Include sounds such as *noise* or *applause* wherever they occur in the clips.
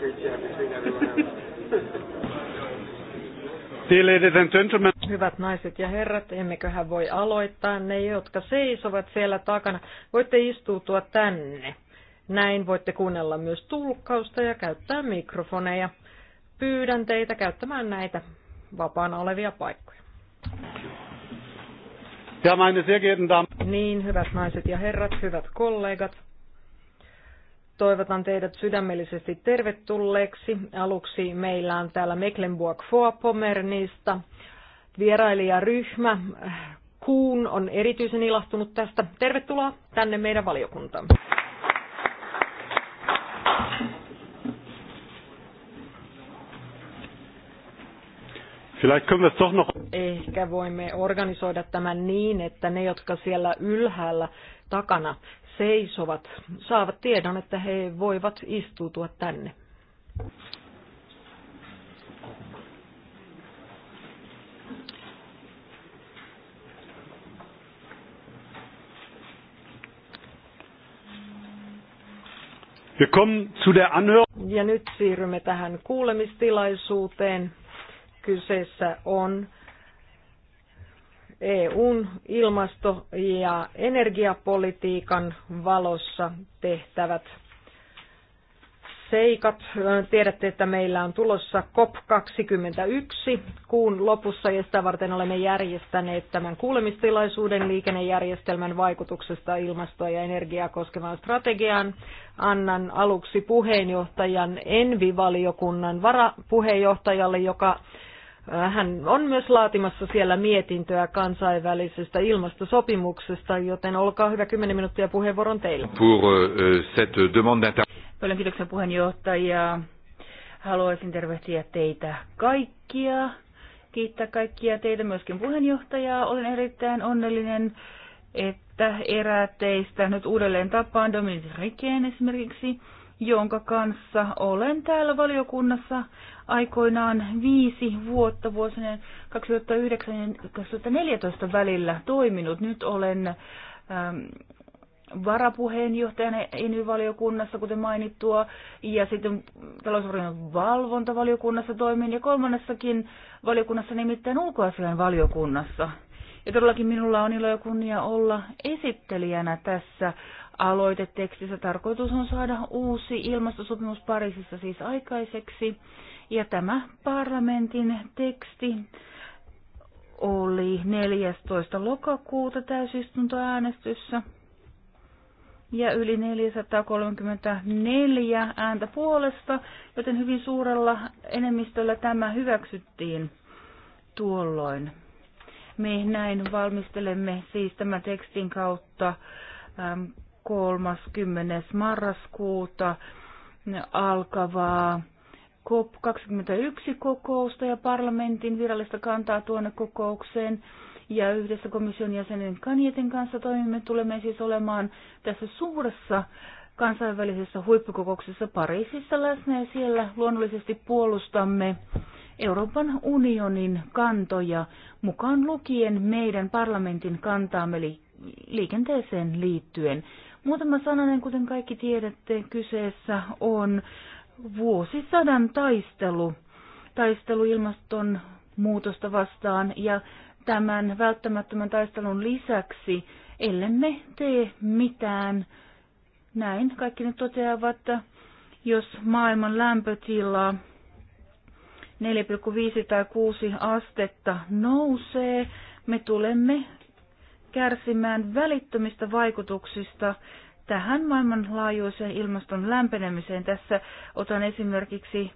street between everyone else. Hyvät naiset ja herrat, emmeköhän voi aloittaa. Ne, jotka seisovat siellä takana, voitte istuutua tänne. Näin voitte kuunnella myös tulkkausta ja käyttää mikrofoneja. Pyydän teitä käyttämään näitä vapaana olevia paikkoja. Ja meine sehr geehrten Damen. Niin, hyvät naiset ja herrat, hyvät kollegat toivotan teidät sydämellisesti tervetulleeksi. Aluksi meillä on täällä Mecklenburg-Vorpommernista vierailijaryhmä. Kuun on erityisen ilahtunut tästä. Tervetuloa tänne meidän valiokuntaan. Ehkä voimme organisoida tämän niin, että ne, jotka siellä ylhäällä takana seisovat saavat tiedon, että he voivat istuutua tänne. Ja nyt siirrymme tähän kuulemistilaisuuteen. Kyseessä on EUn ilmasto- ja energiapolitiikan valossa tehtävät seikat. Tiedätte, että meillä on tulossa COP21 kuun lopussa ja sitä varten olemme järjestäneet tämän kuulemistilaisuuden liikennejärjestelmän vaikutuksesta ilmastoa ja energiaa koskevaan strategiaan. Annan aluksi puheenjohtajan Envi-valiokunnan varapuheenjohtajalle, joka hän on myös laatimassa siellä mietintöä kansainvälisestä ilmastosopimuksesta, joten olkaa hyvä 10 minuuttia puheenvuoron teille. Pour, uh, cette Paljon kiitoksia puheenjohtaja. Haluaisin tervehtiä teitä kaikkia, kiittää kaikkia teitä myöskin puheenjohtajaa. Olen erittäin onnellinen, että eräät teistä nyt uudelleen tapaan Dominic Riken esimerkiksi, jonka kanssa olen täällä valiokunnassa aikoinaan viisi vuotta vuosina 2009 ja 2014 välillä toiminut. Nyt olen ähm, varapuheenjohtajana ENY-valiokunnassa, kuten mainittua, ja sitten talousvalvonnan valvontavaliokunnassa toimin, ja kolmannessakin valiokunnassa, nimittäin ulkoasian valiokunnassa. Ja todellakin minulla on ilo ja kunnia olla esittelijänä tässä aloitetekstissä. Tarkoitus on saada uusi ilmastosopimus Pariisissa siis aikaiseksi. Ja tämä parlamentin teksti oli 14. lokakuuta täysistuntoäänestyssä ja yli 434 ääntä puolesta, joten hyvin suurella enemmistöllä tämä hyväksyttiin tuolloin. Me näin valmistelemme siis tämän tekstin kautta 30. Ähm, marraskuuta alkavaa COP21-kokousta ja parlamentin virallista kantaa tuonne kokoukseen. Ja yhdessä komission jäsenen Kanieten kanssa toimimme. Tulemme siis olemaan tässä suuressa kansainvälisessä huippukokouksessa Pariisissa läsnä ja siellä luonnollisesti puolustamme Euroopan unionin kantoja, mukaan lukien meidän parlamentin kantaamme eli liikenteeseen liittyen. Muutama sananen, kuten kaikki tiedätte, kyseessä on vuosisadan taistelu, taistelu ilmaston muutosta vastaan ja tämän välttämättömän taistelun lisäksi, ellemme tee mitään, näin kaikki ne toteavat, että jos maailman lämpötila 4,5 tai 6 astetta nousee, me tulemme kärsimään välittömistä vaikutuksista tähän maailmanlaajuiseen ilmaston lämpenemiseen. Tässä otan esimerkiksi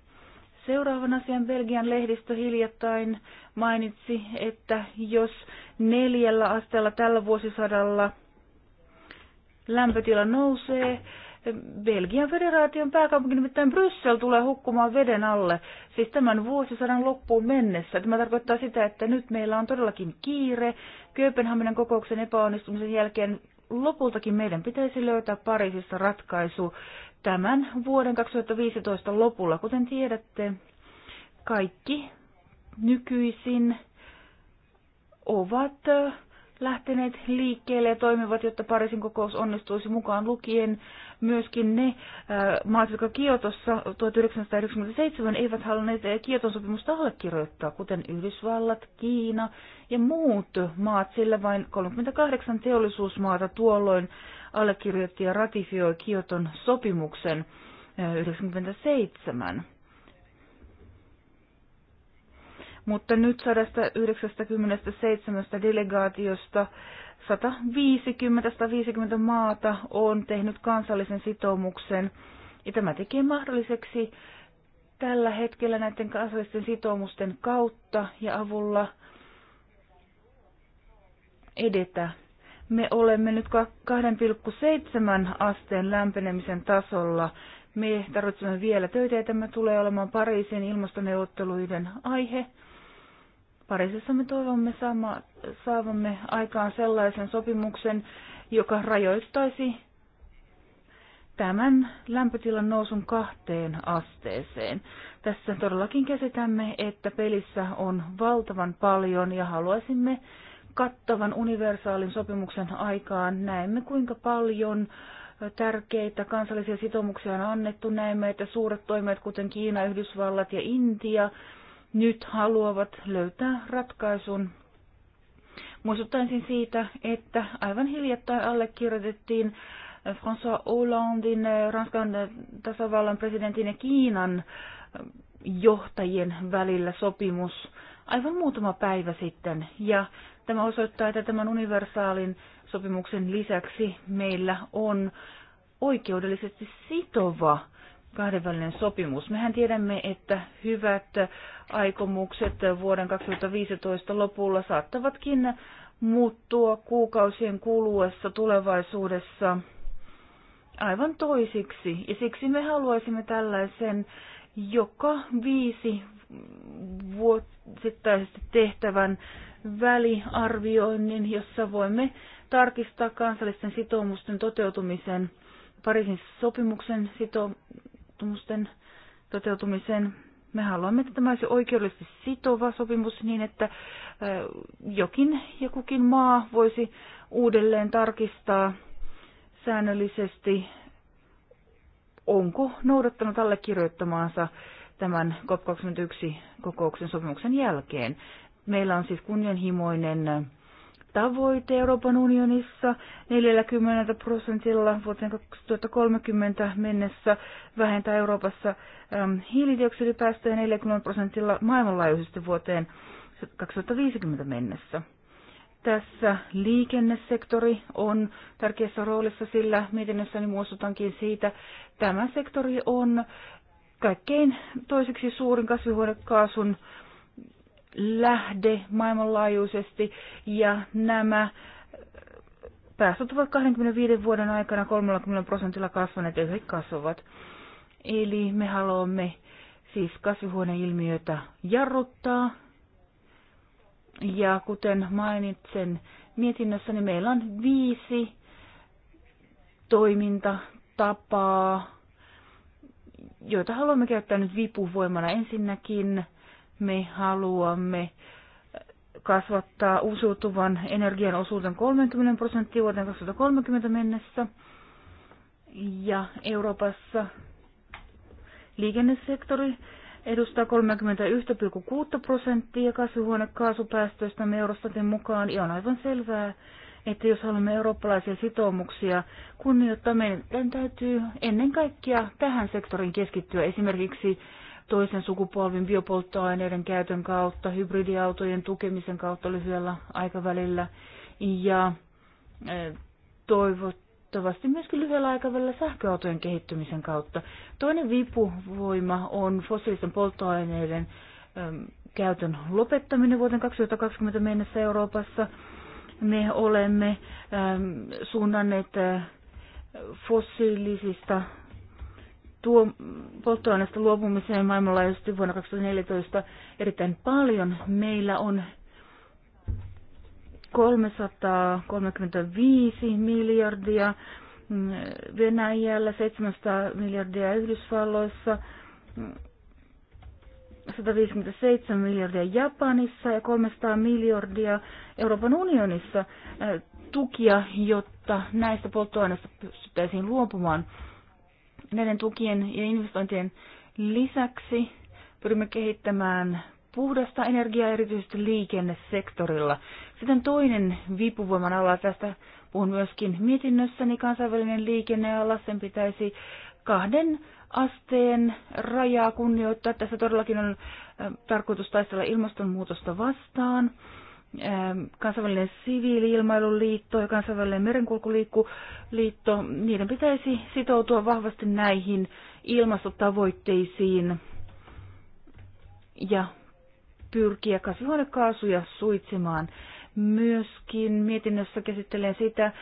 seuraavan asian. Belgian lehdistö hiljattain mainitsi, että jos neljällä asteella tällä vuosisadalla lämpötila nousee, Belgian federaation pääkaupunki nimittäin Bryssel tulee hukkumaan veden alle, siis tämän vuosisadan loppuun mennessä. Tämä tarkoittaa sitä, että nyt meillä on todellakin kiire. Kööpenhaminan kokouksen epäonnistumisen jälkeen lopultakin meidän pitäisi löytää Pariisissa ratkaisu tämän vuoden 2015 lopulla. Kuten tiedätte, kaikki nykyisin ovat lähteneet liikkeelle ja toimivat, jotta Pariisin kokous onnistuisi mukaan lukien myöskin ne maat, jotka Kiotossa 1997 eivät halunneet Kioton sopimusta allekirjoittaa, kuten Yhdysvallat, Kiina ja muut maat, sillä vain 38 teollisuusmaata tuolloin allekirjoitti ja ratifioi Kioton sopimuksen 1997. Mutta nyt 197 delegaatiosta 150-150 maata on tehnyt kansallisen sitoumuksen, ja tämä tekee mahdolliseksi tällä hetkellä näiden kansallisten sitoumusten kautta ja avulla edetä. Me olemme nyt 2,7 asteen lämpenemisen tasolla. Me tarvitsemme vielä töitä ja tämä tulee olemaan Pariisin ilmastoneuvotteluiden aihe. Pariisissa me toivomme saama, saavamme aikaan sellaisen sopimuksen, joka rajoittaisi tämän lämpötilan nousun kahteen asteeseen. Tässä todellakin käsitämme, että pelissä on valtavan paljon ja haluaisimme kattavan universaalin sopimuksen aikaan. Näemme, kuinka paljon tärkeitä kansallisia sitoumuksia on annettu. Näemme, että suuret toimijat, kuten Kiina, Yhdysvallat ja Intia, nyt haluavat löytää ratkaisun. Muistuttaisin siitä, että aivan hiljattain allekirjoitettiin François Hollandin, eh, Ranskan eh, tasavallan presidentin ja Kiinan eh, johtajien välillä sopimus aivan muutama päivä sitten. Ja tämä osoittaa, että tämän universaalin sopimuksen lisäksi meillä on oikeudellisesti sitova kahdenvälinen sopimus. Mehän tiedämme, että hyvät aikomukset vuoden 2015 lopulla saattavatkin muuttua kuukausien kuluessa tulevaisuudessa aivan toisiksi. Ja siksi me haluaisimme tällaisen joka viisi vuosittaisesti tehtävän väliarvioinnin, jossa voimme tarkistaa kansallisten sitoumusten toteutumisen Pariisin sopimuksen sitoumusten sitoumusten toteutumiseen. Me haluamme, että tämä olisi oikeudellisesti sitova sopimus niin, että jokin ja kukin maa voisi uudelleen tarkistaa säännöllisesti, onko noudattanut allekirjoittamaansa tämän COP21-kokouksen sopimuksen jälkeen. Meillä on siis kunnianhimoinen tavoite Euroopan unionissa 40 prosentilla vuoteen 2030 mennessä vähentää Euroopassa hiilidioksidipäästöjä 40 prosentilla maailmanlaajuisesti vuoteen 2050 mennessä. Tässä liikennesektori on tärkeässä roolissa, sillä mietinnössäni muistutankin siitä, tämä sektori on kaikkein toiseksi suurin kasvihuonekaasun lähde maailmanlaajuisesti ja nämä päästöt ovat 25 vuoden aikana 30 prosentilla kasvaneet ja kasvavat. Eli me haluamme siis kasvihuoneilmiötä jarruttaa. Ja kuten mainitsen mietinnössä, niin meillä on viisi toimintatapaa, joita haluamme käyttää nyt vipuvoimana. Ensinnäkin me haluamme kasvattaa uusiutuvan energian osuuden 30 prosenttia vuoteen 2030 mennessä. Ja Euroopassa liikennesektori edustaa 31,6 prosenttia kasvihuonekaasupäästöistä Eurostatin mukaan, ja on aivan selvää, että jos haluamme eurooppalaisia sitoumuksia kunnioittaa, meidän täytyy ennen kaikkea tähän sektoriin keskittyä esimerkiksi toisen sukupolvin biopolttoaineiden käytön kautta, hybridiautojen tukemisen kautta lyhyellä aikavälillä ja e, toivottavasti myöskin lyhyellä aikavälillä sähköautojen kehittymisen kautta. Toinen vipuvoima on fossiilisten polttoaineiden e, käytön lopettaminen vuoteen 2020 mennessä Euroopassa. Me olemme e, suunnanneet fossiilisista tuo polttoaineesta luopumiseen maailmanlaajuisesti vuonna 2014 erittäin paljon. Meillä on 335 miljardia mm, Venäjällä, 700 miljardia Yhdysvalloissa, 157 miljardia Japanissa ja 300 miljardia Euroopan unionissa tukia, jotta näistä polttoaineista pystyttäisiin luopumaan näiden tukien ja investointien lisäksi pyrimme kehittämään puhdasta energiaa erityisesti liikennesektorilla. Sitten toinen vipuvoiman ala, tästä puhun myöskin mietinnössäni, kansainvälinen liikenneala, sen pitäisi kahden asteen rajaa kunnioittaa. Tässä todellakin on äh, tarkoitus taistella ilmastonmuutosta vastaan. Ähm, kansainvälinen siviiliilmailuliitto ja kansainvälinen merenkulkuliitto, niiden pitäisi sitoutua vahvasti näihin ilmastotavoitteisiin ja pyrkiä kasvihuonekaasuja suitsimaan. Myöskin mietinnössä käsittelen sitä, äh,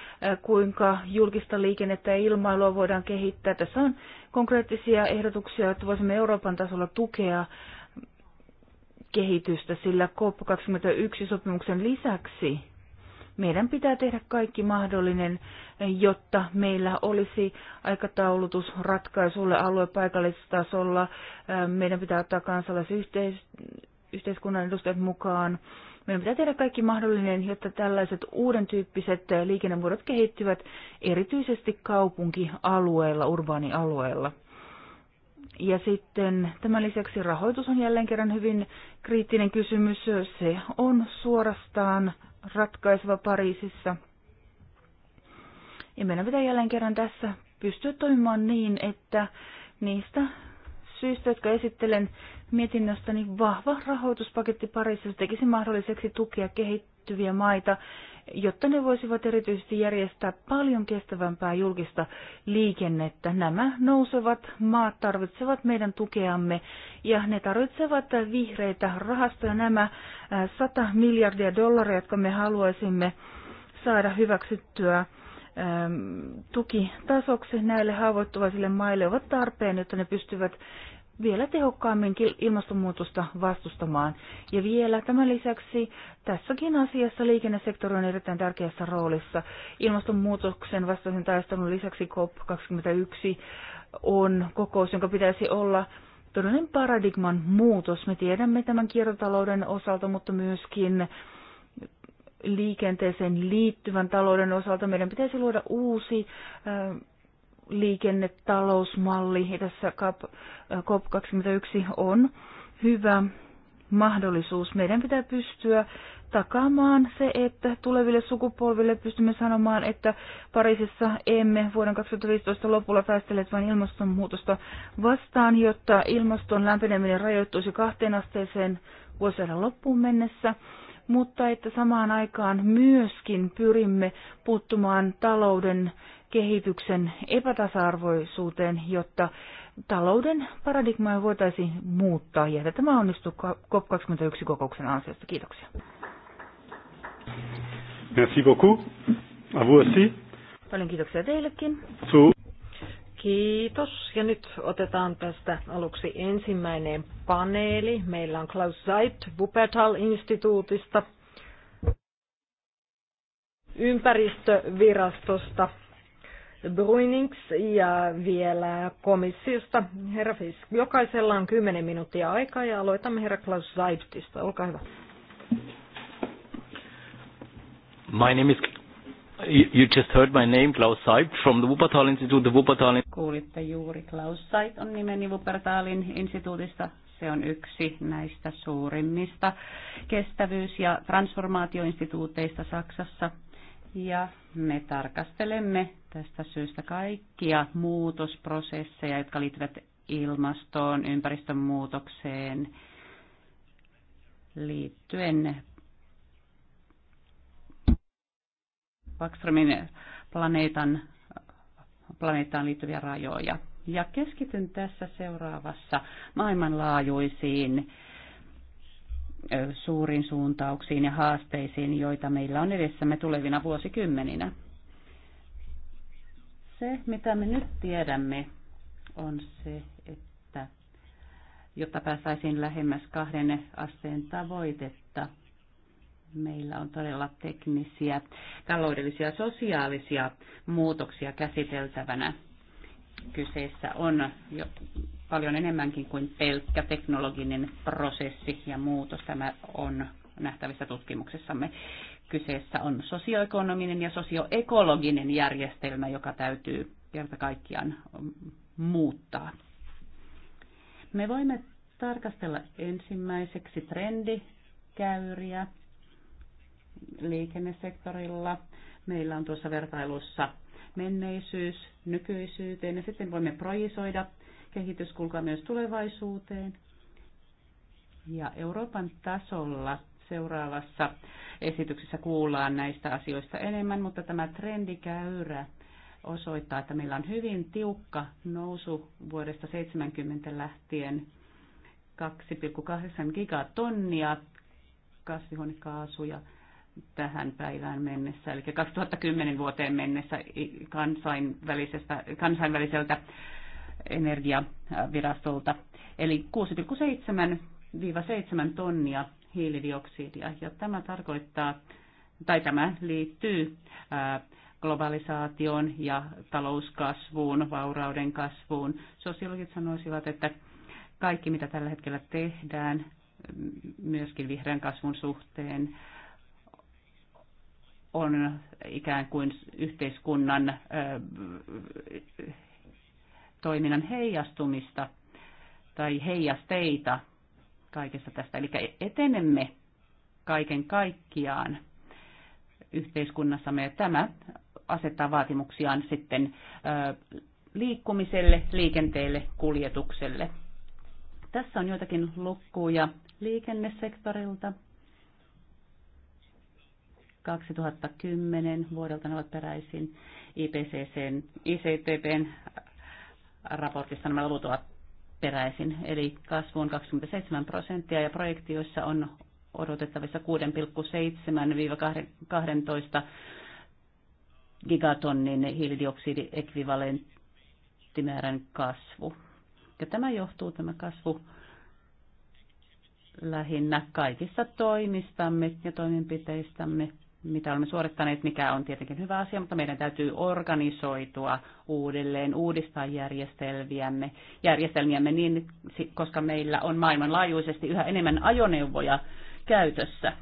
kuinka julkista liikennettä ja ilmailua voidaan kehittää. Tässä on konkreettisia ehdotuksia, että voisimme Euroopan tasolla tukea kehitystä, sillä COP21-sopimuksen lisäksi meidän pitää tehdä kaikki mahdollinen, jotta meillä olisi aikataulutus ratkaisulle aluepaikallistasolla. Meidän pitää ottaa kansalaisyhteiskunnan edustajat mukaan. Meidän pitää tehdä kaikki mahdollinen, jotta tällaiset uuden tyyppiset liikennemuodot kehittyvät erityisesti kaupunkialueella, urbaanialueella. Ja sitten tämän lisäksi rahoitus on jälleen kerran hyvin kriittinen kysymys. Se on suorastaan ratkaiseva Pariisissa. Ja meidän pitää jälleen kerran tässä pystyä toimimaan niin, että niistä syistä, jotka esittelen mietinnöstäni, niin vahva rahoituspaketti Pariisissa tekisi mahdolliseksi tukea kehittyviä maita jotta ne voisivat erityisesti järjestää paljon kestävämpää julkista liikennettä. Nämä nousevat maat tarvitsevat meidän tukeamme ja ne tarvitsevat vihreitä rahastoja. Nämä 100 äh, miljardia dollaria, jotka me haluaisimme saada hyväksyttyä ähm, tukitasoksi näille haavoittuvaisille maille ovat tarpeen, jotta ne pystyvät vielä tehokkaamminkin ilmastonmuutosta vastustamaan. Ja vielä tämän lisäksi tässäkin asiassa liikennesektori on erittäin tärkeässä roolissa. Ilmastonmuutoksen vastaisen taistelun lisäksi COP21 on kokous, jonka pitäisi olla todellinen paradigman muutos. Me tiedämme tämän kiertotalouden osalta, mutta myöskin liikenteeseen liittyvän talouden osalta meidän pitäisi luoda uusi äh, liikennetalousmalli, ja tässä COP21 on hyvä mahdollisuus. Meidän pitää pystyä takaamaan se, että tuleville sukupolville pystymme sanomaan, että Pariisissa emme vuoden 2015 lopulla taistelleet vain ilmastonmuutosta vastaan, jotta ilmaston lämpeneminen rajoittuisi kahteen asteeseen vuosien loppuun mennessä, mutta että samaan aikaan myöskin pyrimme puuttumaan talouden kehityksen epätasa-arvoisuuteen, jotta talouden paradigmaa voitaisiin muuttaa. Ja tämä onnistuu COP21-kokouksen ansiosta. Kiitoksia. Merci beaucoup. A vous aussi. Paljon kiitoksia teillekin. Su- Kiitos. Ja nyt otetaan tästä aluksi ensimmäinen paneeli. Meillä on Klaus Zeit Wuppertal-instituutista, ympäristövirastosta Bruinings ja vielä komissiosta. Herra Fisk, jokaisella on 10 minuuttia aikaa ja aloitamme herra Klaus Zeibtista. Olkaa hyvä. My name is You just heard my name, Klaus Seid, from the Wuppertal Institute. The Wuppertal... Kuulitte juuri, Klaus Seid on nimeni Wuppertalin instituutista. Se on yksi näistä suurimmista kestävyys- ja transformaatioinstituuteista Saksassa ja me tarkastelemme tästä syystä kaikkia muutosprosesseja, jotka liittyvät ilmastoon, muutokseen liittyen Backströmin planeetan, planeettaan liittyviä rajoja. Ja keskityn tässä seuraavassa maailmanlaajuisiin suuriin suuntauksiin ja haasteisiin, joita meillä on edessämme tulevina vuosikymmeninä. Se, mitä me nyt tiedämme, on se, että jotta pääsäisiin lähemmäs kahden asteen tavoitetta, meillä on todella teknisiä, taloudellisia ja sosiaalisia muutoksia käsiteltävänä. Kyseessä on jo paljon enemmänkin kuin pelkkä teknologinen prosessi ja muutos. Tämä on nähtävissä tutkimuksessamme. Kyseessä on sosioekonominen ja sosioekologinen järjestelmä, joka täytyy kerta kaikkiaan muuttaa. Me voimme tarkastella ensimmäiseksi trendikäyriä liikennesektorilla. Meillä on tuossa vertailussa menneisyys nykyisyyteen ja sitten voimme projisoida kehityskulkua myös tulevaisuuteen. Ja Euroopan tasolla seuraavassa esityksessä kuullaan näistä asioista enemmän, mutta tämä trendikäyrä osoittaa, että meillä on hyvin tiukka nousu vuodesta 70 lähtien 2,8 gigatonnia kasvihuonekaasuja tähän päivään mennessä, eli 2010 vuoteen mennessä kansainvälisestä, kansainväliseltä energiavirastolta. Eli 6,7-7 tonnia hiilidioksidia. Ja tämä tarkoittaa, tai tämä liittyy globalisaation ja talouskasvuun, vaurauden kasvuun. Sosiologit sanoisivat, että kaikki mitä tällä hetkellä tehdään, myöskin vihreän kasvun suhteen, on ikään kuin yhteiskunnan toiminnan heijastumista tai heijasteita kaikesta tästä. Eli etenemme kaiken kaikkiaan yhteiskunnassamme ja tämä asettaa vaatimuksiaan sitten liikkumiselle, liikenteelle, kuljetukselle. Tässä on joitakin lukuja liikennesektorilta. 2010 vuodelta ne ovat peräisin IPCCn, ICTPn raportissa nämä luvut ovat peräisin. Eli kasvu on 27 prosenttia ja projektioissa on odotettavissa 6,7-12 gigatonnin hiilidioksidiekvivalenttimäärän kasvu. Ja tämä johtuu tämä kasvu lähinnä kaikista toimistamme ja toimenpiteistämme mitä olemme suorittaneet, mikä on tietenkin hyvä asia, mutta meidän täytyy organisoitua uudelleen, uudistaa järjestelmiämme, järjestelmiämme niin, koska meillä on maailmanlaajuisesti yhä enemmän ajoneuvoja käytössä.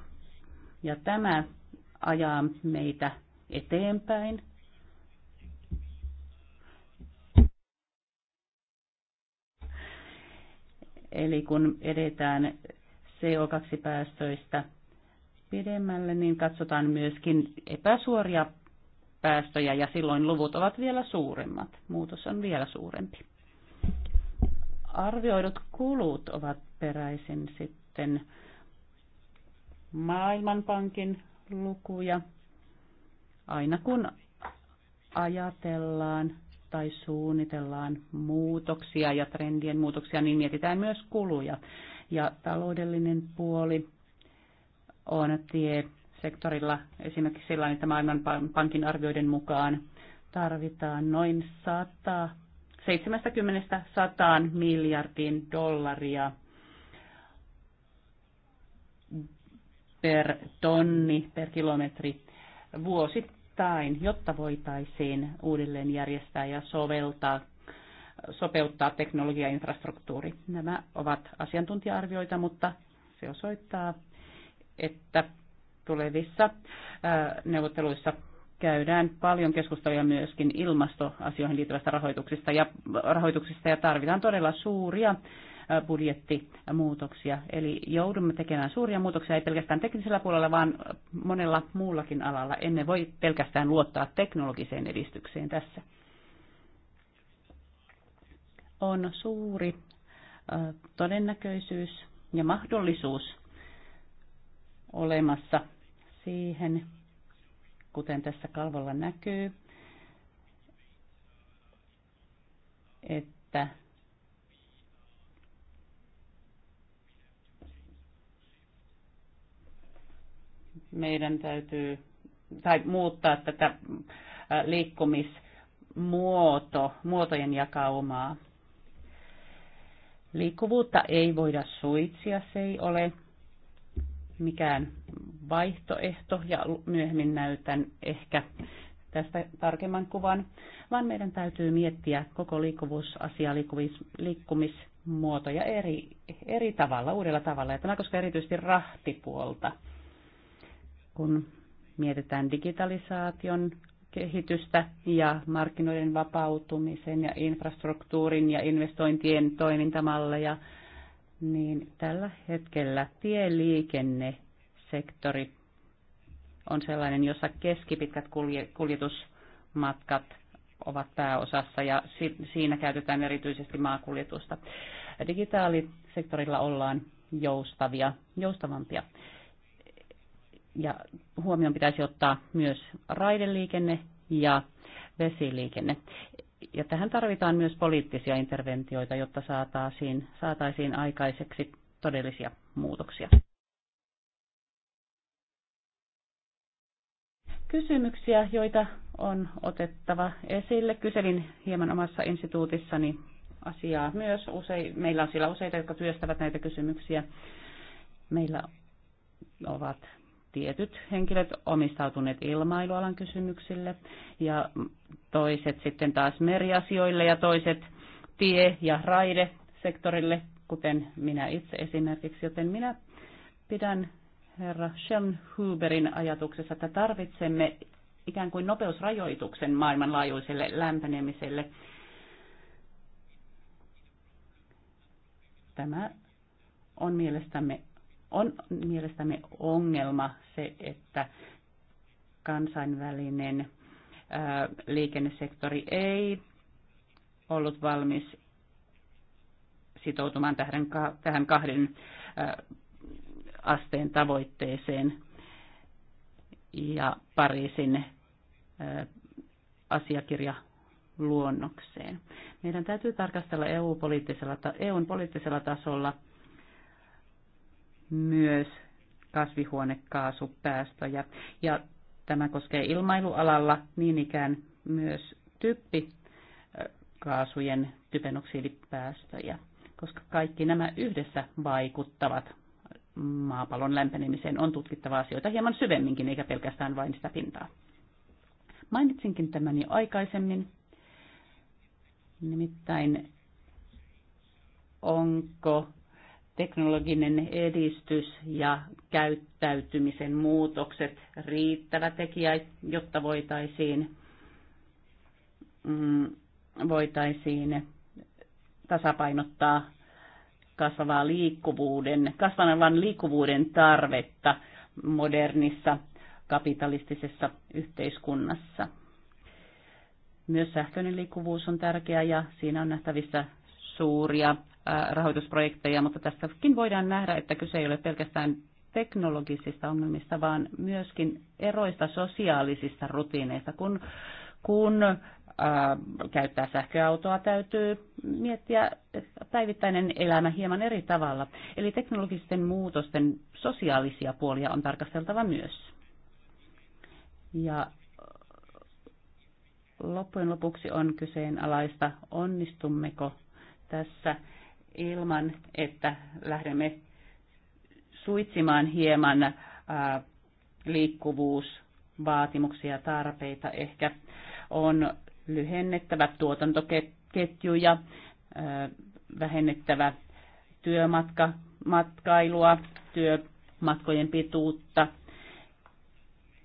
Ja tämä ajaa meitä eteenpäin. Eli kun edetään CO2-päästöistä pidemmälle, niin katsotaan myöskin epäsuoria päästöjä ja silloin luvut ovat vielä suuremmat. Muutos on vielä suurempi. Arvioidut kulut ovat peräisin sitten Maailmanpankin lukuja. Aina kun ajatellaan tai suunnitellaan muutoksia ja trendien muutoksia, niin mietitään myös kuluja. Ja taloudellinen puoli on tiesektorilla esimerkiksi sellainen, että Maailmanpankin arvioiden mukaan tarvitaan noin 100, 70 100 miljardin dollaria per tonni, per kilometri vuosittain, jotta voitaisiin uudelleen järjestää ja soveltaa sopeuttaa teknologiainfrastruktuuri. Nämä ovat asiantuntija-arvioita, mutta se osoittaa että tulevissa neuvotteluissa käydään paljon keskusteluja myöskin ilmastoasioihin liittyvästä rahoituksista ja, rahoituksista ja tarvitaan todella suuria budjettimuutoksia. Eli joudumme tekemään suuria muutoksia ei pelkästään teknisellä puolella, vaan monella muullakin alalla. Emme voi pelkästään luottaa teknologiseen edistykseen tässä. On suuri todennäköisyys ja mahdollisuus olemassa siihen, kuten tässä kalvolla näkyy, että meidän täytyy tai muuttaa tätä äh, liikkumismuoto, muotojen jakaumaa. Liikkuvuutta ei voida suitsia, se ei ole mikään vaihtoehto ja myöhemmin näytän ehkä tästä tarkemman kuvan, vaan meidän täytyy miettiä koko liikkuvuusasia liikkumismuotoja eri, eri tavalla, uudella tavalla. Ja tämä koskee erityisesti rahtipuolta, kun mietitään digitalisaation kehitystä ja markkinoiden vapautumisen ja infrastruktuurin ja investointien toimintamalleja – niin tällä hetkellä tieliikennesektori on sellainen, jossa keskipitkät kuljetusmatkat ovat pääosassa ja siinä käytetään erityisesti maakuljetusta. Digitaalisektorilla ollaan joustavia, joustavampia. Ja huomioon pitäisi ottaa myös raideliikenne ja vesiliikenne. Ja tähän tarvitaan myös poliittisia interventioita, jotta saataisiin, saataisiin aikaiseksi todellisia muutoksia. Kysymyksiä, joita on otettava esille. Kyselin hieman omassa instituutissani asiaa myös. Usein, meillä on siellä useita, jotka työstävät näitä kysymyksiä. Meillä ovat tietyt henkilöt omistautuneet ilmailualan kysymyksille ja toiset sitten taas meriasioille ja toiset tie- ja raidesektorille, kuten minä itse esimerkiksi. Joten minä pidän herra Huberin ajatuksessa, että tarvitsemme ikään kuin nopeusrajoituksen maailmanlaajuiselle lämpenemiselle. Tämä on mielestämme on mielestämme ongelma se, että kansainvälinen liikennesektori ei ollut valmis sitoutumaan tähän, tähän kahden asteen tavoitteeseen ja Pariisin asiakirja luonnokseen. Meidän täytyy tarkastella EU-poliittisella, EUn poliittisella tasolla myös kasvihuonekaasupäästöjä. Ja tämä koskee ilmailualalla niin ikään myös typpikaasujen typenoksidipäästöjä, koska kaikki nämä yhdessä vaikuttavat maapallon lämpenemiseen. On tutkittava asioita hieman syvemminkin, eikä pelkästään vain sitä pintaa. Mainitsinkin tämän jo aikaisemmin. Nimittäin onko teknologinen edistys ja käyttäytymisen muutokset riittävä tekijä, jotta voitaisiin, mm, voitaisiin tasapainottaa kasvavaa liikkuvuuden, kasvavan liikkuvuuden tarvetta modernissa kapitalistisessa yhteiskunnassa. Myös sähköinen liikkuvuus on tärkeä ja siinä on nähtävissä suuria rahoitusprojekteja, mutta tässäkin voidaan nähdä, että kyse ei ole pelkästään teknologisista ongelmista, vaan myöskin eroista sosiaalisista rutiineista. Kun, kun ää, käyttää sähköautoa, täytyy miettiä päivittäinen elämä hieman eri tavalla. Eli teknologisten muutosten sosiaalisia puolia on tarkasteltava myös. Ja loppujen lopuksi on kyseenalaista, onnistummeko tässä ilman, että lähdemme suitsimaan hieman liikkuvuusvaatimuksia ja tarpeita. Ehkä on lyhennettävä tuotantoketjuja, vähennettävä työmatkailua, työmatkojen pituutta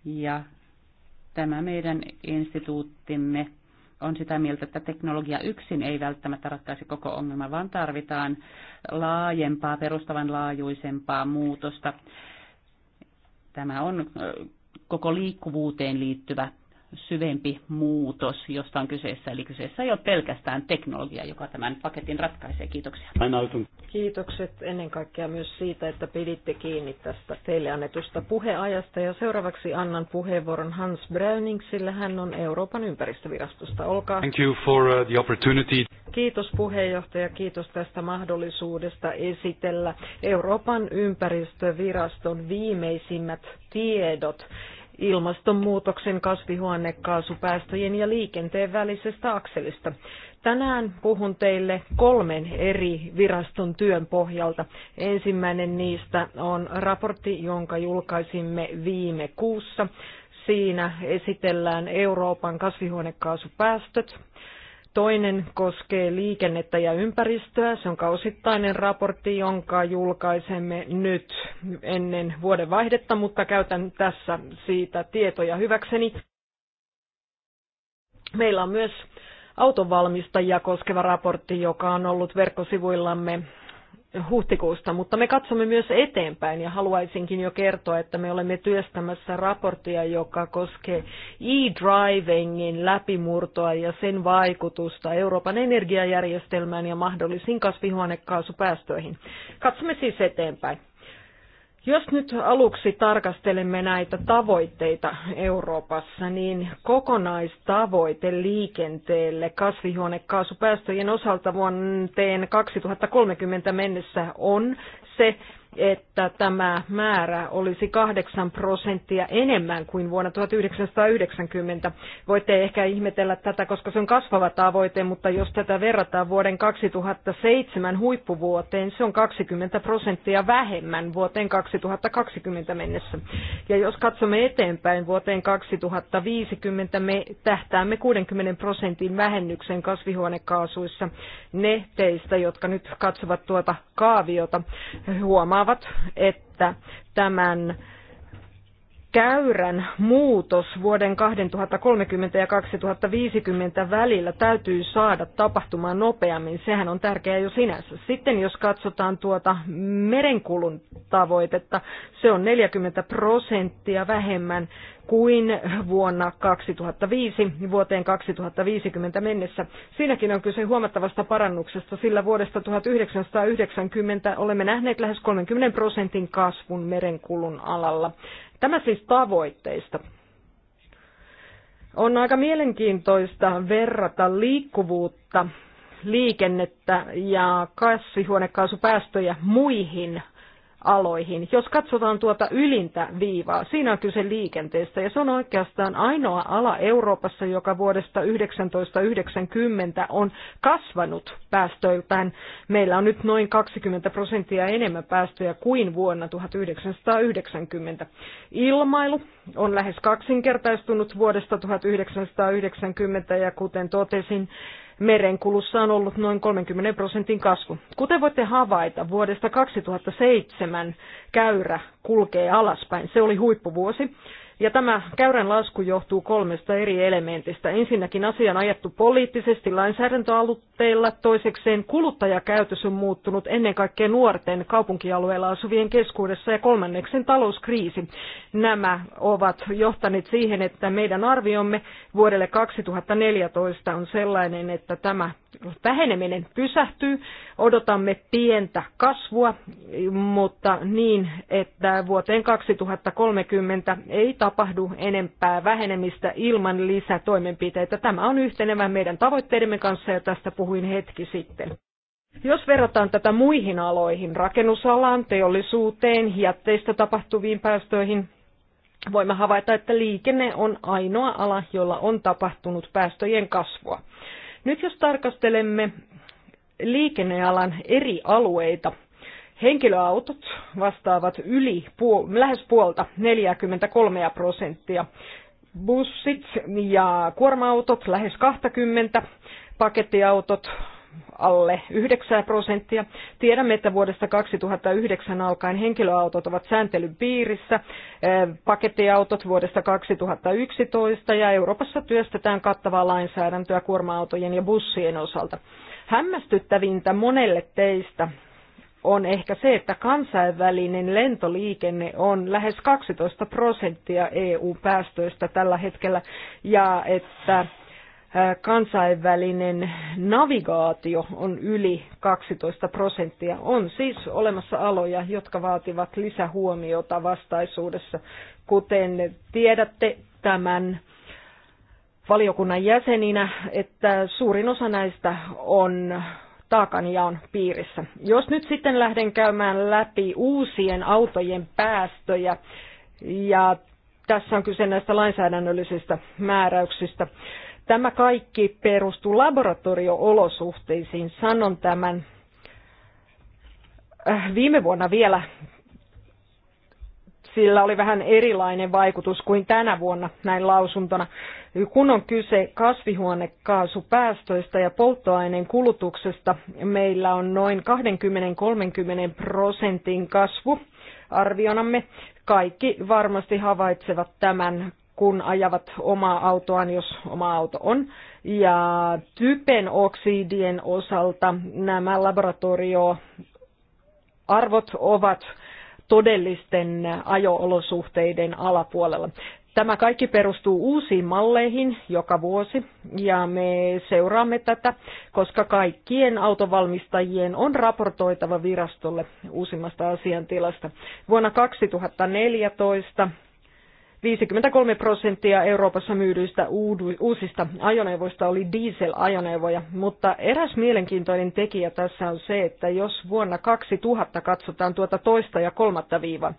ja tämä meidän instituuttimme on sitä mieltä, että teknologia yksin ei välttämättä ratkaise koko ongelmaa, vaan tarvitaan laajempaa, perustavan laajuisempaa muutosta. Tämä on koko liikkuvuuteen liittyvä syvempi muutos, josta on kyseessä. Eli kyseessä ei ole pelkästään teknologia, joka tämän paketin ratkaisee. Kiitoksia. Kiitokset ennen kaikkea myös siitä, että piditte kiinni tästä teille annetusta puheajasta. Ja seuraavaksi annan puheenvuoron Hans Browning, sillä hän on Euroopan ympäristövirastosta. Olkaa. Thank you for uh, the opportunity. Kiitos puheenjohtaja, kiitos tästä mahdollisuudesta esitellä Euroopan ympäristöviraston viimeisimmät tiedot ilmastonmuutoksen kasvihuonekaasupäästöjen ja liikenteen välisestä akselista. Tänään puhun teille kolmen eri viraston työn pohjalta. Ensimmäinen niistä on raportti, jonka julkaisimme viime kuussa. Siinä esitellään Euroopan kasvihuonekaasupäästöt. Toinen koskee liikennettä ja ympäristöä. Se on kausittainen raportti, jonka julkaisemme nyt ennen vuoden vaihdetta, mutta käytän tässä siitä tietoja hyväkseni. Meillä on myös autonvalmistajia koskeva raportti, joka on ollut verkkosivuillamme huhtikuusta, mutta me katsomme myös eteenpäin ja haluaisinkin jo kertoa, että me olemme työstämässä raporttia, joka koskee e-drivingin läpimurtoa ja sen vaikutusta Euroopan energiajärjestelmään ja mahdollisiin kasvihuonekaasupäästöihin. Katsomme siis eteenpäin. Jos nyt aluksi tarkastelemme näitä tavoitteita Euroopassa, niin kokonaistavoite liikenteelle kasvihuonekaasupäästöjen osalta vuoteen 2030 mennessä on se, että tämä määrä olisi 8 prosenttia enemmän kuin vuonna 1990. Voitte ehkä ihmetellä tätä, koska se on kasvava tavoite, mutta jos tätä verrataan vuoden 2007 huippuvuoteen, se on 20 prosenttia vähemmän vuoteen 2020 mennessä. Ja jos katsomme eteenpäin vuoteen 2050, me tähtäämme 60 prosentin vähennyksen kasvihuonekaasuissa. Ne teistä, jotka nyt katsovat tuota kaaviota, huomaa vastaavat, että tämän käyrän muutos vuoden 2030 ja 2050 välillä täytyy saada tapahtumaan nopeammin. Sehän on tärkeää jo sinänsä. Sitten jos katsotaan tuota merenkulun tavoitetta, se on 40 prosenttia vähemmän kuin vuonna 2005 vuoteen 2050 mennessä. Siinäkin on kyse huomattavasta parannuksesta, sillä vuodesta 1990 olemme nähneet lähes 30 prosentin kasvun merenkulun alalla. Tämä siis tavoitteista. On aika mielenkiintoista verrata liikkuvuutta liikennettä ja kasvihuonekaasupäästöjä muihin aloihin. Jos katsotaan tuota ylintä viivaa, siinä on kyse liikenteestä ja se on oikeastaan ainoa ala Euroopassa, joka vuodesta 1990 on kasvanut päästöiltään. Meillä on nyt noin 20 prosenttia enemmän päästöjä kuin vuonna 1990. Ilmailu on lähes kaksinkertaistunut vuodesta 1990 ja kuten totesin, Merenkulussa on ollut noin 30 prosentin kasvu. Kuten voitte havaita, vuodesta 2007 käyrä kulkee alaspäin. Se oli huippuvuosi. Ja tämä käyrän lasku johtuu kolmesta eri elementistä. Ensinnäkin asian ajettu poliittisesti lainsäädäntöalutteilla, toisekseen kuluttajakäytös on muuttunut ennen kaikkea nuorten kaupunkialueella asuvien keskuudessa ja kolmanneksen talouskriisi. Nämä ovat johtaneet siihen, että meidän arviomme vuodelle 2014 on sellainen, että tämä väheneminen pysähtyy. Odotamme pientä kasvua, mutta niin, että vuoteen 2030 ei tapahdu enempää vähenemistä ilman lisätoimenpiteitä. Tämä on yhtenevä meidän tavoitteidemme kanssa ja tästä puhuin hetki sitten. Jos verrataan tätä muihin aloihin, rakennusalaan, teollisuuteen, jätteistä tapahtuviin päästöihin, voimme havaita, että liikenne on ainoa ala, jolla on tapahtunut päästöjen kasvua. Nyt jos tarkastelemme liikennealan eri alueita, Henkilöautot vastaavat yli puol- lähes puolta 43 prosenttia. Bussit ja kuorma-autot lähes 20, pakettiautot alle 9 prosenttia. Tiedämme, että vuodesta 2009 alkaen henkilöautot ovat sääntelyn piirissä, eh, pakettiautot vuodesta 2011 ja Euroopassa työstetään kattavaa lainsäädäntöä kuorma-autojen ja bussien osalta. Hämmästyttävintä monelle teistä on ehkä se, että kansainvälinen lentoliikenne on lähes 12 prosenttia EU-päästöistä tällä hetkellä ja että kansainvälinen navigaatio on yli 12 prosenttia. On siis olemassa aloja, jotka vaativat lisähuomiota vastaisuudessa. Kuten tiedätte tämän valiokunnan jäseninä, että suurin osa näistä on taakanjaon piirissä. Jos nyt sitten lähden käymään läpi uusien autojen päästöjä ja tässä on kyse näistä lainsäädännöllisistä määräyksistä. Tämä kaikki perustuu laboratorioolosuhteisiin, sanon tämän äh, viime vuonna vielä sillä oli vähän erilainen vaikutus kuin tänä vuonna näin lausuntona. Kun on kyse kasvihuonekaasupäästöistä ja polttoaineen kulutuksesta, meillä on noin 20-30 prosentin kasvu arvionamme. Kaikki varmasti havaitsevat tämän kun ajavat omaa autoaan, jos oma auto on. Ja typen oksidien osalta nämä laboratorioarvot ovat todellisten ajoolosuhteiden alapuolella. Tämä kaikki perustuu uusiin malleihin joka vuosi ja me seuraamme tätä, koska kaikkien autovalmistajien on raportoitava virastolle uusimmasta asiantilasta. Vuonna 2014 53 prosenttia Euroopassa myydyistä uusista ajoneuvoista oli diesel mutta eräs mielenkiintoinen tekijä tässä on se, että jos vuonna 2000 katsotaan tuota toista ja kolmatta viiva,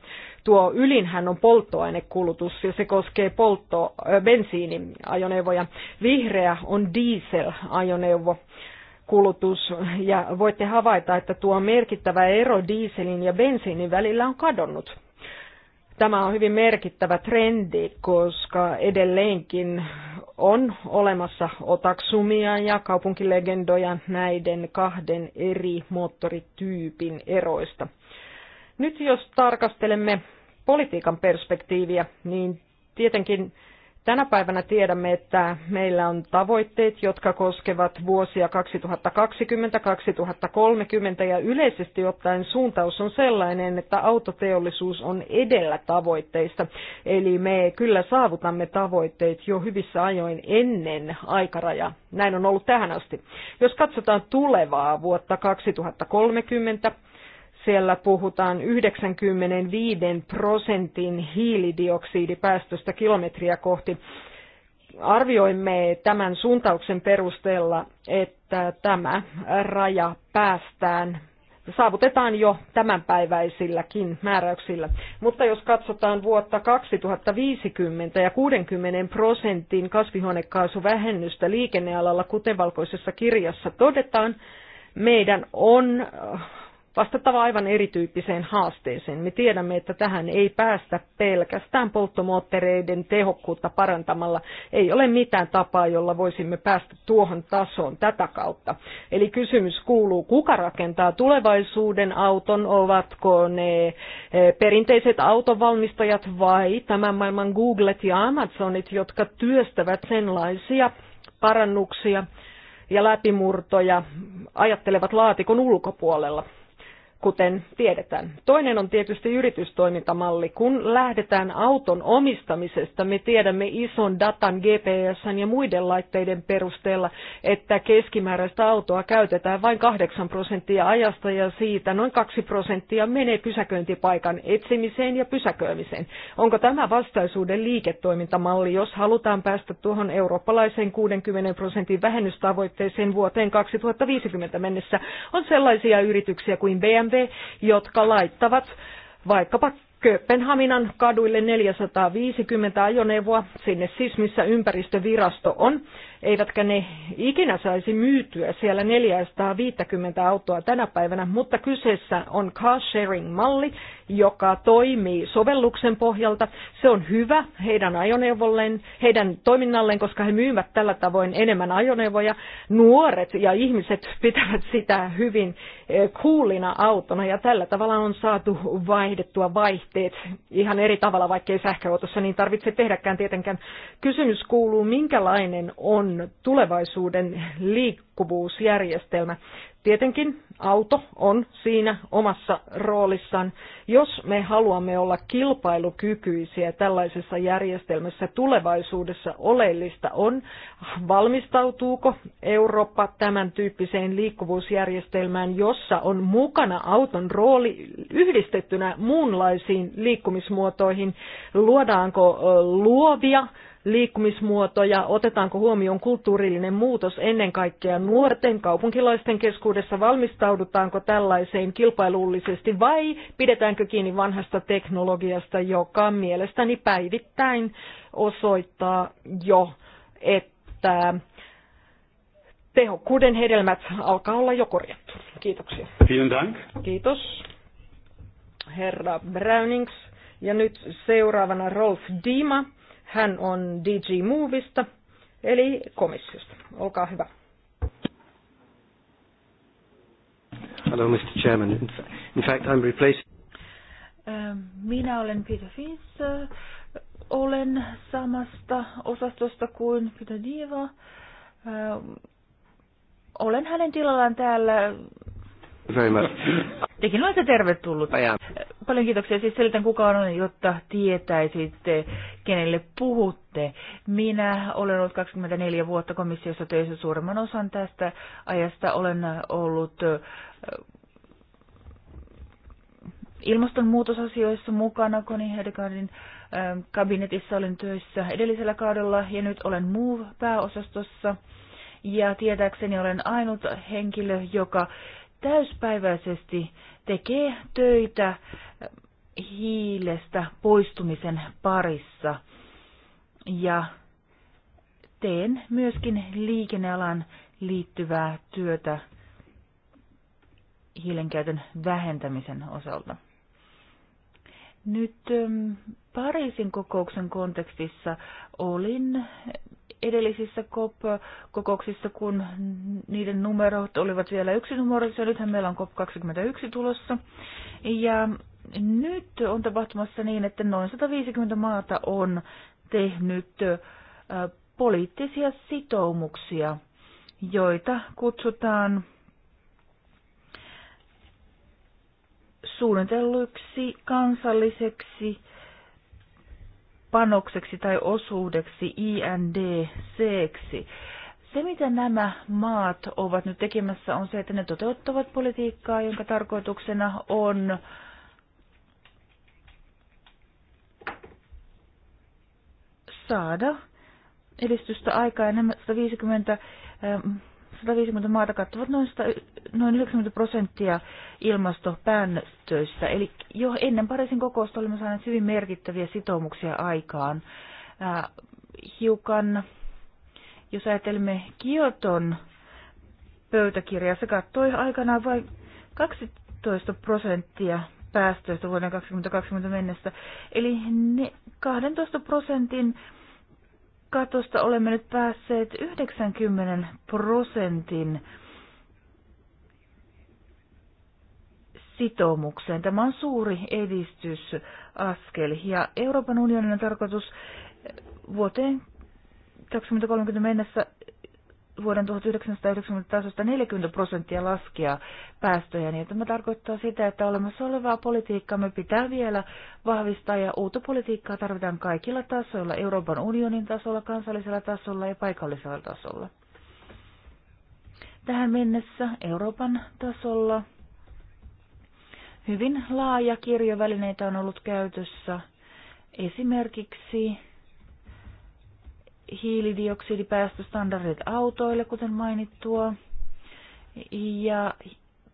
tuo ylinhän on polttoainekulutus ja se koskee poltto, bensiiniajoneuvoja. Vihreä on diesel kulutus ja voitte havaita, että tuo merkittävä ero dieselin ja bensiinin välillä on kadonnut. Tämä on hyvin merkittävä trendi, koska edelleenkin on olemassa otaksumia ja kaupunkilegendoja näiden kahden eri moottorityypin eroista. Nyt jos tarkastelemme politiikan perspektiiviä, niin tietenkin Tänä päivänä tiedämme, että meillä on tavoitteet, jotka koskevat vuosia 2020, 2030 ja yleisesti ottaen suuntaus on sellainen, että autoteollisuus on edellä tavoitteista. Eli me kyllä saavutamme tavoitteet jo hyvissä ajoin ennen aikarajaa. Näin on ollut tähän asti. Jos katsotaan tulevaa vuotta 2030, siellä puhutaan 95 prosentin hiilidioksidipäästöstä kilometriä kohti. Arvioimme tämän suuntauksen perusteella, että tämä raja päästään saavutetaan jo tämänpäiväisilläkin määräyksillä. Mutta jos katsotaan vuotta 2050 ja 60 prosentin kasvihuonekaasuvähennystä liikennealalla, kuten valkoisessa kirjassa todetaan, meidän on vastattava aivan erityyppiseen haasteeseen. Me tiedämme, että tähän ei päästä pelkästään polttomoottoreiden tehokkuutta parantamalla. Ei ole mitään tapaa, jolla voisimme päästä tuohon tasoon tätä kautta. Eli kysymys kuuluu, kuka rakentaa tulevaisuuden auton, ovatko ne e, perinteiset autovalmistajat vai tämän maailman Googlet ja Amazonit, jotka työstävät senlaisia parannuksia ja läpimurtoja ajattelevat laatikon ulkopuolella kuten tiedetään. Toinen on tietysti yritystoimintamalli. Kun lähdetään auton omistamisesta, me tiedämme ison datan GPS ja muiden laitteiden perusteella, että keskimääräistä autoa käytetään vain 8 prosenttia ajasta ja siitä noin 2 prosenttia menee pysäköintipaikan etsimiseen ja pysäköimiseen. Onko tämä vastaisuuden liiketoimintamalli, jos halutaan päästä tuohon eurooppalaiseen 60 prosentin vähennystavoitteeseen vuoteen 2050 mennessä? On sellaisia yrityksiä kuin BMW, BMW, jotka laittavat vaikkapa Kööpenhaminan kaduille 450 ajoneuvoa, sinne siis missä ympäristövirasto on, eivätkä ne ikinä saisi myytyä siellä 450 autoa tänä päivänä, mutta kyseessä on car sharing malli, joka toimii sovelluksen pohjalta. Se on hyvä heidän ajoneuvolleen, heidän toiminnalleen, koska he myyvät tällä tavoin enemmän ajoneuvoja. Nuoret ja ihmiset pitävät sitä hyvin kuulina eh, autona ja tällä tavalla on saatu vaihdettua vaihteet ihan eri tavalla, vaikkei sähköautossa niin tarvitse tehdäkään tietenkään. Kysymys kuuluu, minkälainen on tulevaisuuden liikkuvuusjärjestelmä. Tietenkin auto on siinä omassa roolissaan. Jos me haluamme olla kilpailukykyisiä tällaisessa järjestelmässä tulevaisuudessa oleellista on, valmistautuuko Eurooppa tämän tyyppiseen liikkuvuusjärjestelmään, jossa on mukana auton rooli yhdistettynä muunlaisiin liikkumismuotoihin, luodaanko luovia liikkumismuotoja, otetaanko huomioon kulttuurillinen muutos ennen kaikkea nuorten kaupunkilaisten keskuudessa, valmistaudutaanko tällaiseen kilpailullisesti vai pidetäänkö kiinni vanhasta teknologiasta, joka mielestäni päivittäin osoittaa jo, että tehokkuuden hedelmät alkaa olla jo korjattu. Kiitoksia. Vielen dank. Kiitos. Herra Brownings. Ja nyt seuraavana Rolf Dima hän on DG Movista, eli komissiosta. Olkaa hyvä. Hello, Mr. Chairman. In fact, I'm replacing... Ähm, minä olen Peter Fins. Olen samasta osastosta kuin Peter Diva. Ähm, olen hänen tilallaan täällä. Very much. Tekin olette tervetullut. Ajan. Paljon kiitoksia. Siis selitän kukaan on, jotta tietäisitte, kenelle puhutte. Minä olen ollut 24 vuotta komissiossa töissä suurimman osan tästä ajasta. Olen ollut ilmastonmuutosasioissa mukana Koni Hedegaardin kabinetissa olin töissä edellisellä kaudella ja nyt olen muu pääosastossa. Ja tietääkseni olen ainut henkilö, joka täyspäiväisesti tekee töitä hiilestä poistumisen parissa. Ja teen myöskin liikennealan liittyvää työtä hiilenkäytön vähentämisen osalta. Nyt ähm, Pariisin kokouksen kontekstissa olin edellisissä COP-kokouksissa, kun niiden numerot olivat vielä yksinumeroisia. Nythän meillä on COP21 tulossa. Ja nyt on tapahtumassa niin, että noin 150 maata on tehnyt poliittisia sitoumuksia, joita kutsutaan suunnitelluiksi kansalliseksi panokseksi tai osuudeksi ksi. Se, mitä nämä maat ovat nyt tekemässä, on se, että ne toteuttavat politiikkaa, jonka tarkoituksena on saada edistystä aikaa enemmän 150 150 maata kattavat noin, 100, noin 90 prosenttia ilmastopäännöstöistä. Eli jo ennen Pariisin kokousta olemme saaneet hyvin merkittäviä sitoumuksia aikaan. Ää, hiukan, jos ajatelemme Kioton pöytäkirjaa, se kattoi aikanaan vain 12 prosenttia päästöistä vuoden 2020 mennessä. Eli ne 12 prosentin katosta olemme nyt päässeet 90 prosentin sitoumukseen. Tämä on suuri edistysaskel ja Euroopan unionin on tarkoitus vuoteen 2030 mennessä vuoden 1990 tasosta 40 prosenttia laskea päästöjä, niin tämä tarkoittaa sitä, että olemassa olevaa politiikkaa me pitää vielä vahvistaa ja uutta politiikkaa tarvitaan kaikilla tasoilla, Euroopan unionin tasolla, kansallisella tasolla ja paikallisella tasolla. Tähän mennessä Euroopan tasolla hyvin laaja kirjovälineitä on ollut käytössä, esimerkiksi hiilidioksidipäästöstandardit autoille, kuten mainittua, ja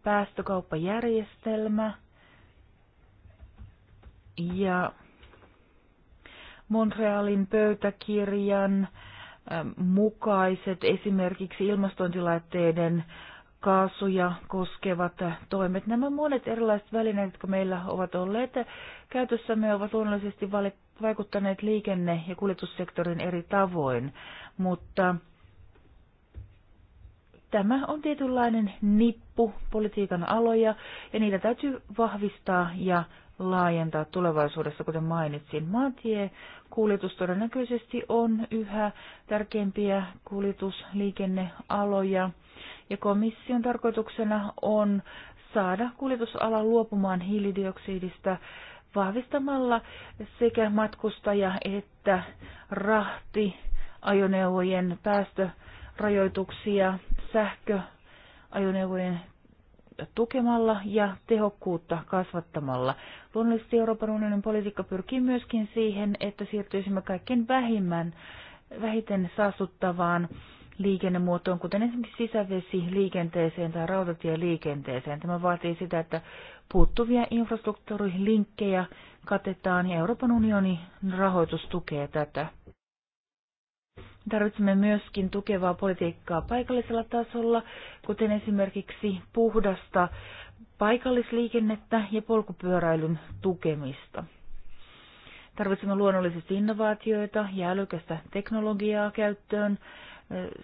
päästökauppajärjestelmä ja Montrealin pöytäkirjan ähm, mukaiset esimerkiksi ilmastointilaitteiden kaasuja koskevat toimet. Nämä monet erilaiset välineet, jotka meillä ovat olleet käytössämme, ovat luonnollisesti valittu vaikuttaneet liikenne- ja kuljetussektorin eri tavoin, mutta tämä on tietynlainen nippu politiikan aloja ja niitä täytyy vahvistaa ja laajentaa tulevaisuudessa, kuten mainitsin. Maantie kuljetus todennäköisesti on yhä tärkeimpiä kuljetusliikennealoja ja komission tarkoituksena on saada kuljetusala luopumaan hiilidioksidista vahvistamalla sekä matkustaja- että rahti ajoneuvojen päästörajoituksia sähköajoneuvojen tukemalla ja tehokkuutta kasvattamalla. Luonnollisesti Euroopan unionin politiikka pyrkii myöskin siihen, että siirtyisimme kaikkein vähimmän, vähiten saastuttavaan liikennemuotoon, kuten esimerkiksi sisävesi- liikenteeseen tai rautatieliikenteeseen. Tämä vaatii sitä, että puuttuvia infrastruktuurilinkkejä katetaan ja Euroopan unionin rahoitus tukee tätä. Tarvitsemme myöskin tukevaa politiikkaa paikallisella tasolla, kuten esimerkiksi puhdasta paikallisliikennettä ja polkupyöräilyn tukemista. Tarvitsemme luonnollisesti innovaatioita ja älykästä teknologiaa käyttöön,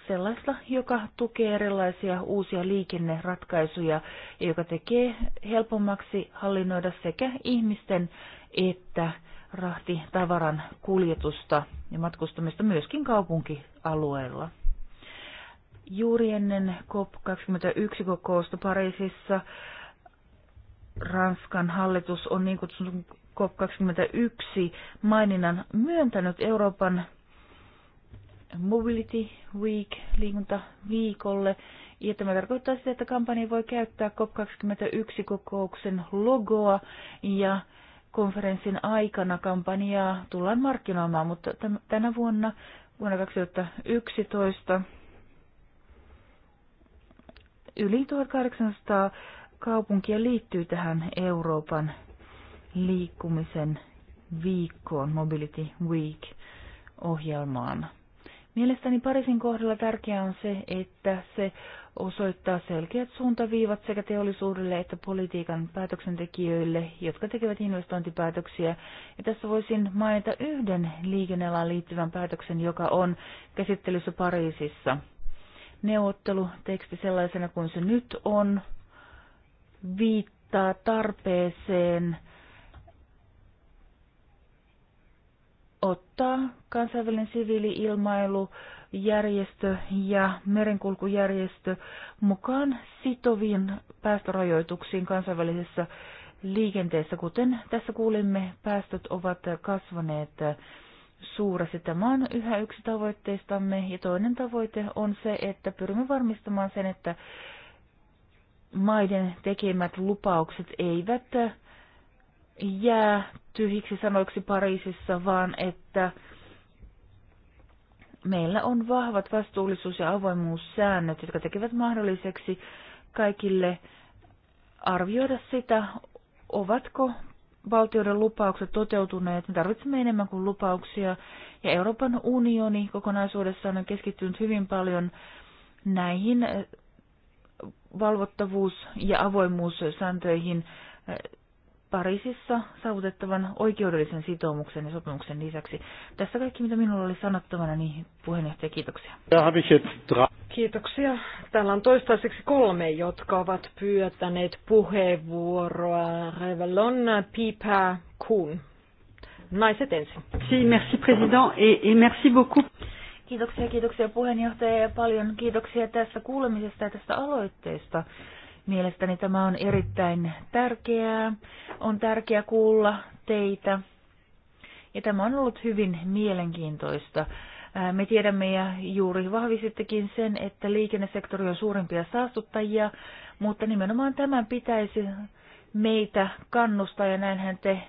sellaista, joka tukee erilaisia uusia liikenneratkaisuja ja joka tekee helpommaksi hallinnoida sekä ihmisten että rahti tavaran kuljetusta ja matkustamista myöskin kaupunkialueilla. Juuri ennen COP21-kokousta Pariisissa Ranskan hallitus on niin kutsunut COP21 maininnan myöntänyt Euroopan Mobility Week liikuntaviikolle. Ja tämä tarkoittaa sitä, että kampanja voi käyttää COP21-kokouksen logoa ja konferenssin aikana kampanjaa tullaan markkinoimaan, mutta tänä vuonna, vuonna 2011, yli 1800 kaupunkia liittyy tähän Euroopan liikkumisen viikkoon, Mobility Week-ohjelmaan. Mielestäni Pariisin kohdalla tärkeää on se, että se osoittaa selkeät suuntaviivat sekä teollisuudelle että politiikan päätöksentekijöille, jotka tekevät investointipäätöksiä. Ja tässä voisin mainita yhden liikennealaan liittyvän päätöksen, joka on käsittelyssä Pariisissa. Neuvotteluteksti sellaisena kuin se nyt on, viittaa tarpeeseen ottaa kansainvälinen järjestö ja merenkulkujärjestö mukaan sitoviin päästörajoituksiin kansainvälisessä liikenteessä. Kuten tässä kuulimme, päästöt ovat kasvaneet suuresti. Tämä on yhä yksi tavoitteistamme ja toinen tavoite on se, että pyrimme varmistamaan sen, että maiden tekemät lupaukset eivät jää tyhjiksi sanoiksi Pariisissa, vaan että meillä on vahvat vastuullisuus- ja avoimuussäännöt, jotka tekevät mahdolliseksi kaikille arvioida sitä, ovatko valtioiden lupaukset toteutuneet. Me tarvitsemme enemmän kuin lupauksia, ja Euroopan unioni kokonaisuudessaan on keskittynyt hyvin paljon näihin valvottavuus- ja avoimuussääntöihin Pariisissa saavutettavan oikeudellisen sitoumuksen ja sopimuksen lisäksi. Tässä kaikki, mitä minulla oli sanottavana, niin puheenjohtaja, kiitoksia. Kiitoksia. Täällä on toistaiseksi kolme, jotka ovat pyytäneet puheenvuoroa. Revelon, Pipa, Kuhn. Naiset ensin. merci président et, et merci beaucoup. Kiitoksia, kiitoksia puheenjohtaja ja paljon kiitoksia tästä kuulemisesta ja tästä aloitteesta. Mielestäni tämä on erittäin tärkeää. On tärkeää kuulla teitä. Ja tämä on ollut hyvin mielenkiintoista. Me tiedämme ja juuri vahvisittekin sen, että liikennesektori on suurimpia saastuttajia, mutta nimenomaan tämän pitäisi meitä kannustaa, ja näinhän te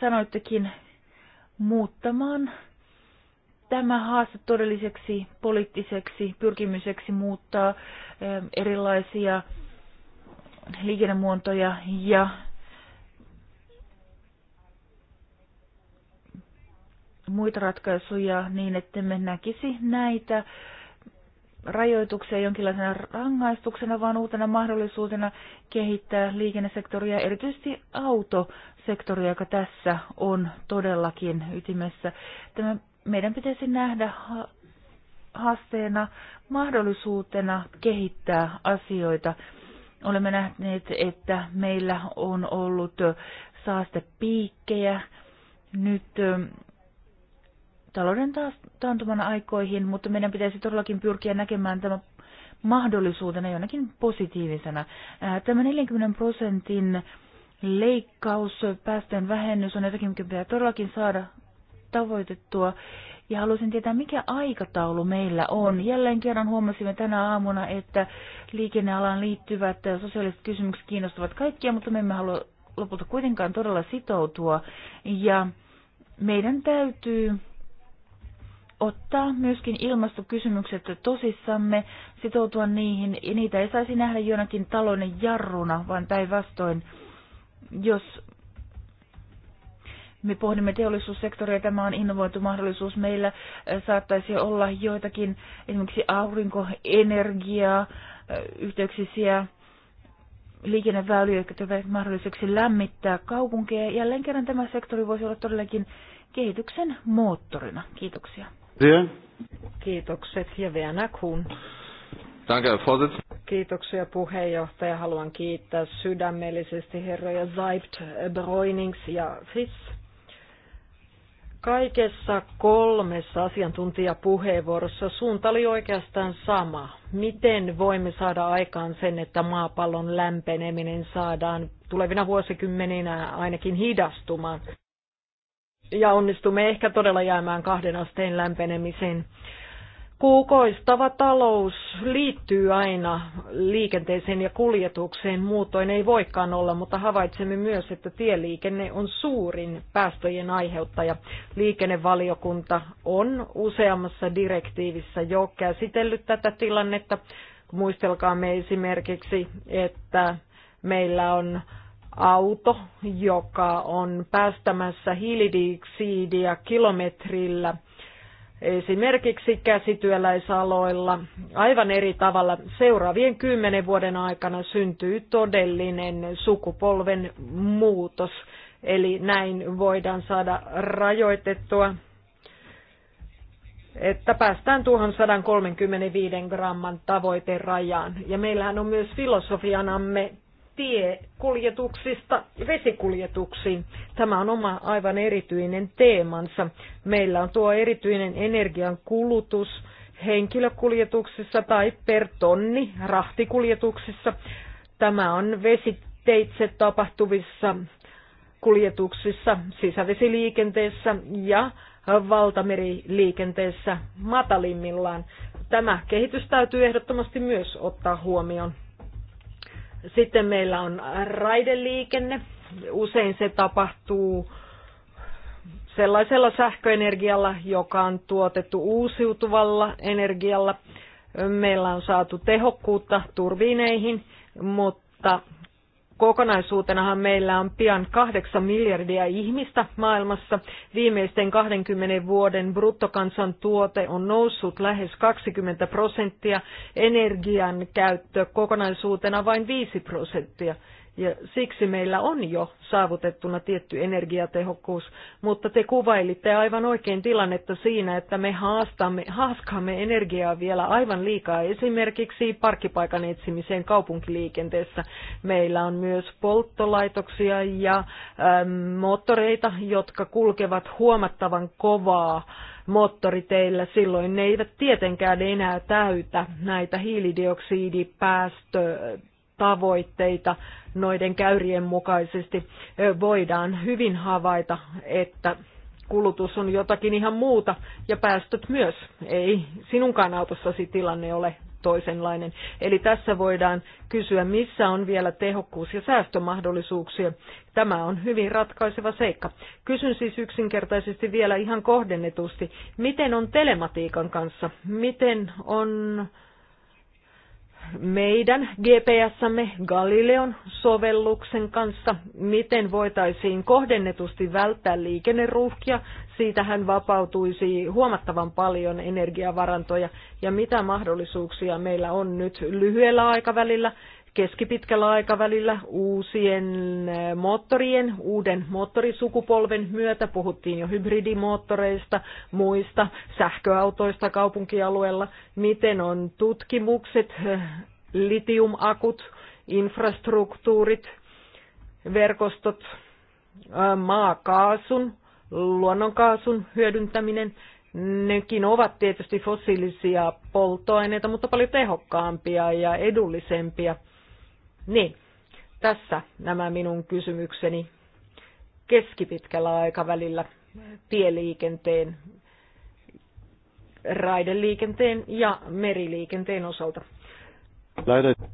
sanoittekin, muuttamaan tämä haaste todelliseksi poliittiseksi pyrkimyseksi muuttaa erilaisia liikennemuotoja ja muita ratkaisuja niin, että me näkisi näitä rajoituksia jonkinlaisena rangaistuksena, vaan uutena mahdollisuutena kehittää liikennesektoria, erityisesti autosektoria, joka tässä on todellakin ytimessä. Tämä meidän pitäisi nähdä haasteena mahdollisuutena kehittää asioita. Olemme nähneet, että meillä on ollut saastepiikkejä nyt talouden taas taantuman aikoihin, mutta meidän pitäisi todellakin pyrkiä näkemään tämä mahdollisuutena jonakin positiivisena. Tämä 40 prosentin leikkaus, päästöjen vähennys on jotakin, mikä pitää todellakin saada tavoitettua. Ja halusin tietää, mikä aikataulu meillä on. Jälleen kerran huomasimme tänä aamuna, että liikennealaan liittyvät sosiaaliset kysymykset kiinnostavat kaikkia, mutta me emme halua lopulta kuitenkaan todella sitoutua. Ja meidän täytyy ottaa myöskin ilmastokysymykset tosissamme, sitoutua niihin, ja niitä ei saisi nähdä jonakin talouden jarruna, vaan päinvastoin, jos me pohdimme teollisuussektoria, tämä on innovoitu mahdollisuus. Meillä saattaisi olla joitakin esimerkiksi aurinkoenergiaa, yhteyksisiä liikenneväyliä, jotka tekevät mahdolliseksi lämmittää kaupunkeja. Jälleen kerran tämä sektori voisi olla todellakin kehityksen moottorina. Kiitoksia. Kiitokset ja vielä Kuhn. Kiitoksia puheenjohtaja. Haluan kiittää sydämellisesti herroja Zaibt, Broinings ja Fiss Kaikessa kolmessa asiantuntijapuheenvuorossa suunta oli oikeastaan sama. Miten voimme saada aikaan sen, että maapallon lämpeneminen saadaan tulevina vuosikymmeninä ainakin hidastumaan? Ja onnistumme ehkä todella jäämään kahden asteen lämpenemiseen kukoistava talous liittyy aina liikenteeseen ja kuljetukseen, muutoin ei voikaan olla, mutta havaitsemme myös, että tieliikenne on suurin päästöjen aiheuttaja. Liikennevaliokunta on useammassa direktiivissä jo käsitellyt tätä tilannetta. Muistelkaamme esimerkiksi, että meillä on auto, joka on päästämässä hiilidioksidia kilometrillä – esimerkiksi käsityöläisaloilla aivan eri tavalla. Seuraavien kymmenen vuoden aikana syntyy todellinen sukupolven muutos, eli näin voidaan saada rajoitettua että päästään tuohon 135 gramman tavoiterajaan. Ja meillähän on myös filosofianamme tiekuljetuksista vesikuljetuksiin. Tämä on oma aivan erityinen teemansa. Meillä on tuo erityinen energian kulutus henkilökuljetuksissa tai per tonni rahtikuljetuksissa. Tämä on vesiteitse tapahtuvissa kuljetuksissa, sisävesiliikenteessä ja valtameriliikenteessä matalimmillaan. Tämä kehitys täytyy ehdottomasti myös ottaa huomioon. Sitten meillä on raideliikenne. Usein se tapahtuu sellaisella sähköenergialla, joka on tuotettu uusiutuvalla energialla. Meillä on saatu tehokkuutta turbiineihin, mutta Kokonaisuutenahan meillä on pian 8 miljardia ihmistä maailmassa. Viimeisten 20 vuoden bruttokansantuote on noussut lähes 20 prosenttia, energian käyttö kokonaisuutena vain 5 prosenttia. Ja siksi meillä on jo saavutettuna tietty energiatehokkuus, mutta te kuvailitte aivan oikein tilannetta siinä, että me haastamme, haaskaamme energiaa vielä aivan liikaa. Esimerkiksi parkkipaikan etsimiseen kaupunkiliikenteessä meillä on myös polttolaitoksia ja ä, moottoreita, jotka kulkevat huomattavan kovaa moottoriteillä, silloin ne eivät tietenkään enää täytä näitä hiilidioksidipäästötavoitteita, noiden käyrien mukaisesti voidaan hyvin havaita, että kulutus on jotakin ihan muuta ja päästöt myös. Ei sinunkaan autossasi tilanne ole toisenlainen. Eli tässä voidaan kysyä, missä on vielä tehokkuus- ja säästömahdollisuuksia. Tämä on hyvin ratkaiseva seikka. Kysyn siis yksinkertaisesti vielä ihan kohdennetusti, miten on telematiikan kanssa, miten on meidän gps GPS-amme Galileon sovelluksen kanssa, miten voitaisiin kohdennetusti välttää liikenneruuhkia. Siitähän vapautuisi huomattavan paljon energiavarantoja ja mitä mahdollisuuksia meillä on nyt lyhyellä aikavälillä keskipitkällä aikavälillä uusien eh, moottorien, uuden moottorisukupolven myötä, puhuttiin jo hybridimoottoreista, muista, sähköautoista kaupunkialueella, miten on tutkimukset, eh, litiumakut, infrastruktuurit, verkostot, eh, maakaasun, luonnonkaasun hyödyntäminen, nekin ovat tietysti fossiilisia polttoaineita, mutta paljon tehokkaampia ja edullisempia – niin, tässä nämä minun kysymykseni keskipitkällä aikavälillä tieliikenteen, raideliikenteen ja meriliikenteen osalta.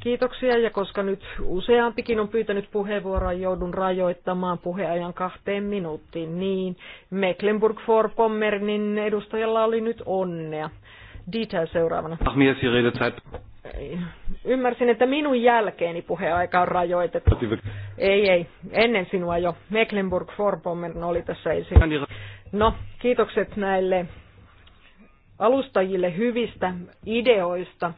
Kiitoksia ja koska nyt useampikin on pyytänyt puheenvuoroa, joudun rajoittamaan puheajan kahteen minuuttiin. Niin, Mecklenburg-Vorpommernin edustajalla oli nyt onnea. Dieter seuraavana. Ymmärsin, että minun jälkeeni puheaika on rajoitettu. Ei, ei. Ennen sinua jo. Mecklenburg-Vorpommern oli tässä esiin. No, kiitokset näille alustajille hyvistä ideoista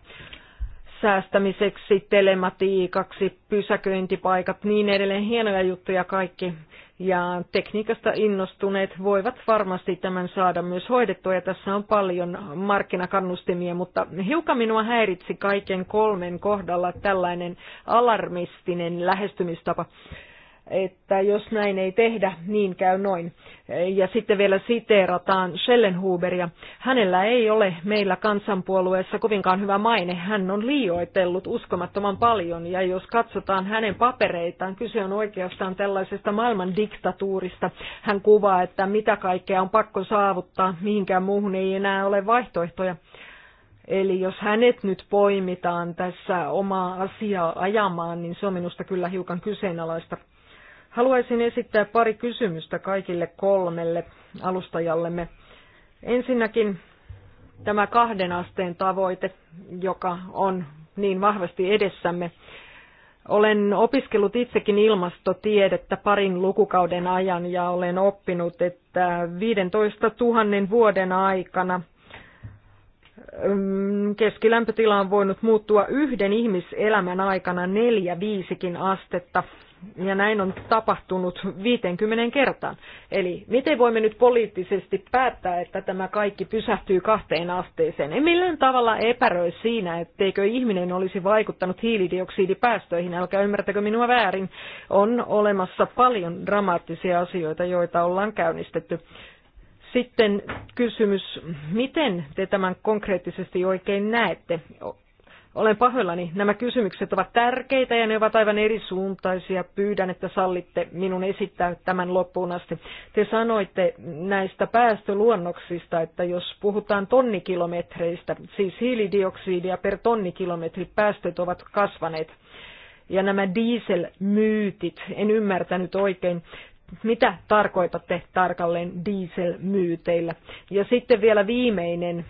säästämiseksi, telematiikaksi, pysäköintipaikat, niin edelleen. Hienoja juttuja kaikki ja tekniikasta innostuneet voivat varmasti tämän saada myös hoidettua ja tässä on paljon markkinakannustimia, mutta hiukan minua häiritsi kaiken kolmen kohdalla tällainen alarmistinen lähestymistapa että jos näin ei tehdä, niin käy noin. Ja sitten vielä siteerataan Schellenhuberia. Hänellä ei ole meillä kansanpuolueessa kovinkaan hyvä maine. Hän on liioitellut uskomattoman paljon ja jos katsotaan hänen papereitaan, kyse on oikeastaan tällaisesta maailman diktatuurista. Hän kuvaa, että mitä kaikkea on pakko saavuttaa, mihinkään muuhun ei enää ole vaihtoehtoja. Eli jos hänet nyt poimitaan tässä omaa asiaa ajamaan, niin se on minusta kyllä hiukan kyseenalaista. Haluaisin esittää pari kysymystä kaikille kolmelle alustajallemme. Ensinnäkin tämä kahden asteen tavoite, joka on niin vahvasti edessämme. Olen opiskellut itsekin ilmastotiedettä parin lukukauden ajan ja olen oppinut, että 15 000 vuoden aikana mm, keskilämpötila on voinut muuttua yhden ihmiselämän aikana neljä viisikin astetta ja näin on tapahtunut 50 kertaan. Eli miten voimme nyt poliittisesti päättää, että tämä kaikki pysähtyy kahteen asteeseen? En millään tavalla epäröi siinä, etteikö ihminen olisi vaikuttanut hiilidioksidipäästöihin. Älkää ymmärtäkö minua väärin. On olemassa paljon dramaattisia asioita, joita ollaan käynnistetty. Sitten kysymys, miten te tämän konkreettisesti oikein näette? Olen pahoillani. Nämä kysymykset ovat tärkeitä ja ne ovat aivan eri suuntaisia. Pyydän, että sallitte minun esittää tämän loppuun asti. Te sanoitte näistä päästöluonnoksista, että jos puhutaan tonnikilometreistä, siis hiilidioksidia per tonnikilometri, päästöt ovat kasvaneet. Ja nämä dieselmyytit, en ymmärtänyt oikein mitä tarkoitatte tarkalleen dieselmyyteillä. Ja sitten vielä viimeinen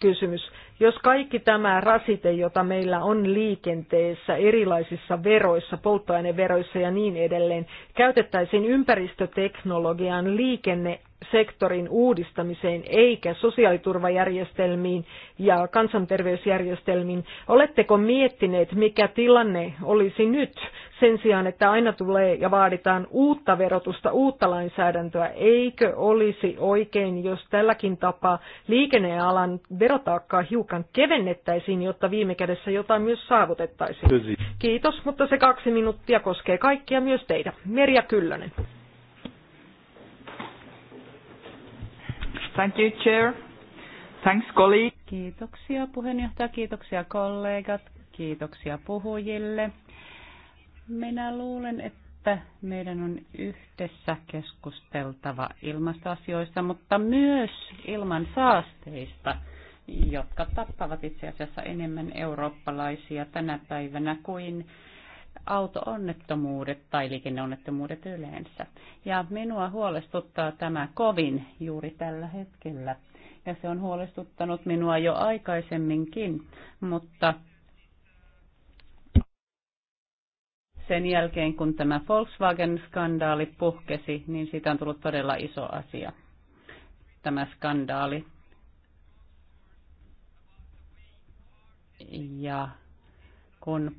kysymys. Jos kaikki tämä rasite, jota meillä on liikenteessä, erilaisissa veroissa, polttoaineveroissa ja niin edelleen, käytettäisiin ympäristöteknologian liikenne sektorin uudistamiseen eikä sosiaaliturvajärjestelmiin ja kansanterveysjärjestelmiin. Oletteko miettineet, mikä tilanne olisi nyt, sen sijaan, että aina tulee ja vaaditaan uutta verotusta, uutta lainsäädäntöä. Eikö olisi oikein, jos tälläkin tapaa liikennealan verotaakkaa hiukan kevennettäisiin, jotta viime kädessä jotain myös saavutettaisiin? Kiitos, mutta se kaksi minuuttia koskee kaikkia myös teitä. Merja Kyllönen. Thank you, Chair. Thanks, colleague. Kiitoksia puheenjohtaja, kiitoksia kollegat, kiitoksia puhujille. Minä luulen, että meidän on yhdessä keskusteltava ilmastoasioista, mutta myös ilman saasteista, jotka tappavat itse asiassa enemmän eurooppalaisia tänä päivänä kuin auto-onnettomuudet tai liikenneonnettomuudet yleensä. Ja minua huolestuttaa tämä kovin juuri tällä hetkellä. Ja se on huolestuttanut minua jo aikaisemminkin, mutta sen jälkeen, kun tämä Volkswagen-skandaali puhkesi, niin siitä on tullut todella iso asia, tämä skandaali. Ja kun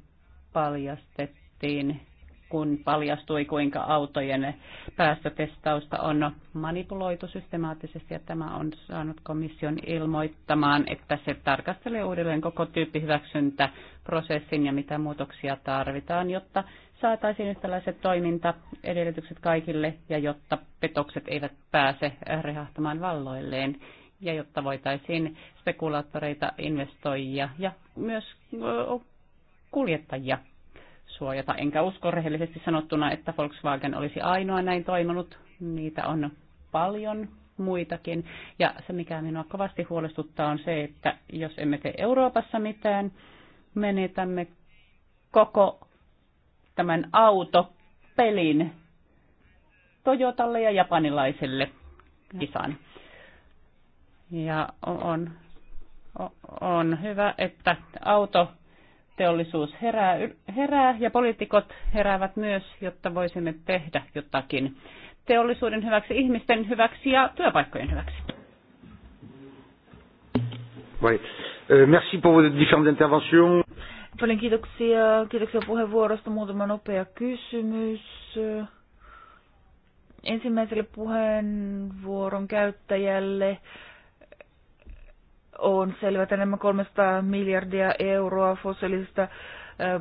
paljastettiin kun paljastui, kuinka autojen päästötestausta on manipuloitu systemaattisesti ja tämä on saanut komission ilmoittamaan, että se tarkastelee uudelleen koko tyyppihyväksyntäprosessin ja mitä muutoksia tarvitaan, jotta saataisiin yhtäläiset toimintaedellytykset kaikille ja jotta petokset eivät pääse rehahtamaan valloilleen ja jotta voitaisiin spekulaattoreita, investoijia ja myös kuljettajia suojata. Enkä usko rehellisesti sanottuna, että Volkswagen olisi ainoa näin toiminut. Niitä on paljon muitakin. Ja se, mikä minua kovasti huolestuttaa, on se, että jos emme tee Euroopassa mitään, menetämme koko tämän autopelin Toyotalle ja japanilaiselle kisan. Ja on, on hyvä, että auto teollisuus herää, herää ja poliitikot heräävät myös, jotta voisimme tehdä jotakin teollisuuden hyväksi, ihmisten hyväksi ja työpaikkojen hyväksi. Euh, merci pour vos différentes interventions. Paljon kiitoksia. Kiitoksia puheenvuorosta. Muutama nopea kysymys. Ensimmäiselle puheenvuoron käyttäjälle on selvä, että nämä 300 miljardia euroa fossiilisista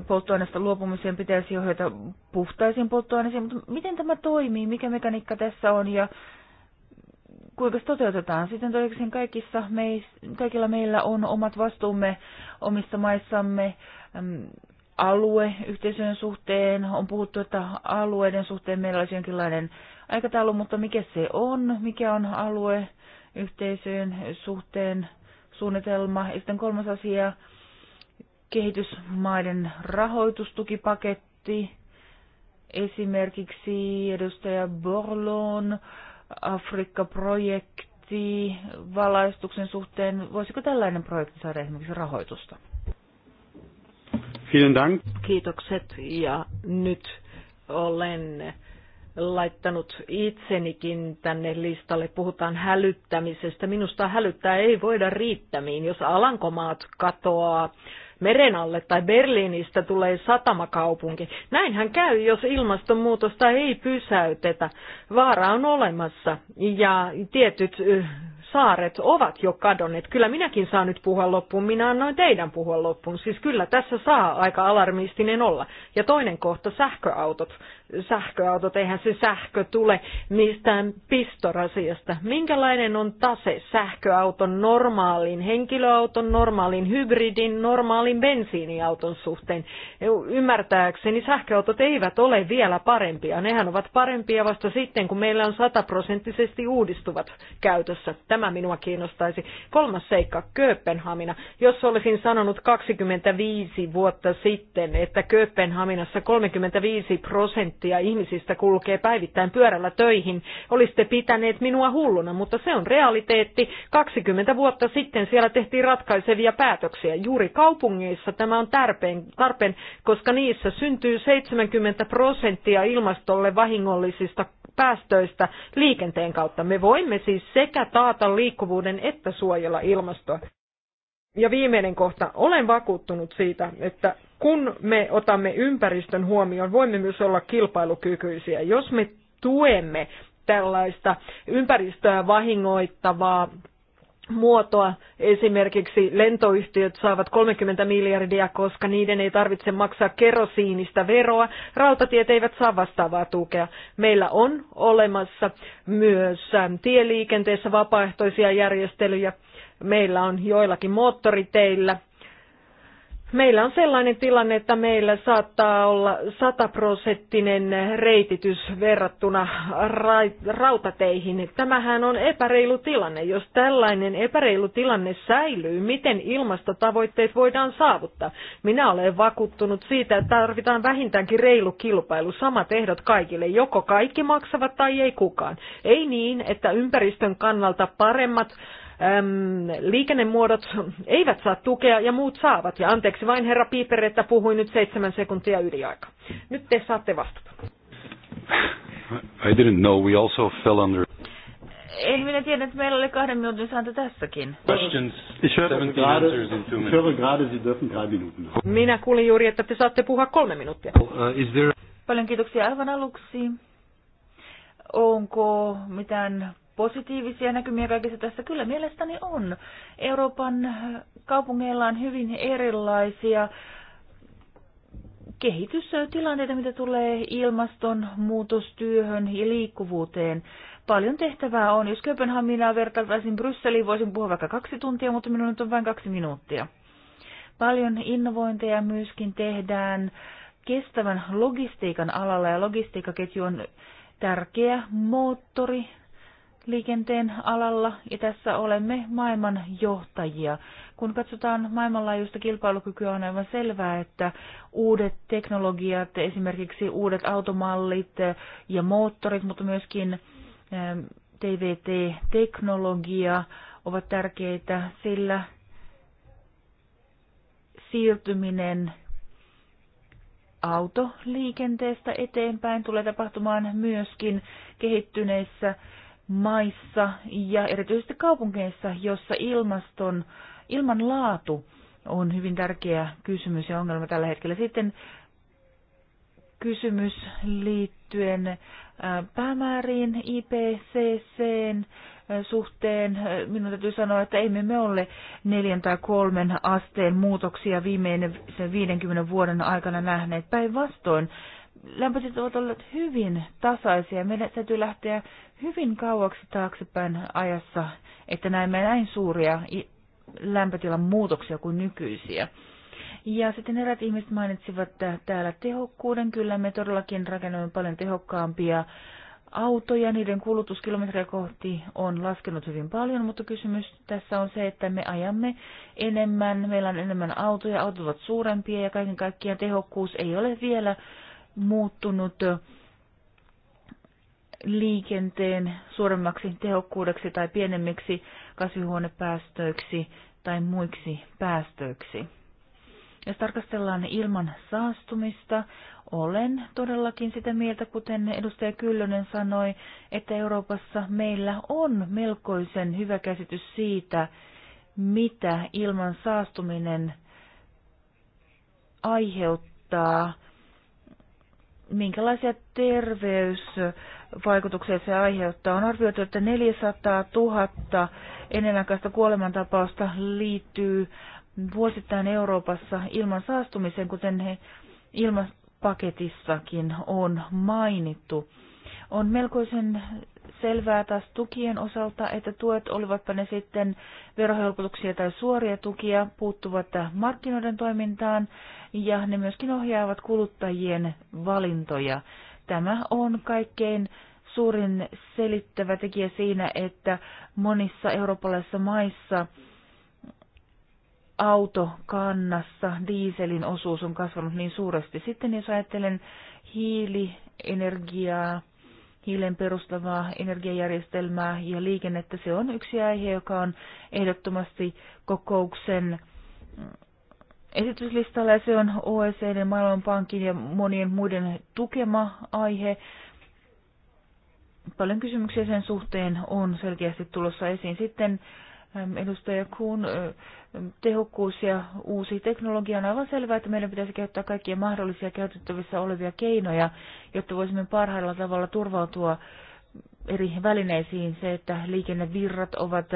polttoaineista luopumiseen pitäisi ohjata puhtaisiin polttoaineisiin, mutta miten tämä toimii, mikä mekaniikka tässä on ja kuinka se toteutetaan. Sitten toiseksi kaikissa meis, kaikilla meillä on omat vastuumme omissa maissamme alue yhteisöjen suhteen. On puhuttu, että alueiden suhteen meillä olisi jonkinlainen aikataulu, mutta mikä se on, mikä on alue yhteisöjen suhteen suunnitelma. Ja sitten kolmas asia, kehitysmaiden rahoitustukipaketti. Esimerkiksi edustaja Borlon Afrikka-projekti valaistuksen suhteen. Voisiko tällainen projekti saada esimerkiksi rahoitusta? Vielen Dank. Kiitokset ja nyt olen laittanut itsenikin tänne listalle. Puhutaan hälyttämisestä. Minusta hälyttää ei voida riittämiin, jos Alankomaat katoaa meren alle tai Berliinistä tulee satamakaupunki. Näinhän käy, jos ilmastonmuutosta ei pysäytetä. Vaara on olemassa ja tietyt saaret ovat jo kadonneet. Kyllä minäkin saan nyt puhua loppuun, minä annoin teidän puhua loppuun. Siis kyllä tässä saa aika alarmistinen olla. Ja toinen kohta, sähköautot sähköautot, eihän se sähkö tule mistään pistorasiasta. Minkälainen on tase sähköauton normaalin henkilöauton, normaalin hybridin, normaalin bensiiniauton suhteen? Ymmärtääkseni sähköautot eivät ole vielä parempia. Nehän ovat parempia vasta sitten, kun meillä on sataprosenttisesti uudistuvat käytössä. Tämä minua kiinnostaisi. Kolmas seikka, Kööpenhamina. Jos olisin sanonut 25 vuotta sitten, että Kööpenhaminassa 35 prosenttia prosenttia ihmisistä kulkee päivittäin pyörällä töihin. Olisitte pitäneet minua hulluna, mutta se on realiteetti. 20 vuotta sitten siellä tehtiin ratkaisevia päätöksiä. Juuri kaupungeissa tämä on tarpeen, tarpeen koska niissä syntyy 70 prosenttia ilmastolle vahingollisista päästöistä liikenteen kautta. Me voimme siis sekä taata liikkuvuuden että suojella ilmastoa. Ja viimeinen kohta. Olen vakuuttunut siitä, että kun me otamme ympäristön huomioon, voimme myös olla kilpailukykyisiä. Jos me tuemme tällaista ympäristöä vahingoittavaa muotoa. Esimerkiksi lentoyhtiöt saavat 30 miljardia, koska niiden ei tarvitse maksaa kerosiinista veroa. Rautatiet eivät saa vastaavaa tukea. Meillä on olemassa myös ähm, tieliikenteessä vapaaehtoisia järjestelyjä. Meillä on joillakin moottoriteillä Meillä on sellainen tilanne, että meillä saattaa olla sataprosenttinen reititys verrattuna rautateihin. Tämähän on epäreilu tilanne. Jos tällainen epäreilu tilanne säilyy, miten ilmastotavoitteet voidaan saavuttaa? Minä olen vakuuttunut siitä, että tarvitaan vähintäänkin reilu kilpailu, samat ehdot kaikille. Joko kaikki maksavat tai ei kukaan. Ei niin, että ympäristön kannalta paremmat äm, liikennemuodot eivät saa tukea ja muut saavat. Ja anteeksi vain herra Piiper, että puhuin nyt seitsemän sekuntia yliaika. Nyt te saatte vastata. I didn't know. We also fell under... Ei minä tiedä, että meillä oli kahden minuutin sääntö tässäkin. Minä kuulin juuri, että te saatte puhua kolme minuuttia. Uh, Paljon kiitoksia aivan aluksi. Onko mitään positiivisia näkymiä kaikessa tässä? Kyllä mielestäni on. Euroopan kaupungeilla on hyvin erilaisia kehitystilanteita, mitä tulee ilmastonmuutostyöhön ja liikkuvuuteen. Paljon tehtävää on. Jos Kööpenhaminaa vertaisin Brysseliin, voisin puhua vaikka kaksi tuntia, mutta minun nyt on vain kaksi minuuttia. Paljon innovointeja myöskin tehdään kestävän logistiikan alalla ja logistiikkaketju on tärkeä moottori liikenteen alalla ja tässä olemme maailman johtajia. Kun katsotaan maailmanlaajuista kilpailukykyä, on aivan selvää, että uudet teknologiat, esimerkiksi uudet automallit ja moottorit, mutta myöskin ähm, TVT-teknologia ovat tärkeitä, sillä siirtyminen autoliikenteestä eteenpäin tulee tapahtumaan myöskin kehittyneissä maissa ja erityisesti kaupungeissa, jossa ilmaston, ilmanlaatu on hyvin tärkeä kysymys ja ongelma tällä hetkellä. Sitten kysymys liittyen äh, päämääriin IPCC äh, suhteen. Äh, minun täytyy sanoa, että emme me ole neljän tai kolmen asteen muutoksia viimeisen 50 vuoden aikana nähneet. Päinvastoin lämpötilat ovat olleet hyvin tasaisia. Meidän täytyy lähteä hyvin kauaksi taaksepäin ajassa, että näemme näin suuria lämpötilan muutoksia kuin nykyisiä. Ja sitten erät ihmiset mainitsivat täällä tehokkuuden. Kyllä me todellakin rakennamme paljon tehokkaampia autoja, niiden kulutuskilometrejä kohti on laskenut hyvin paljon, mutta kysymys tässä on se, että me ajamme enemmän, meillä on enemmän autoja, autot ovat suurempia ja kaiken kaikkiaan tehokkuus ei ole vielä muuttunut liikenteen suuremmaksi tehokkuudeksi tai pienemmiksi kasvihuonepäästöiksi tai muiksi päästöiksi. Jos tarkastellaan ilman saastumista, olen todellakin sitä mieltä, kuten edustaja Kyllönen sanoi, että Euroopassa meillä on melkoisen hyvä käsitys siitä, mitä ilman saastuminen aiheuttaa minkälaisia terveysvaikutuksia se aiheuttaa. On arvioitu, että 400 000 ennenaikaista kuolemantapausta liittyy vuosittain Euroopassa ilman saastumiseen, kuten he ilmapaketissakin on mainittu. On melkoisen selvää taas tukien osalta, että tuet, olivatpa ne sitten verohelpotuksia tai suoria tukia, puuttuvat markkinoiden toimintaan ja ne myöskin ohjaavat kuluttajien valintoja. Tämä on kaikkein suurin selittävä tekijä siinä, että monissa eurooppalaisissa maissa autokannassa diiselin osuus on kasvanut niin suuresti. Sitten jos ajattelen hiilienergiaa, hiilen perustavaa energiajärjestelmää ja liikennettä, se on yksi aihe, joka on ehdottomasti kokouksen esityslistalla ja se on OECD, Maailmanpankin ja monien muiden tukema aihe. Paljon kysymyksiä sen suhteen on selkeästi tulossa esiin. Sitten ähm, edustaja Kuhn, äh, tehokkuus ja uusi teknologia on aivan selvää, että meidän pitäisi käyttää kaikkia mahdollisia käytettävissä olevia keinoja, jotta voisimme parhailla tavalla turvautua eri välineisiin se, että liikennevirrat ovat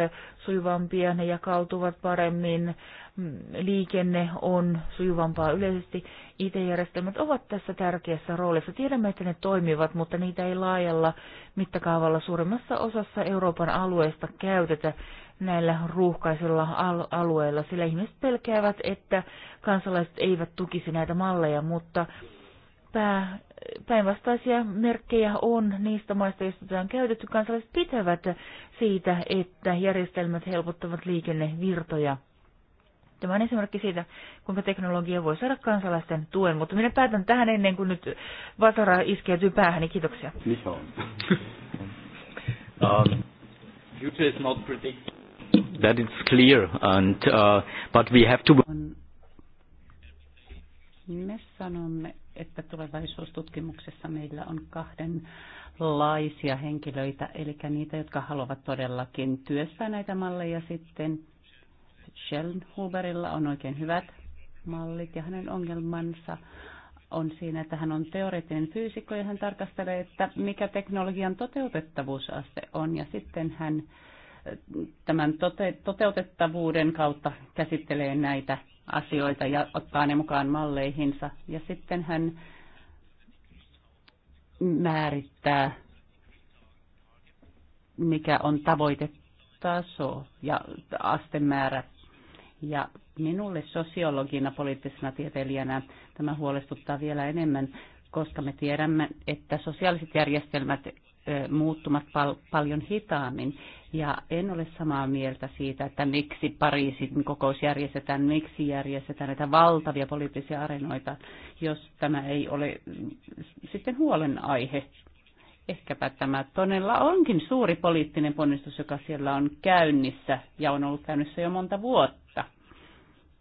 sujuvampia, ne jakautuvat paremmin, mm, liikenne on sujuvampaa yleisesti. IT-järjestelmät ovat tässä tärkeässä roolissa. Tiedämme, että ne toimivat, mutta niitä ei laajalla mittakaavalla suurimmassa osassa Euroopan alueesta käytetä näillä ruuhkaisilla alueilla, sillä ihmiset pelkäävät, että kansalaiset eivät tukisi näitä malleja, mutta pää, päinvastaisia merkkejä on niistä maista, joista tämä on käytetty. Kansalaiset pitävät siitä, että järjestelmät helpottavat liikennevirtoja. Tämä on esimerkki siitä, kuinka teknologia voi saada kansalaisten tuen, mutta minä päätän tähän ennen kuin nyt vasara iskeytyy päähän, niin kiitoksia. *laughs* um, future is not predicted. That is clear, and, uh, but we have to... Me sanomme, että tulevaisuustutkimuksessa meillä on kahden laisia henkilöitä, eli niitä, jotka haluavat todellakin työstää näitä malleja sitten. Huberilla on oikein hyvät mallit ja hänen ongelmansa on siinä, että hän on teoreettinen fyysikko ja hän tarkastelee, että mikä teknologian toteutettavuusaste on ja sitten hän tämän tote, toteutettavuuden kautta käsittelee näitä asioita ja ottaa ne mukaan malleihinsa. Ja sitten hän määrittää, mikä on tavoitetaso ja astemäärä. Ja minulle sosiologina, poliittisena tieteilijänä tämä huolestuttaa vielä enemmän, koska me tiedämme, että sosiaaliset järjestelmät muuttumat pal- paljon hitaammin. Ja en ole samaa mieltä siitä, että miksi Pariisin kokous järjestetään, miksi järjestetään näitä valtavia poliittisia areenoita, jos tämä ei ole mm, sitten huolenaihe. Ehkäpä tämä todella onkin suuri poliittinen ponnistus, joka siellä on käynnissä ja on ollut käynnissä jo monta vuotta.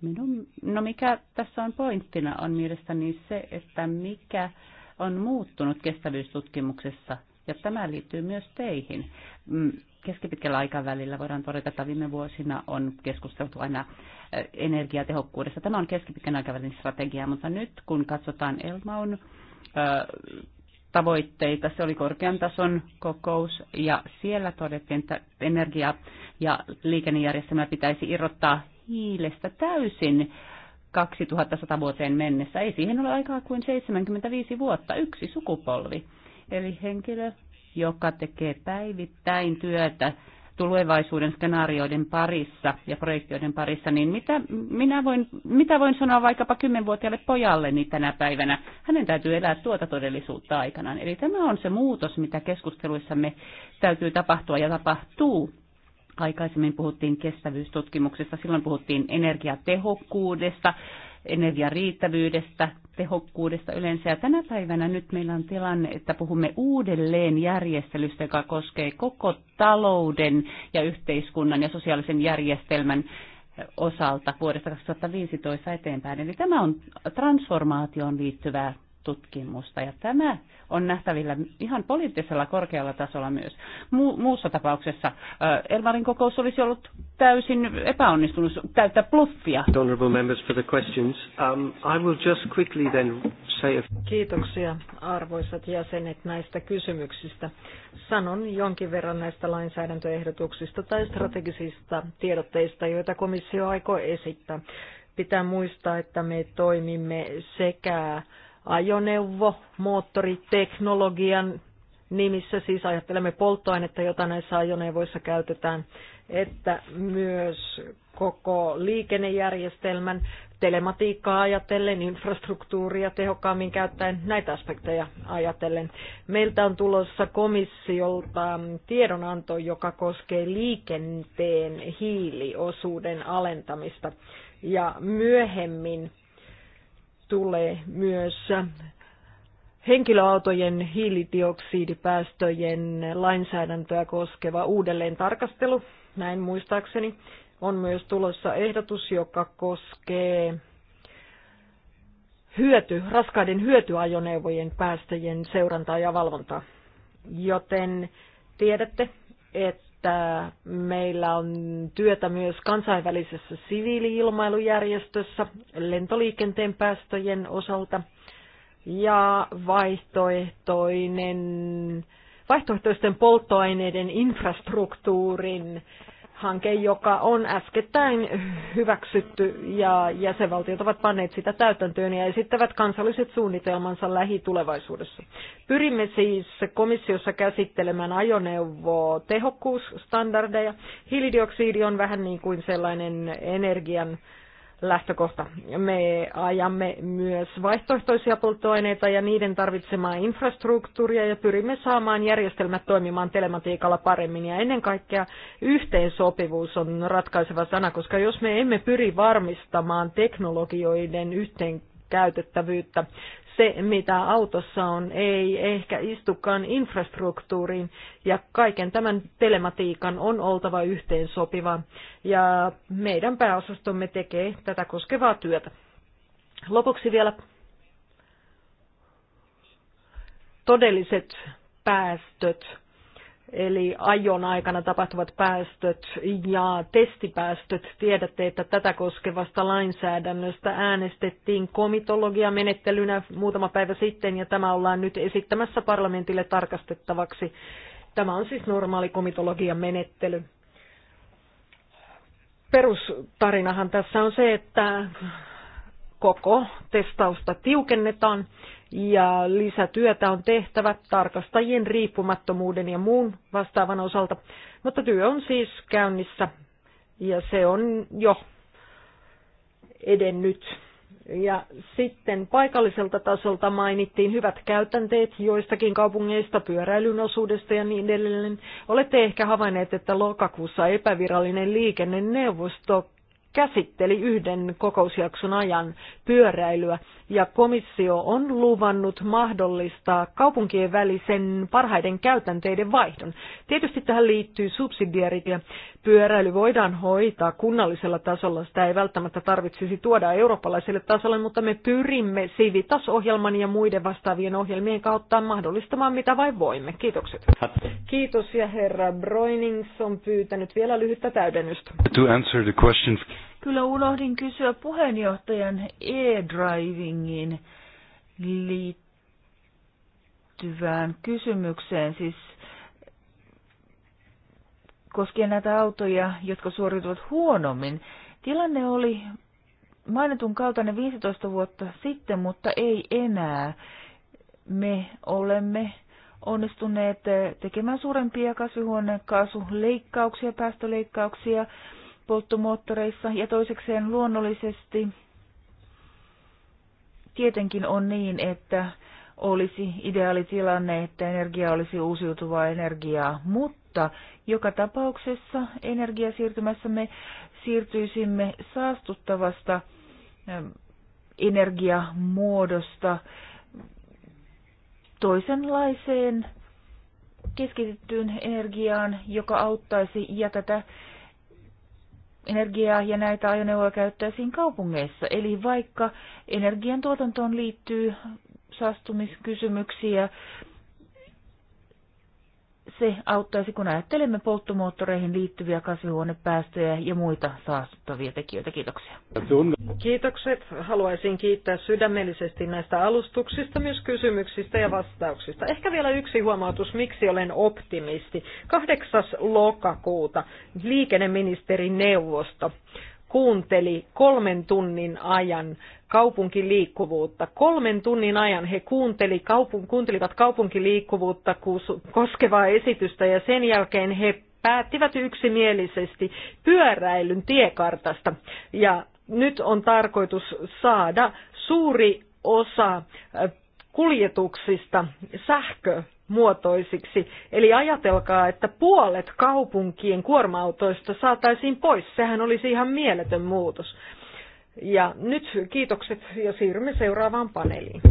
Minun, no mikä tässä on pointtina on mielestäni se, että mikä on muuttunut kestävyystutkimuksessa – ja tämä liittyy myös teihin. Mm, keskipitkällä aikavälillä voidaan todeta, että viime vuosina on keskusteltu aina eh, energiatehokkuudesta. Tämä on keskipitkän aikavälin strategia, mutta nyt kun katsotaan Elmaun eh, tavoitteita. Se oli korkean tason kokous ja siellä todettiin, että energia- ja liikennejärjestelmä pitäisi irrottaa hiilestä täysin 2100 vuoteen mennessä. Ei siihen ole aikaa kuin 75 vuotta, yksi sukupolvi. Eli henkilö, joka tekee päivittäin työtä tulevaisuuden skenaarioiden parissa ja projektioiden parissa, niin mitä, minä voin, mitä voin sanoa vaikkapa kymmenvuotiaalle niin tänä päivänä? Hänen täytyy elää tuota todellisuutta aikanaan. Eli tämä on se muutos, mitä keskusteluissamme täytyy tapahtua ja tapahtuu. Aikaisemmin puhuttiin kestävyystutkimuksesta, silloin puhuttiin energiatehokkuudesta, energiariittävyydestä, tehokkuudesta yleensä. Ja tänä päivänä nyt meillä on tilanne, että puhumme uudelleen järjestelystä, joka koskee koko talouden ja yhteiskunnan ja sosiaalisen järjestelmän osalta vuodesta 2015 eteenpäin. Eli tämä on transformaatioon liittyvää tutkimusta. Ja tämä on nähtävillä ihan poliittisella korkealla tasolla myös. Mu- muussa tapauksessa Elmarin kokous olisi ollut täysin epäonnistunut, täyttä pluffia. Um, Kiitoksia arvoisat jäsenet näistä kysymyksistä. Sanon jonkin verran näistä lainsäädäntöehdotuksista tai strategisista tiedotteista, joita komissio aikoo esittää pitää muistaa, että me toimimme sekä ajoneuvo, moottoriteknologian nimissä, siis ajattelemme polttoainetta, jota näissä ajoneuvoissa käytetään, että myös koko liikennejärjestelmän telematiikkaa ajatellen, infrastruktuuria tehokkaammin käyttäen, näitä aspekteja ajatellen. Meiltä on tulossa komissiolta tiedonanto, joka koskee liikenteen hiiliosuuden alentamista. Ja myöhemmin tulee myös henkilöautojen hiilidioksidipäästöjen lainsäädäntöä koskeva uudelleen tarkastelu. Näin muistaakseni on myös tulossa ehdotus, joka koskee hyöty, raskaiden hyötyajoneuvojen päästöjen seurantaa ja valvontaa. Joten tiedätte, että että meillä on työtä myös kansainvälisessä siviiliilmailujärjestössä lentoliikenteen päästöjen osalta ja vaihtoehtoinen, vaihtoehtoisten polttoaineiden infrastruktuurin hanke, joka on äskettäin hyväksytty ja jäsenvaltiot ovat panneet sitä täytäntöön ja esittävät kansalliset suunnitelmansa lähitulevaisuudessa. Pyrimme siis komissiossa käsittelemään ajoneuvotehokkuusstandardeja. Hiilidioksidi on vähän niin kuin sellainen energian lähtökohta. Me ajamme myös vaihtoehtoisia polttoaineita ja niiden tarvitsemaa infrastruktuuria ja pyrimme saamaan järjestelmät toimimaan telematiikalla paremmin. Ja ennen kaikkea yhteensopivuus on ratkaiseva sana, koska jos me emme pyri varmistamaan teknologioiden yhteen käytettävyyttä se, mitä autossa on, ei ehkä istukaan infrastruktuuriin ja kaiken tämän telematiikan on oltava yhteensopiva ja meidän pääosastomme tekee tätä koskevaa työtä. Lopuksi vielä todelliset päästöt eli ajon aikana tapahtuvat päästöt ja testipäästöt. Tiedätte, että tätä koskevasta lainsäädännöstä äänestettiin komitologiamenettelynä muutama päivä sitten ja tämä ollaan nyt esittämässä parlamentille tarkastettavaksi. Tämä on siis normaali komitologian menettely. Perustarinahan tässä on se, että koko testausta tiukennetaan ja lisätyötä on tehtävä tarkastajien riippumattomuuden ja muun vastaavan osalta, mutta työ on siis käynnissä ja se on jo edennyt. Ja sitten paikalliselta tasolta mainittiin hyvät käytänteet joistakin kaupungeista, pyöräilyn osuudesta ja niin edelleen. Olette ehkä havainneet, että lokakuussa epävirallinen liikenneneuvosto käsitteli yhden kokousjakson ajan pyöräilyä ja komissio on luvannut mahdollistaa kaupunkien välisen parhaiden käytänteiden vaihdon. Tietysti tähän liittyy subsidiarit ja pyöräily voidaan hoitaa kunnallisella tasolla. Sitä ei välttämättä tarvitsisi tuoda eurooppalaiselle tasolle, mutta me pyrimme Civitas-ohjelman ja muiden vastaavien ohjelmien kautta mahdollistamaan mitä vain voimme. Kiitokset. Kiitos ja herra Broinings on pyytänyt vielä lyhyttä täydennystä. To answer the question. Kyllä unohdin kysyä puheenjohtajan e-drivingin liittyvään kysymykseen, siis koskien näitä autoja, jotka suorituvat huonommin. Tilanne oli mainitun kaltainen 15 vuotta sitten, mutta ei enää. Me olemme onnistuneet tekemään suurempia kasvihuonekaasuleikkauksia, päästöleikkauksia, polttomoottoreissa. Ja toisekseen luonnollisesti tietenkin on niin, että olisi ideaalitilanne, että energia olisi uusiutuvaa energiaa, mutta joka tapauksessa energiasiirtymässä me siirtyisimme saastuttavasta ähm, energiamuodosta toisenlaiseen keskitettyyn energiaan, joka auttaisi ja tätä energiaa ja näitä ajoneuvoja käyttäisiin kaupungeissa. Eli vaikka energiantuotantoon liittyy saastumiskysymyksiä, se auttaisi, kun ajattelemme polttomoottoreihin liittyviä kasvihuonepäästöjä ja muita saastuttavia tekijöitä. Kiitoksia. Kiitokset. Haluaisin kiittää sydämellisesti näistä alustuksista, myös kysymyksistä ja vastauksista. Ehkä vielä yksi huomautus, miksi olen optimisti. 8. lokakuuta liikenneministerineuvosto kuunteli kolmen tunnin ajan kaupunkiliikkuvuutta. Kolmen tunnin ajan he kuunteli, kaupun, kuuntelivat kaupunkiliikkuvuutta koskevaa esitystä ja sen jälkeen he päättivät yksimielisesti pyöräilyn tiekartasta. Ja nyt on tarkoitus saada suuri osa äh, kuljetuksista sähkö muotoisiksi. Eli ajatelkaa, että puolet kaupunkien kuorma-autoista saataisiin pois. Sehän olisi ihan mieletön muutos. Ja nyt kiitokset ja siirrymme seuraavaan paneeliin.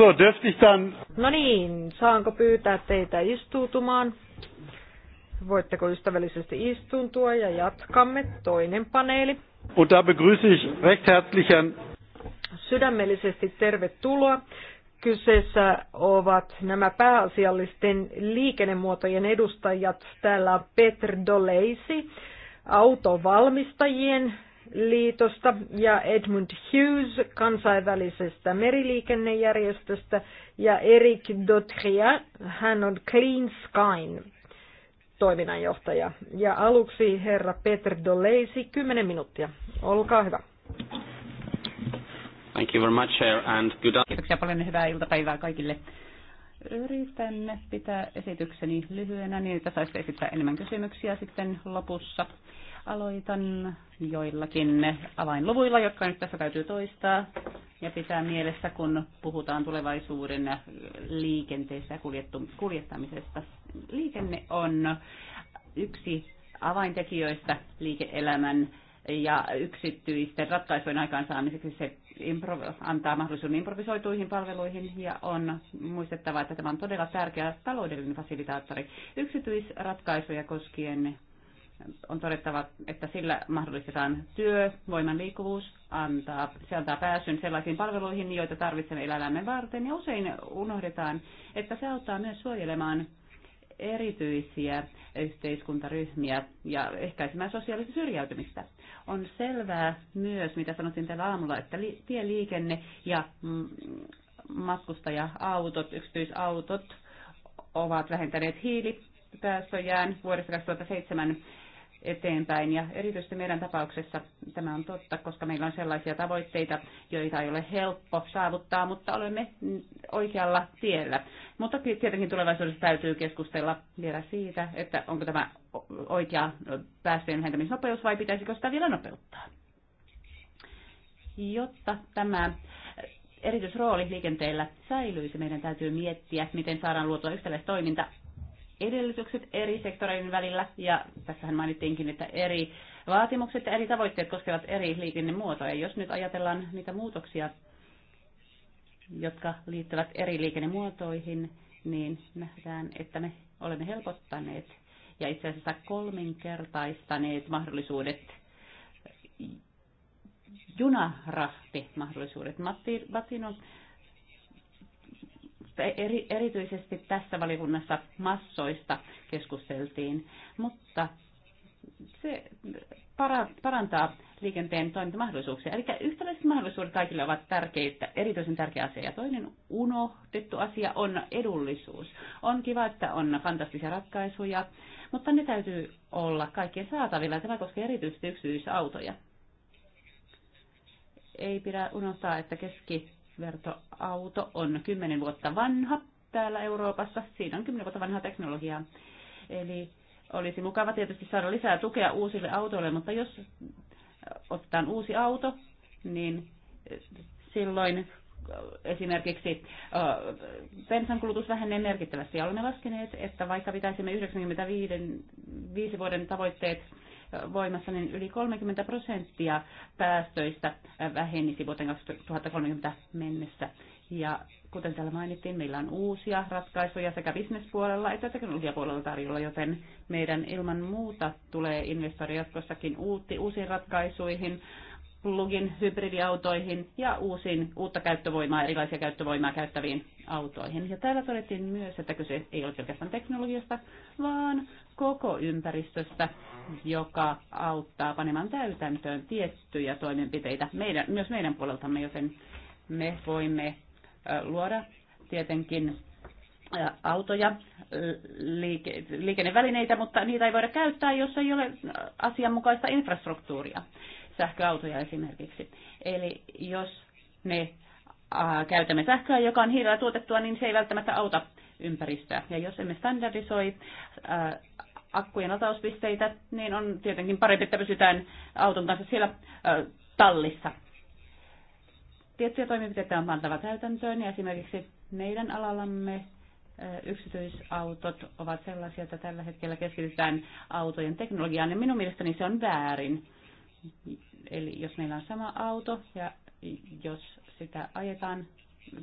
So, dürfte ich dann... No niin, saanko pyytää teitä istuutumaan? Voitteko ystävällisesti istuntua ja jatkamme toinen paneeli. Und da begrüße ich recht herzlich Herrn... Sydämellisesti tervetuloa. Kyseessä ovat nämä pääasiallisten liikennemuotojen edustajat. Täällä on Peter Doleisi, autovalmistajien liitosta ja Edmund Hughes kansainvälisestä meriliikennejärjestöstä ja Eric Dotria, hän on Clean Sky toiminnanjohtaja. Ja aluksi herra Peter Doleisi, 10 minuuttia. Olkaa hyvä. Thank you very much, Chair, and good Kiitoksia paljon hyvää iltapäivää kaikille. Yritän pitää esitykseni lyhyenä niin, että saisitte esittää enemmän kysymyksiä sitten lopussa. Aloitan joillakin avainluvuilla, jotka nyt tässä täytyy toistaa ja pitää mielessä, kun puhutaan tulevaisuuden liikenteessä ja kuljettamisesta. Liikenne on yksi avaintekijöistä liike-elämän ja yksityisten ratkaisujen aikaansaamiseksi se impro- antaa mahdollisuuden improvisoituihin palveluihin ja on muistettava, että tämä on todella tärkeä taloudellinen fasilitaattori yksityisratkaisuja koskien on todettava, että sillä mahdollistetaan työ, voiman liikkuvuus, antaa, se antaa pääsyn sellaisiin palveluihin, joita tarvitsemme elämämme varten, ja usein unohdetaan, että se auttaa myös suojelemaan erityisiä yhteiskuntaryhmiä ja ehkäisemään sosiaalista syrjäytymistä. On selvää myös, mitä sanottiin täällä aamulla, että li- tieliikenne ja mm, matkustaja-autot, yksityisautot ovat vähentäneet hiili päästöjään vuodesta 2007 eteenpäin. Ja erityisesti meidän tapauksessa tämä on totta, koska meillä on sellaisia tavoitteita, joita ei ole helppo saavuttaa, mutta olemme oikealla tiellä. Mutta tietenkin tulevaisuudessa täytyy keskustella vielä siitä, että onko tämä oikea päästöjen vähentämisnopeus vai pitäisikö sitä vielä nopeuttaa. Jotta tämä erityisrooli liikenteellä säilyisi, meidän täytyy miettiä, miten saadaan luotua yhtäläistä toiminta edellytykset eri sektoreiden välillä, ja tässähän mainittiinkin, että eri vaatimukset ja eri tavoitteet koskevat eri liikennemuotoja. Jos nyt ajatellaan niitä muutoksia, jotka liittyvät eri liikennemuotoihin, niin nähdään, että me olemme helpottaneet ja itse asiassa kolminkertaistaneet mahdollisuudet junarahtimahdollisuudet. Matti Batino eri, erityisesti tässä valikunnassa massoista keskusteltiin, mutta se para, parantaa liikenteen toimintamahdollisuuksia. Eli yhtäläiset mahdollisuudet kaikille ovat tärkeitä, erityisen tärkeä asia. Ja toinen unohtettu asia on edullisuus. On kiva, että on fantastisia ratkaisuja, mutta ne täytyy olla kaikkien saatavilla. Tämä koskee erityisesti yksityisautoja. Ei pidä unohtaa, että keski Vertoauto on 10 vuotta vanha täällä Euroopassa. Siinä on 10 vuotta vanhaa teknologiaa. Eli olisi mukava tietysti saada lisää tukea uusille autoille, mutta jos otetaan uusi auto, niin silloin esimerkiksi bensan kulutus vähenee merkittävästi. olemme laskeneet, että vaikka pitäisimme 95 vuoden tavoitteet voimassa, niin yli 30 prosenttia päästöistä vähenisi vuoteen 2030 mennessä. Ja kuten täällä mainittiin, meillä on uusia ratkaisuja sekä bisnespuolella että teknologiapuolella tarjolla, joten meidän ilman muuta tulee investoida jatkossakin uusiin ratkaisuihin plugin hybridiautoihin ja uusiin uutta käyttövoimaa, erilaisia käyttövoimaa käyttäviin autoihin. Ja täällä todettiin myös, että kyse ei ole pelkästään teknologiasta, vaan koko ympäristöstä, joka auttaa panemaan täytäntöön tiettyjä toimenpiteitä meidän, myös meidän puoleltamme, joten me voimme luoda tietenkin autoja, liike, liikennevälineitä, mutta niitä ei voida käyttää, jos ei ole asianmukaista infrastruktuuria sähköautoja esimerkiksi. Eli jos me käytämme sähköä, joka on hiilellä tuotettua, niin se ei välttämättä auta ympäristöä. Ja jos emme standardisoi akkujen latauspisteitä, niin on tietenkin parempi, että pysytään auton kanssa siellä tallissa. Tiettyjä toimenpiteitä on pantava täytäntöön ja esimerkiksi meidän alallamme yksityisautot ovat sellaisia, että tällä hetkellä keskitytään autojen teknologiaan ja minun mielestäni se on väärin. Eli jos meillä on sama auto ja jos sitä ajetaan,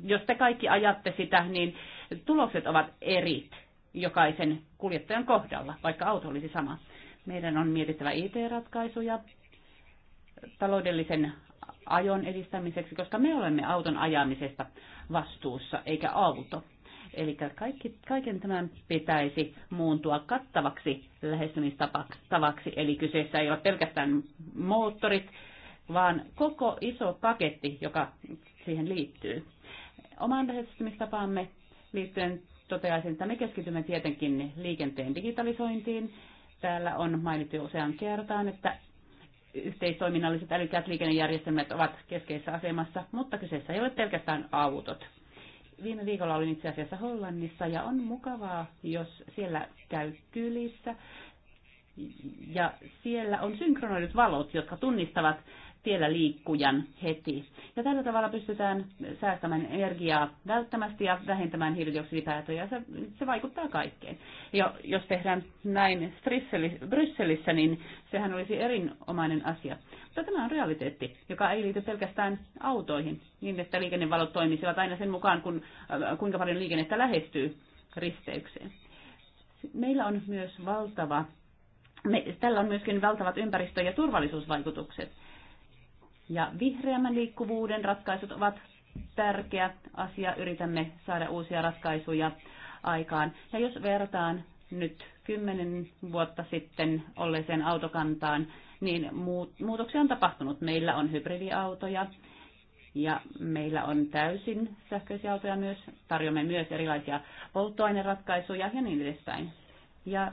jos te kaikki ajatte sitä, niin tulokset ovat eri jokaisen kuljettajan kohdalla, vaikka auto olisi sama. Meidän on mietittävä IT-ratkaisuja taloudellisen ajon edistämiseksi, koska me olemme auton ajamisesta vastuussa, eikä auto. Eli kaikki, kaiken tämän pitäisi muuntua kattavaksi lähestymistavaksi. Eli kyseessä ei ole pelkästään moottorit, vaan koko iso paketti, joka siihen liittyy. Omaan lähestymistapaamme liittyen toteaisin, että me keskitymme tietenkin liikenteen digitalisointiin. Täällä on mainittu usean kertaan, että yhteistoiminnalliset älykkäät liikennejärjestelmät ovat keskeisessä asemassa, mutta kyseessä ei ole pelkästään autot. Viime viikolla olin itse asiassa Hollannissa ja on mukavaa, jos siellä käy kylissä ja siellä on synkronoidut valot, jotka tunnistavat tiellä liikkujan heti. Ja tällä tavalla pystytään säästämään energiaa välttämättä ja vähentämään hiilidioksidipäätöjä. Se, se vaikuttaa kaikkeen. Ja jos tehdään näin Brysselissä, niin sehän olisi erinomainen asia. Mutta tämä on realiteetti, joka ei liity pelkästään autoihin, niin että liikennevalot toimisivat aina sen mukaan, kun, äh, kuinka paljon liikennettä lähestyy risteykseen. Meillä on myös valtava me, tällä on myöskin valtavat ympäristö- ja turvallisuusvaikutukset. Ja vihreämmän liikkuvuuden ratkaisut ovat tärkeä asia. Yritämme saada uusia ratkaisuja aikaan. Ja jos vertaan nyt kymmenen vuotta sitten olleeseen autokantaan, niin muutoksia on tapahtunut. Meillä on hybridiautoja ja meillä on täysin sähköisiä autoja myös. Tarjoamme myös erilaisia polttoaineratkaisuja ja niin edespäin. Ja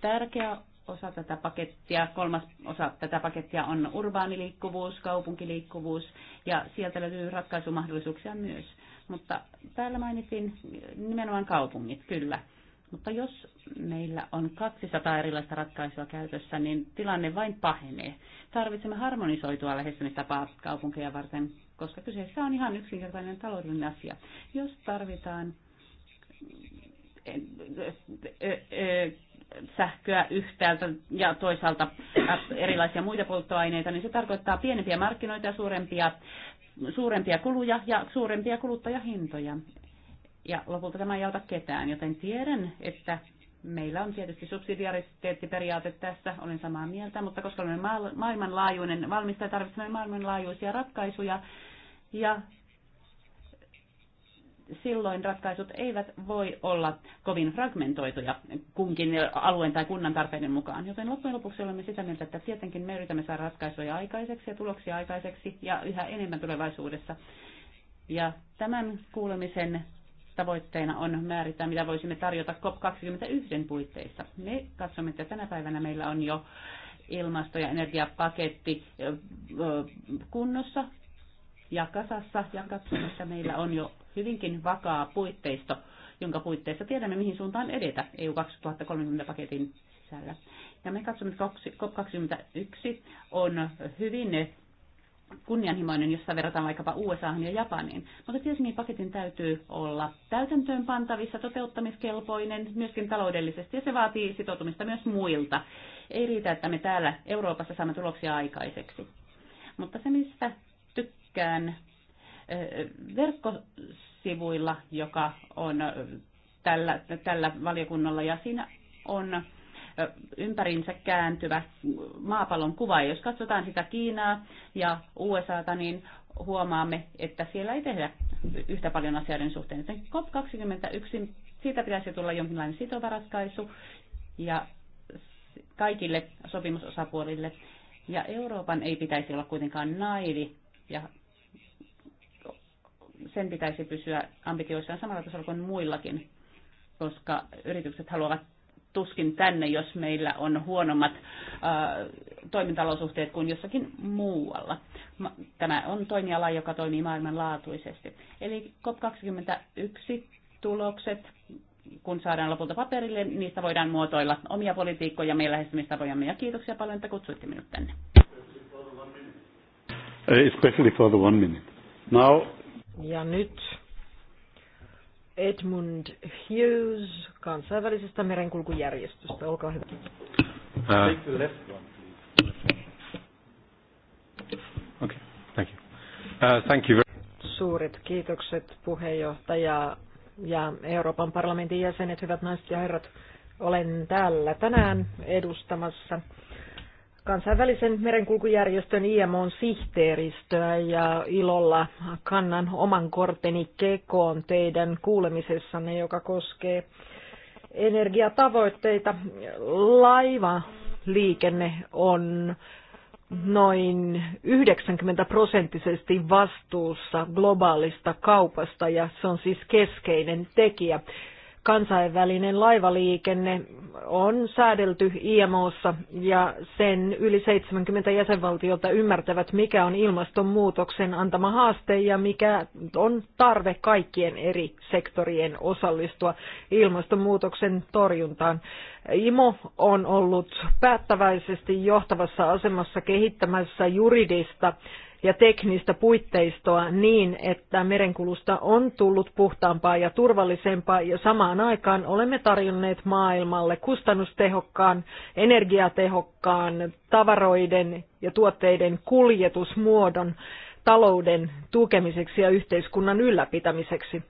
tärkeää osa tätä pakettia, kolmas osa tätä pakettia on urbaaniliikkuvuus, kaupunkiliikkuvuus ja sieltä löytyy ratkaisumahdollisuuksia myös. Mutta täällä mainitsin nimenomaan kaupungit, kyllä. Mutta jos meillä on 200 erilaista ratkaisua käytössä, niin tilanne vain pahenee. Tarvitsemme harmonisoitua lähestymistapaa kaupunkeja varten, koska kyseessä on ihan yksinkertainen taloudellinen asia. Jos tarvitaan sähköä yhtäältä ja toisaalta äh, erilaisia muita polttoaineita, niin se tarkoittaa pienempiä markkinoita ja suurempia, suurempia kuluja ja suurempia kuluttajahintoja. Ja lopulta tämä ei auta ketään, joten tiedän, että meillä on tietysti subsidiariteettiperiaate tässä, olen samaa mieltä, mutta koska olemme maailmanlaajuinen valmistaja, tarvitsemme maailmanlaajuisia ratkaisuja ja silloin ratkaisut eivät voi olla kovin fragmentoituja kunkin alueen tai kunnan tarpeiden mukaan. Joten loppujen lopuksi olemme sitä mieltä, että tietenkin me yritämme saada ratkaisuja aikaiseksi ja tuloksia aikaiseksi ja yhä enemmän tulevaisuudessa. Ja tämän kuulemisen tavoitteena on määrittää, mitä voisimme tarjota COP21 puitteissa. Me katsomme, että tänä päivänä meillä on jo ilmasto- ja energiapaketti kunnossa, ja kasassa ja katson, että meillä on jo hyvinkin vakaa puitteisto, jonka puitteissa tiedämme, mihin suuntaan edetä EU 2030-paketin sisällä. Ja me katsomme, että COP21 on hyvin kunnianhimoinen, jossa verrataan vaikkapa USA ja Japaniin. Mutta tietenkin paketin täytyy olla täytäntöön pantavissa, toteuttamiskelpoinen, myöskin taloudellisesti, ja se vaatii sitoutumista myös muilta. Ei riitä, että me täällä Euroopassa saamme tuloksia aikaiseksi. Mutta se, mistä myöskään verkkosivuilla, joka on tällä, tällä valiokunnalla ja siinä on ympärinsä kääntyvä maapallon kuva. Ja jos katsotaan sitä Kiinaa ja USAta, niin huomaamme, että siellä ei tehdä yhtä paljon asioiden suhteen. Joten COP21, siitä pitäisi tulla jonkinlainen sitova ratkaisu ja kaikille sopimusosapuolille. Ja Euroopan ei pitäisi olla kuitenkaan naivi ja sen pitäisi pysyä ambitioissaan samalla tasolla kuin muillakin, koska yritykset haluavat tuskin tänne, jos meillä on huonommat ää, toimintalosuhteet kuin jossakin muualla. Tämä on toimiala, joka toimii maailmanlaatuisesti. Eli COP21 tulokset, kun saadaan lopulta paperille, niistä voidaan muotoilla omia politiikkoja, meidän lähestymistapojamme. Ja kiitoksia paljon, että kutsuitte minut tänne. Especially for the one minute. Now ja nyt Edmund Hughes kansainvälisestä merenkulkujärjestöstä. Olkaa hyvä. Uh, okay, thank you. Uh, thank you Suuret kiitokset puheenjohtaja ja Euroopan parlamentin jäsenet, hyvät naiset ja herrat. Olen täällä tänään edustamassa kansainvälisen merenkulkujärjestön IMOn sihteeristöä ja ilolla kannan oman korteni kekoon teidän kuulemisessanne, joka koskee energiatavoitteita. Laiva liikenne on noin 90 prosenttisesti vastuussa globaalista kaupasta ja se on siis keskeinen tekijä kansainvälinen laivaliikenne on säädelty IMOssa ja sen yli 70 jäsenvaltiota ymmärtävät, mikä on ilmastonmuutoksen antama haaste ja mikä on tarve kaikkien eri sektorien osallistua ilmastonmuutoksen torjuntaan. IMO on ollut päättäväisesti johtavassa asemassa kehittämässä juridista ja teknistä puitteistoa niin, että merenkulusta on tullut puhtaampaa ja turvallisempaa ja samaan aikaan olemme tarjonneet maailmalle kustannustehokkaan, energiatehokkaan tavaroiden ja tuotteiden kuljetusmuodon talouden tukemiseksi ja yhteiskunnan ylläpitämiseksi.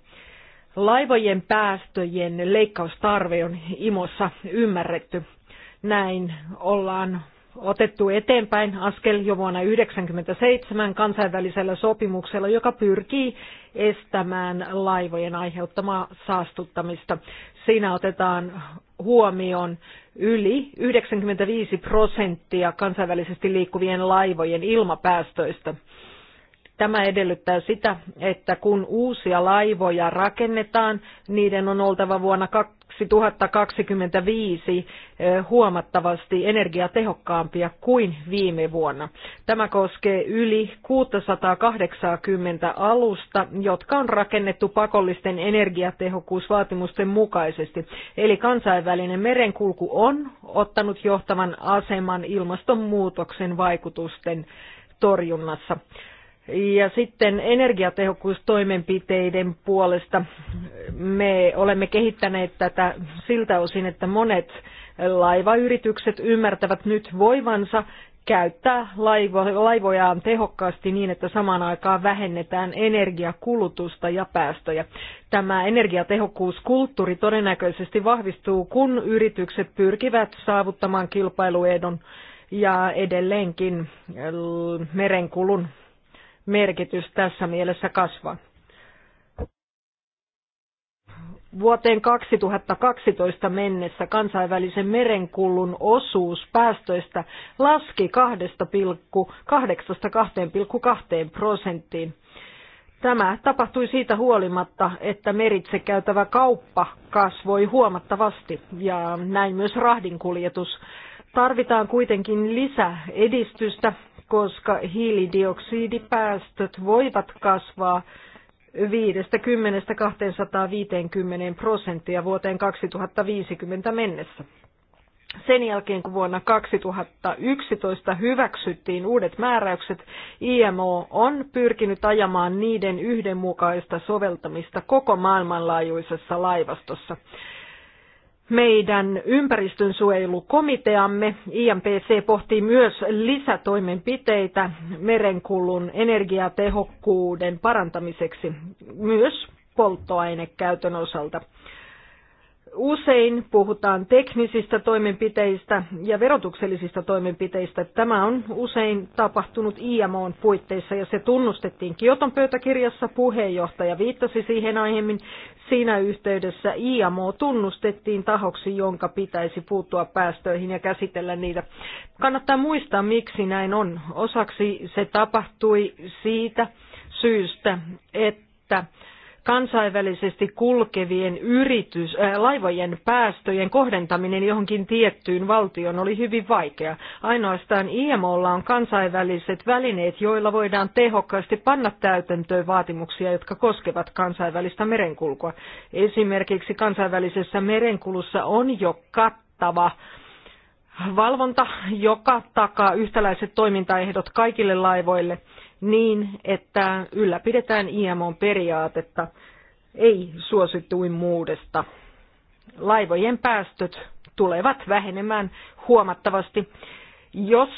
Laivojen päästöjen leikkaustarve on imossa ymmärretty. Näin ollaan otettu eteenpäin askel jo vuonna 1997 kansainvälisellä sopimuksella, joka pyrkii estämään laivojen aiheuttamaa saastuttamista. Siinä otetaan huomioon yli 95 prosenttia kansainvälisesti liikkuvien laivojen ilmapäästöistä. Tämä edellyttää sitä, että kun uusia laivoja rakennetaan, niiden on oltava vuonna 2025 eh, huomattavasti energiatehokkaampia kuin viime vuonna. Tämä koskee yli 680 alusta, jotka on rakennettu pakollisten energiatehokkuusvaatimusten mukaisesti. Eli kansainvälinen merenkulku on ottanut johtavan aseman ilmastonmuutoksen vaikutusten torjunnassa. Ja sitten energiatehokkuustoimenpiteiden puolesta me olemme kehittäneet tätä siltä osin, että monet laivayritykset ymmärtävät nyt voivansa käyttää laivo, laivojaan tehokkaasti niin, että samaan aikaan vähennetään energiakulutusta ja päästöjä. Tämä energiatehokkuuskulttuuri todennäköisesti vahvistuu, kun yritykset pyrkivät saavuttamaan kilpailuedon ja edelleenkin merenkulun merkitys tässä mielessä kasvaa. Vuoteen 2012 mennessä kansainvälisen merenkulun osuus päästöistä laski 2,8-2,2 prosenttiin. Tämä tapahtui siitä huolimatta, että meritse käytävä kauppa kasvoi huomattavasti ja näin myös rahdinkuljetus. Tarvitaan kuitenkin lisää edistystä koska hiilidioksidipäästöt voivat kasvaa 50-250 prosenttia vuoteen 2050 mennessä. Sen jälkeen, kun vuonna 2011 hyväksyttiin uudet määräykset, IMO on pyrkinyt ajamaan niiden yhdenmukaista soveltamista koko maailmanlaajuisessa laivastossa. Meidän ympäristönsuojelukomiteamme IMPC pohtii myös lisätoimenpiteitä merenkulun energiatehokkuuden parantamiseksi myös polttoainekäytön osalta. Usein puhutaan teknisistä toimenpiteistä ja verotuksellisista toimenpiteistä. Tämä on usein tapahtunut IMOn puitteissa ja se tunnustettiin Kioton pöytäkirjassa. Puheenjohtaja viittasi siihen aiemmin. Siinä yhteydessä IMO tunnustettiin tahoksi, jonka pitäisi puuttua päästöihin ja käsitellä niitä. Kannattaa muistaa, miksi näin on. Osaksi se tapahtui siitä syystä, että kansainvälisesti kulkevien yritys, äh, laivojen päästöjen kohdentaminen johonkin tiettyyn valtioon oli hyvin vaikea. Ainoastaan IMOlla on kansainväliset välineet, joilla voidaan tehokkaasti panna täytäntöön vaatimuksia, jotka koskevat kansainvälistä merenkulkua. Esimerkiksi kansainvälisessä merenkulussa on jo kattava valvonta, joka takaa yhtäläiset toimintaehdot kaikille laivoille – niin, että ylläpidetään IMOn periaatetta ei suosituimmuudesta. Laivojen päästöt tulevat vähenemään huomattavasti jos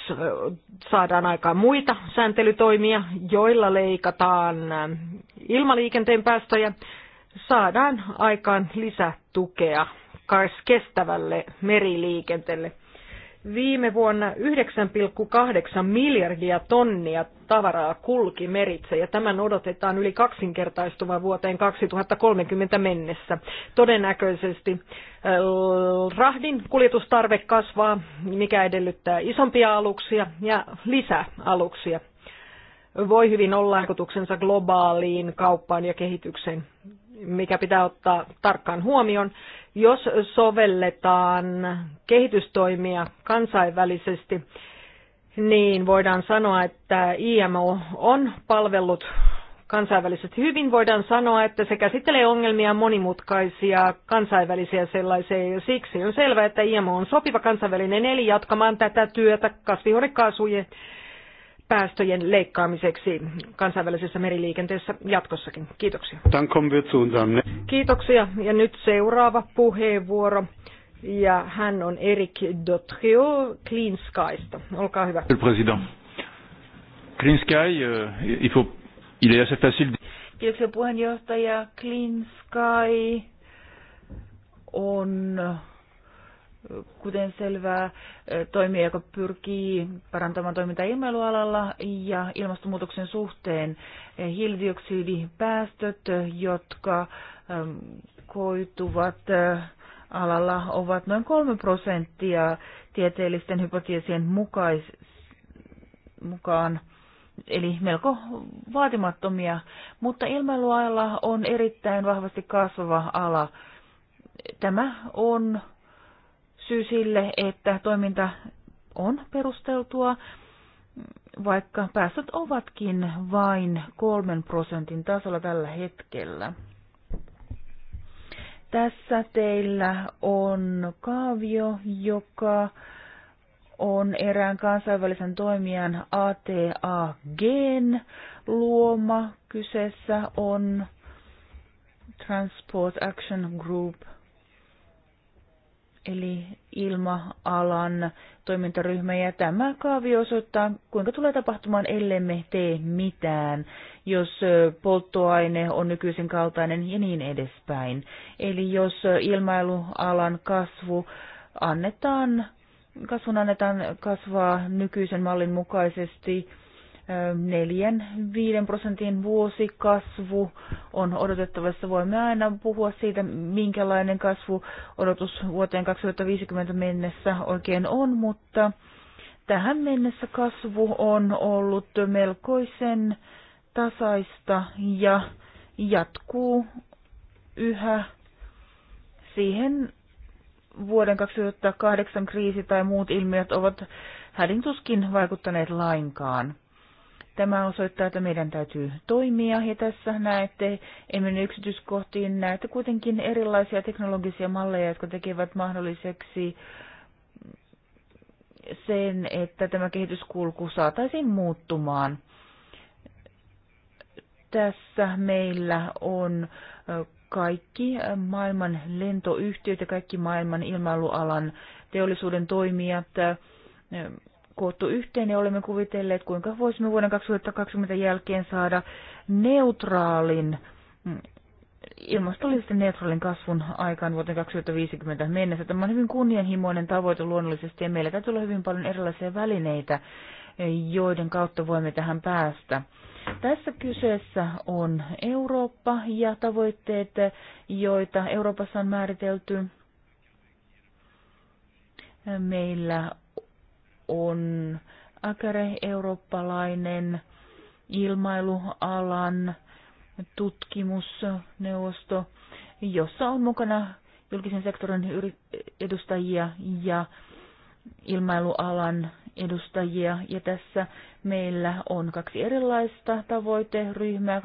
saadaan aikaan muita sääntelytoimia, joilla leikataan ilmaliikenteen päästöjä, saadaan aikaan lisätukea kestävälle meriliikenteelle. Viime vuonna 9,8 miljardia tonnia tavaraa kulki meritse ja tämän odotetaan yli kaksinkertaistuvan vuoteen 2030 mennessä. Todennäköisesti äh, rahdin kuljetustarve kasvaa, mikä edellyttää isompia aluksia ja lisäaluksia. Voi hyvin olla vaikutuksensa globaaliin kauppaan ja kehitykseen mikä pitää ottaa tarkkaan huomioon jos sovelletaan kehitystoimia kansainvälisesti, niin voidaan sanoa, että IMO on palvellut kansainvälisesti hyvin. Voidaan sanoa, että se käsittelee ongelmia monimutkaisia kansainvälisiä sellaisia, ja siksi on selvää, että IMO on sopiva kansainvälinen eli jatkamaan tätä työtä kasvihuonekaasujen päästöjen leikkaamiseksi kansainvälisessä meriliikenteessä jatkossakin. Kiitoksia. Kiitoksia. Ja nyt seuraava puheenvuoro. Ja hän on Erik Dotrio Clean Skysta. Olkaa hyvä. Clean Sky, euh, il, faut, il est assez facile. Kiitoksia puheenjohtaja. Clean Sky on kuten selvää, toimija, joka pyrkii parantamaan toimintaa ilmailualalla ja ilmastonmuutoksen suhteen hiilidioksidipäästöt, jotka koituvat alalla, ovat noin 3 prosenttia tieteellisten hypoteesien mukais, mukaan, eli melko vaatimattomia, mutta ilmailualalla on erittäin vahvasti kasvava ala. Tämä on syy sille, että toiminta on perusteltua, vaikka päästöt ovatkin vain kolmen prosentin tasolla tällä hetkellä. Tässä teillä on kaavio, joka on erään kansainvälisen toimijan ATAG luoma. Kyseessä on Transport Action Group – eli ilma-alan toimintaryhmä. Ja tämä kaavio osoittaa, kuinka tulee tapahtumaan, ellemme tee mitään, jos polttoaine on nykyisen kaltainen ja niin edespäin. Eli jos ilmailualan kasvu annetaan, kasvun annetaan kasvaa nykyisen mallin mukaisesti, 4-5 prosentin vuosikasvu on odotettavissa. Voimme aina puhua siitä, minkälainen kasvu odotus vuoteen 2050 mennessä oikein on, mutta tähän mennessä kasvu on ollut melkoisen tasaista ja jatkuu yhä siihen vuoden 2008 kriisi tai muut ilmiöt ovat hädintuskin vaikuttaneet lainkaan. Tämä osoittaa, että meidän täytyy toimia ja tässä näette, emme mene yksityiskohtiin, näette kuitenkin erilaisia teknologisia malleja, jotka tekevät mahdolliseksi sen, että tämä kehityskulku saataisiin muuttumaan. Tässä meillä on kaikki maailman lentoyhtiöt ja kaikki maailman ilmailualan teollisuuden toimijat koottu yhteen ja olemme kuvitelleet, kuinka voisimme vuoden 2020 jälkeen saada neutraalin, mm, ilmastollisesti neutraalin kasvun aikaan vuoteen 2050 mennessä. Tämä on hyvin kunnianhimoinen tavoite luonnollisesti ja meillä täytyy olla hyvin paljon erilaisia välineitä, joiden kautta voimme tähän päästä. Tässä kyseessä on Eurooppa ja tavoitteet, joita Euroopassa on määritelty. Meillä on Akare-eurooppalainen ilmailualan tutkimusneuvosto, jossa on mukana julkisen sektorin edustajia ja ilmailualan edustajia. Ja tässä meillä on kaksi erilaista tavoiteryhmää, 2020-2050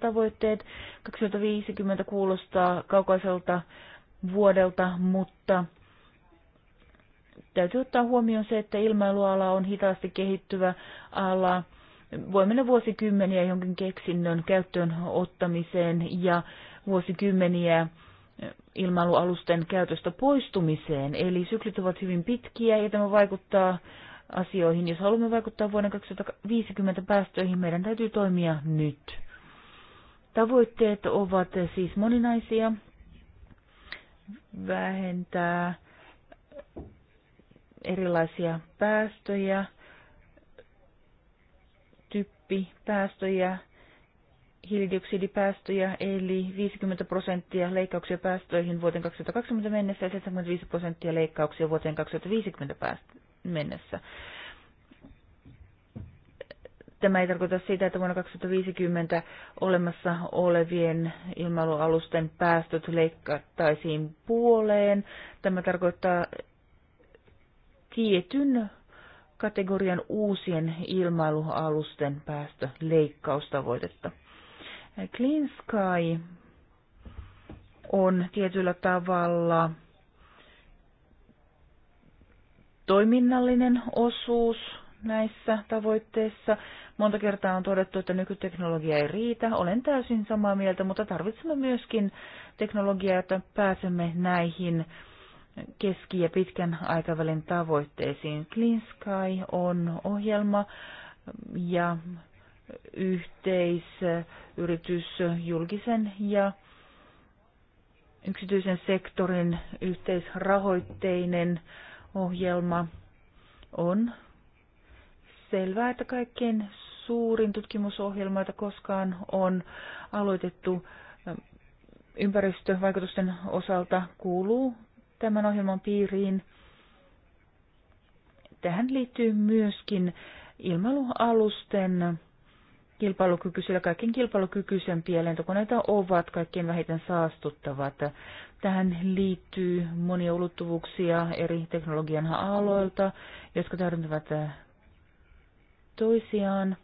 tavoitteet. 2050 kuulostaa kaukaiselta vuodelta, mutta täytyy ottaa huomioon se, että ilmailuala on hitaasti kehittyvä ala. Voi mennä vuosikymmeniä jonkin keksinnön käyttöön ottamiseen ja vuosikymmeniä ilmailualusten käytöstä poistumiseen. Eli syklit ovat hyvin pitkiä ja tämä vaikuttaa asioihin. Jos haluamme vaikuttaa vuoden 2050 päästöihin, meidän täytyy toimia nyt. Tavoitteet ovat siis moninaisia. Vähentää erilaisia päästöjä, typpipäästöjä, hiilidioksidipäästöjä, eli 50 prosenttia leikkauksia päästöihin vuoteen 2020 mennessä ja 75 prosenttia leikkauksia vuoteen 2050 mennessä. Tämä ei tarkoita sitä, että vuonna 2050 olemassa olevien ilmailualusten päästöt leikkattaisiin puoleen. Tämä tarkoittaa tietyn kategorian uusien ilmailualusten päästöleikkaustavoitetta. Clean Sky on tietyllä tavalla toiminnallinen osuus näissä tavoitteissa. Monta kertaa on todettu, että nykyteknologia ei riitä. Olen täysin samaa mieltä, mutta tarvitsemme myöskin teknologiaa, että pääsemme näihin keski- ja pitkän aikavälin tavoitteisiin. Clean Sky on ohjelma ja yhteisyritys julkisen ja yksityisen sektorin yhteisrahoitteinen ohjelma on selvää, että kaikkein suurin tutkimusohjelma, jota koskaan on aloitettu ympäristövaikutusten osalta, kuuluu tämän ohjelman piiriin. Tähän liittyy myöskin ilmailualusten kilpailukykyisillä, kaikkein kilpailukykyisempiä lentokoneita ovat kaikkein vähiten saastuttavat. Tähän liittyy monia ulottuvuuksia eri teknologian aloilta, jotka täydentävät toisiaan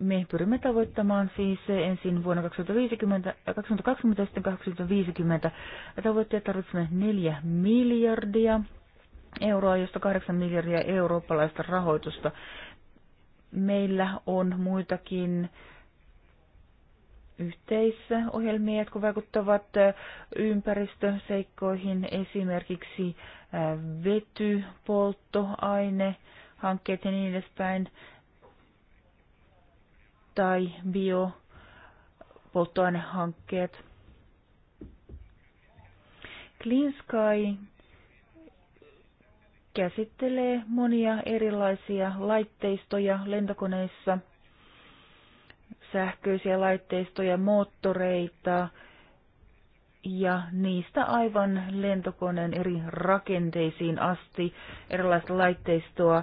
me pyrimme tavoittamaan siis ensin vuonna 2050, 2020 äh, ja sitten 2050 tavoitteet tarvitsemme 4 miljardia euroa, josta 8 miljardia eurooppalaista rahoitusta. Meillä on muitakin yhteisohjelmia, jotka vaikuttavat äh, ympäristöseikkoihin, esimerkiksi äh, vety, polttoaine, hankkeet ja niin edespäin tai biopolttoainehankkeet. Clean Sky käsittelee monia erilaisia laitteistoja lentokoneissa, sähköisiä laitteistoja, moottoreita ja niistä aivan lentokoneen eri rakenteisiin asti erilaista laitteistoa.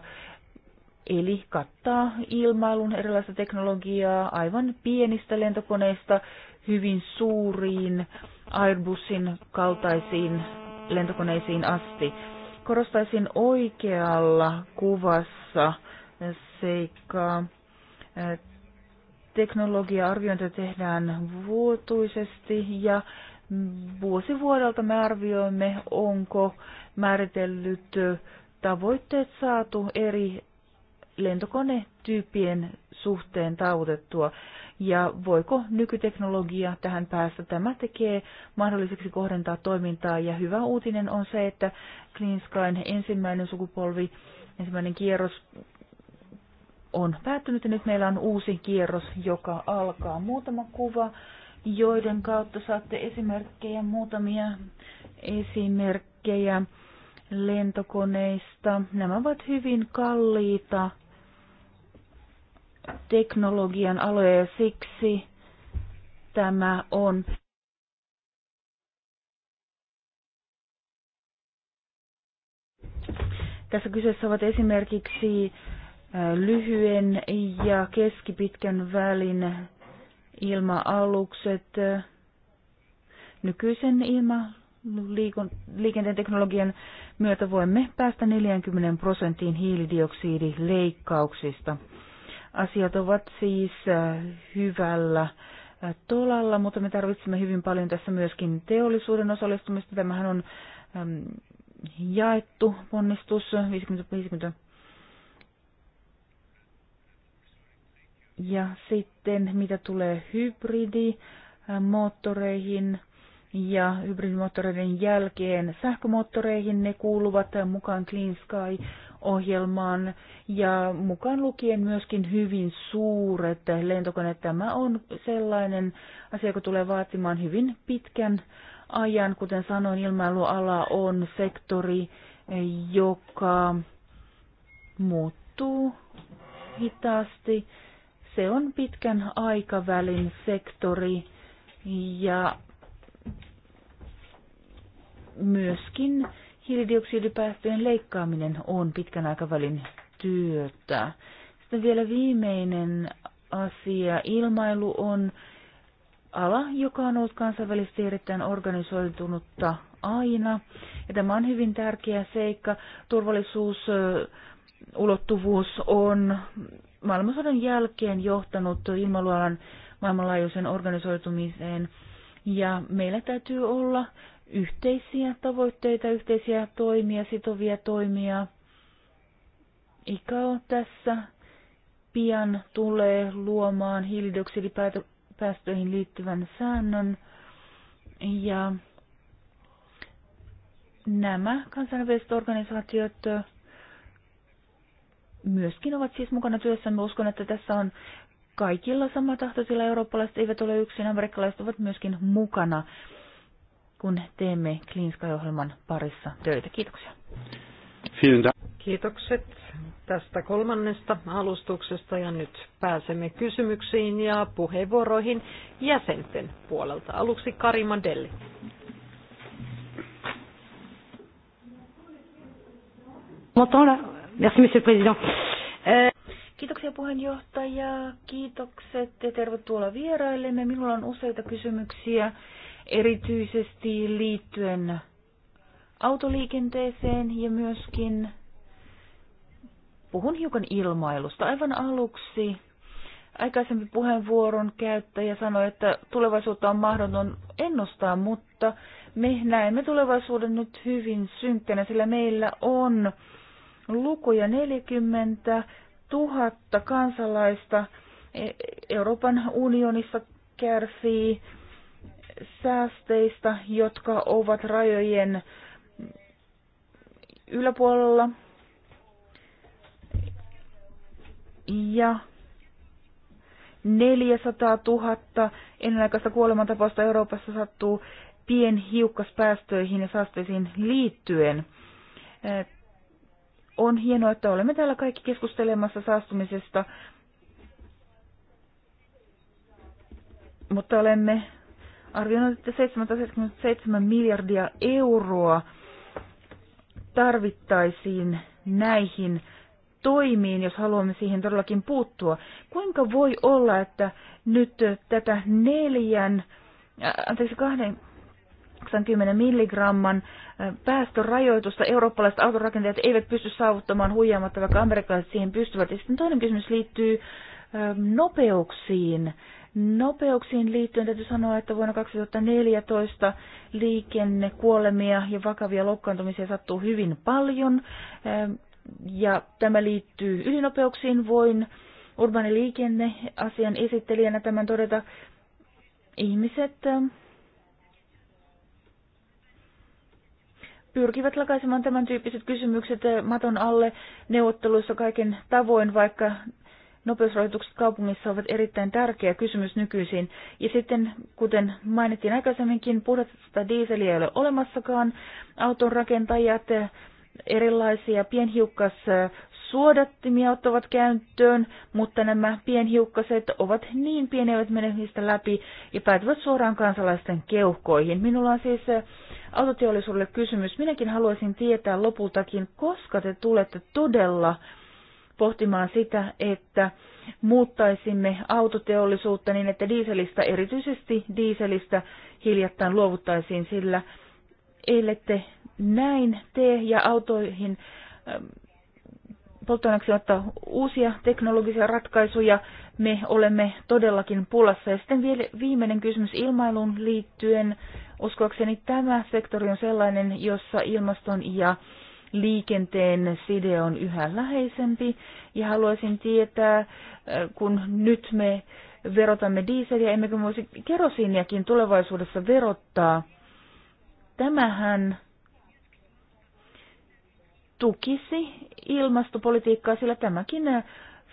Eli kattaa ilmailun erilaista teknologiaa aivan pienistä lentokoneista hyvin suuriin Airbusin kaltaisiin lentokoneisiin asti. Korostaisin oikealla kuvassa seikkaa. Teknologia-arviointia tehdään vuotuisesti ja vuosi vuodelta me arvioimme, onko määritellyt tavoitteet saatu eri lentokonetyyppien suhteen tautettua ja voiko nykyteknologia tähän päästä. Tämä tekee mahdolliseksi kohdentaa toimintaa ja hyvä uutinen on se, että Clean Skyn ensimmäinen sukupolvi, ensimmäinen kierros on päättynyt ja nyt meillä on uusi kierros, joka alkaa. Muutama kuva, joiden kautta saatte esimerkkejä, muutamia esimerkkejä lentokoneista. Nämä ovat hyvin kalliita teknologian aloja ja siksi tämä on Tässä kyseessä ovat esimerkiksi lyhyen ja keskipitkän välin ilma-alukset, nykyisen ilma liikenteen teknologian myötä voimme päästä 40 prosenttiin hiilidioksidileikkauksista. Asiat ovat siis äh, hyvällä äh, tolalla, mutta me tarvitsemme hyvin paljon tässä myöskin teollisuuden osallistumista. Tämähän on jaettu ponnistus 50-50. Ja sitten mitä tulee hybridimoottoreihin äh, ja hybridimoottoreiden jälkeen sähkömoottoreihin, ne kuuluvat mukaan Clean Sky ohjelmaan ja mukaan lukien myöskin hyvin suuret lentokoneet. Tämä on sellainen asia, joka tulee vaatimaan hyvin pitkän ajan. Kuten sanoin, ilmailuala on sektori, joka muuttuu hitaasti. Se on pitkän aikavälin sektori ja myöskin hiilidioksidipäästöjen leikkaaminen on pitkän aikavälin työtä. Sitten vielä viimeinen asia. Ilmailu on ala, joka on ollut kansainvälisesti erittäin organisoitunutta aina. Ja tämä on hyvin tärkeä seikka. Turvallisuusulottuvuus on maailmansodan jälkeen johtanut ilmailualan maailmanlaajuisen organisoitumiseen. Ja meillä täytyy olla yhteisiä tavoitteita, yhteisiä toimia, sitovia toimia. ICAO tässä pian tulee luomaan hiilidioksidipäästöihin liittyvän säännön ja nämä kansainväliset organisaatiot myöskin ovat siis mukana Mä Uskon, että tässä on kaikilla sama sillä Eurooppalaiset eivät ole yksin, amerikkalaiset ovat myöskin mukana kun teemme Clean Sky-ohjelman parissa töitä. Kiitoksia. Kiitokset tästä kolmannesta alustuksesta ja nyt pääsemme kysymyksiin ja puheenvuoroihin jäsenten puolelta. Aluksi Kari Mandelli. Merci, monsieur le président. Kiitoksia puheenjohtaja, kiitokset ja tervetuloa vieraillemme. Minulla on useita kysymyksiä erityisesti liittyen autoliikenteeseen ja myöskin puhun hiukan ilmailusta. Aivan aluksi aikaisempi puheenvuoron käyttäjä sanoi, että tulevaisuutta on mahdoton ennustaa, mutta me näemme tulevaisuuden nyt hyvin synkkänä, sillä meillä on lukuja 40 000 kansalaista e- Euroopan unionissa kärsii säästeistä, jotka ovat rajojen yläpuolella. Ja 400 000 ennenaikaista kuolemantapausta Euroopassa sattuu pienhiukkaspäästöihin ja saasteisiin liittyen. Eh, on hienoa, että olemme täällä kaikki keskustelemassa saastumisesta, mutta olemme arvioinut, että 777 miljardia euroa tarvittaisiin näihin toimiin, jos haluamme siihen todellakin puuttua. Kuinka voi olla, että nyt tätä neljän, äh, anteeksi kahden, 80 milligramman äh, päästörajoitusta eurooppalaiset autorakentajat eivät pysty saavuttamaan huijaamatta, vaikka amerikkalaiset siihen pystyvät. Ja sitten toinen kysymys liittyy ähm, nopeuksiin. Nopeuksiin liittyen täytyy sanoa, että vuonna 2014 liikennekuolemia ja vakavia loukkaantumisia sattuu hyvin paljon. Ehm, ja tämä liittyy ylinopeuksiin. Voin urbaani liikenneasian esittelijänä tämän todeta. Ihmiset ehm, pyrkivät lakaisemaan tämän tyyppiset kysymykset eh, maton alle neuvotteluissa kaiken tavoin, vaikka nopeusrajoitukset kaupungissa ovat erittäin tärkeä kysymys nykyisin. Ja sitten, kuten mainittiin aikaisemminkin, puhdasta diiseliä ei ole olemassakaan. Auton rakentajat eh, erilaisia pienhiukkas eh, suodattimia ottavat käyttöön, mutta nämä pienhiukkaset ovat niin pieniä, että menevät niistä läpi ja päätyvät suoraan kansalaisten keuhkoihin. Minulla on siis eh, autoteollisuudelle kysymys. Minäkin haluaisin tietää lopultakin, koska te tulette todella pohtimaan sitä, että muuttaisimme autoteollisuutta niin, että dieselistä, erityisesti dieselistä, hiljattain luovuttaisiin sillä, ellette näin tee ja autoihin ähm, polttoaineeksi ottaa uusia teknologisia ratkaisuja. Me olemme todellakin pulassa. Ja sitten vielä viimeinen kysymys ilmailuun liittyen. Uskoakseni tämä sektori on sellainen, jossa ilmaston ja liikenteen side on yhä läheisempi ja haluaisin tietää, äh, kun nyt me verotamme diiseliä, emmekö voisi kerosiiniakin tulevaisuudessa verottaa. Tämähän tukisi ilmastopolitiikkaa, sillä tämäkin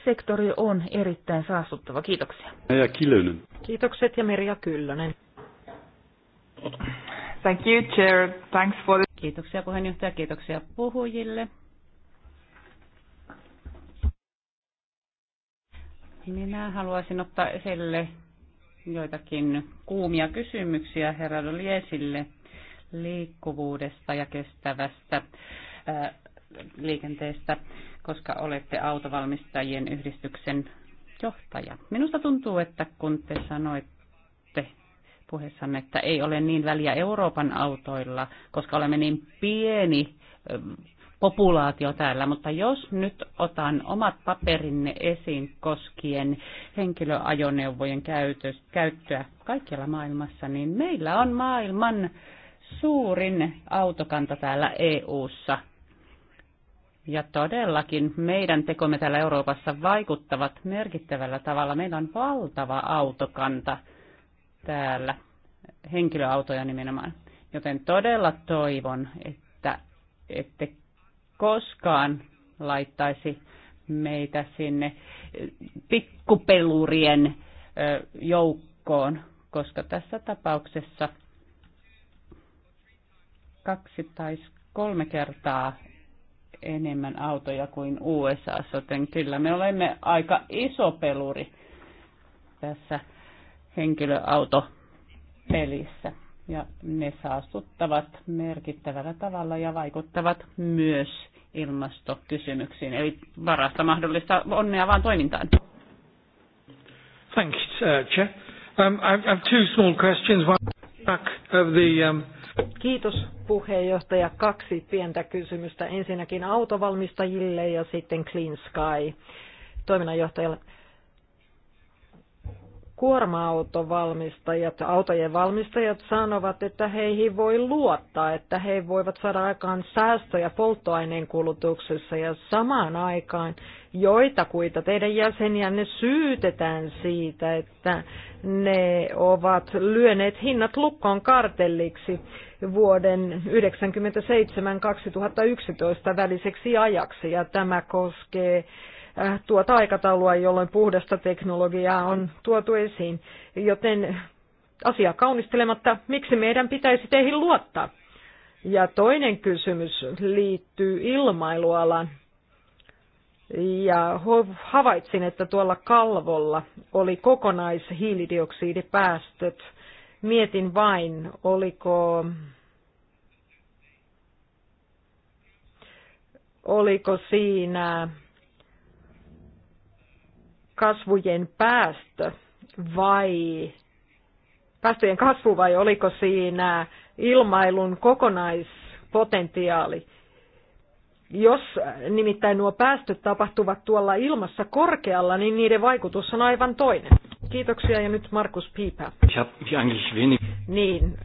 sektori on erittäin saastuttava. Kiitoksia. Ja Kilönen. Kiitokset ja Merja Kyllönen. Thank you, Chair. Thanks for the... Kiitoksia puheenjohtaja, kiitoksia puhujille. Minä haluaisin ottaa esille joitakin kuumia kysymyksiä herra Liesille liikkuvuudesta ja kestävästä äh, liikenteestä, koska olette autovalmistajien yhdistyksen johtaja. Minusta tuntuu, että kun te sanoitte, puheessanne, että ei ole niin väliä Euroopan autoilla, koska olemme niin pieni populaatio täällä, mutta jos nyt otan omat paperinne esiin koskien henkilöajoneuvojen käyttöä kaikkialla maailmassa, niin meillä on maailman suurin autokanta täällä EU:ssa. Ja todellakin meidän tekomme täällä Euroopassa vaikuttavat merkittävällä tavalla. Meillä on valtava autokanta – täällä, henkilöautoja nimenomaan. Joten todella toivon, että ette koskaan laittaisi meitä sinne pikkupelurien joukkoon, koska tässä tapauksessa kaksi tai kolme kertaa enemmän autoja kuin USA, joten kyllä me olemme aika iso peluri tässä henkilöauto pelissä. Ja ne saastuttavat merkittävällä tavalla ja vaikuttavat myös ilmastokysymyksiin. Eli varasta mahdollista onnea vaan toimintaan. Thanks, uh, Chair. Um, I have two small questions. One back of the um, Kiitos puheenjohtaja. Kaksi pientä kysymystä. Ensinnäkin autovalmistajille ja sitten Clean Sky toiminnanjohtajalle kuorma-autovalmistajat, autojen valmistajat sanovat, että heihin voi luottaa, että he voivat saada aikaan säästöjä polttoaineen kulutuksessa ja samaan aikaan joitakuita teidän jäseniänne syytetään siitä, että ne ovat lyöneet hinnat lukkoon kartelliksi vuoden 1997-2011 väliseksi ajaksi ja tämä koskee Äh, tuota aikataulua, jolloin puhdasta teknologiaa on tuotu esiin. Joten asia kaunistelematta, miksi meidän pitäisi teihin luottaa? Ja toinen kysymys liittyy ilmailualaan. Ja havaitsin, että tuolla kalvolla oli kokonaishiilidioksidipäästöt. Mietin vain, oliko oliko siinä kasvujen päästö vai päästöjen kasvu vai oliko siinä ilmailun kokonaispotentiaali? Jos nimittäin nuo päästöt tapahtuvat tuolla ilmassa korkealla, niin niiden vaikutus on aivan toinen. Kiitoksia ja nyt Markus Piipä. Niin,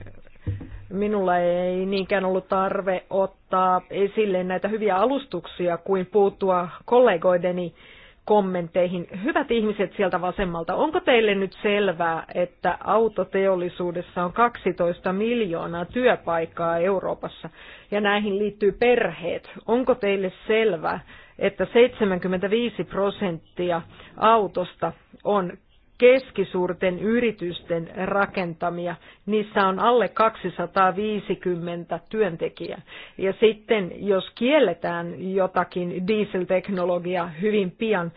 minulla ei niinkään ollut tarve ottaa esille näitä hyviä alustuksia kuin puuttua kollegoideni kommenteihin Hyvät ihmiset sieltä vasemmalta, onko teille nyt selvää, että autoteollisuudessa on 12 miljoonaa työpaikkaa Euroopassa ja näihin liittyy perheet? Onko teille selvää, että 75 prosenttia autosta on keskisuurten yritysten rakentamia. Niissä on alle 250 työntekijää. Ja sitten jos kielletään jotakin dieselteknologiaa hyvin pian,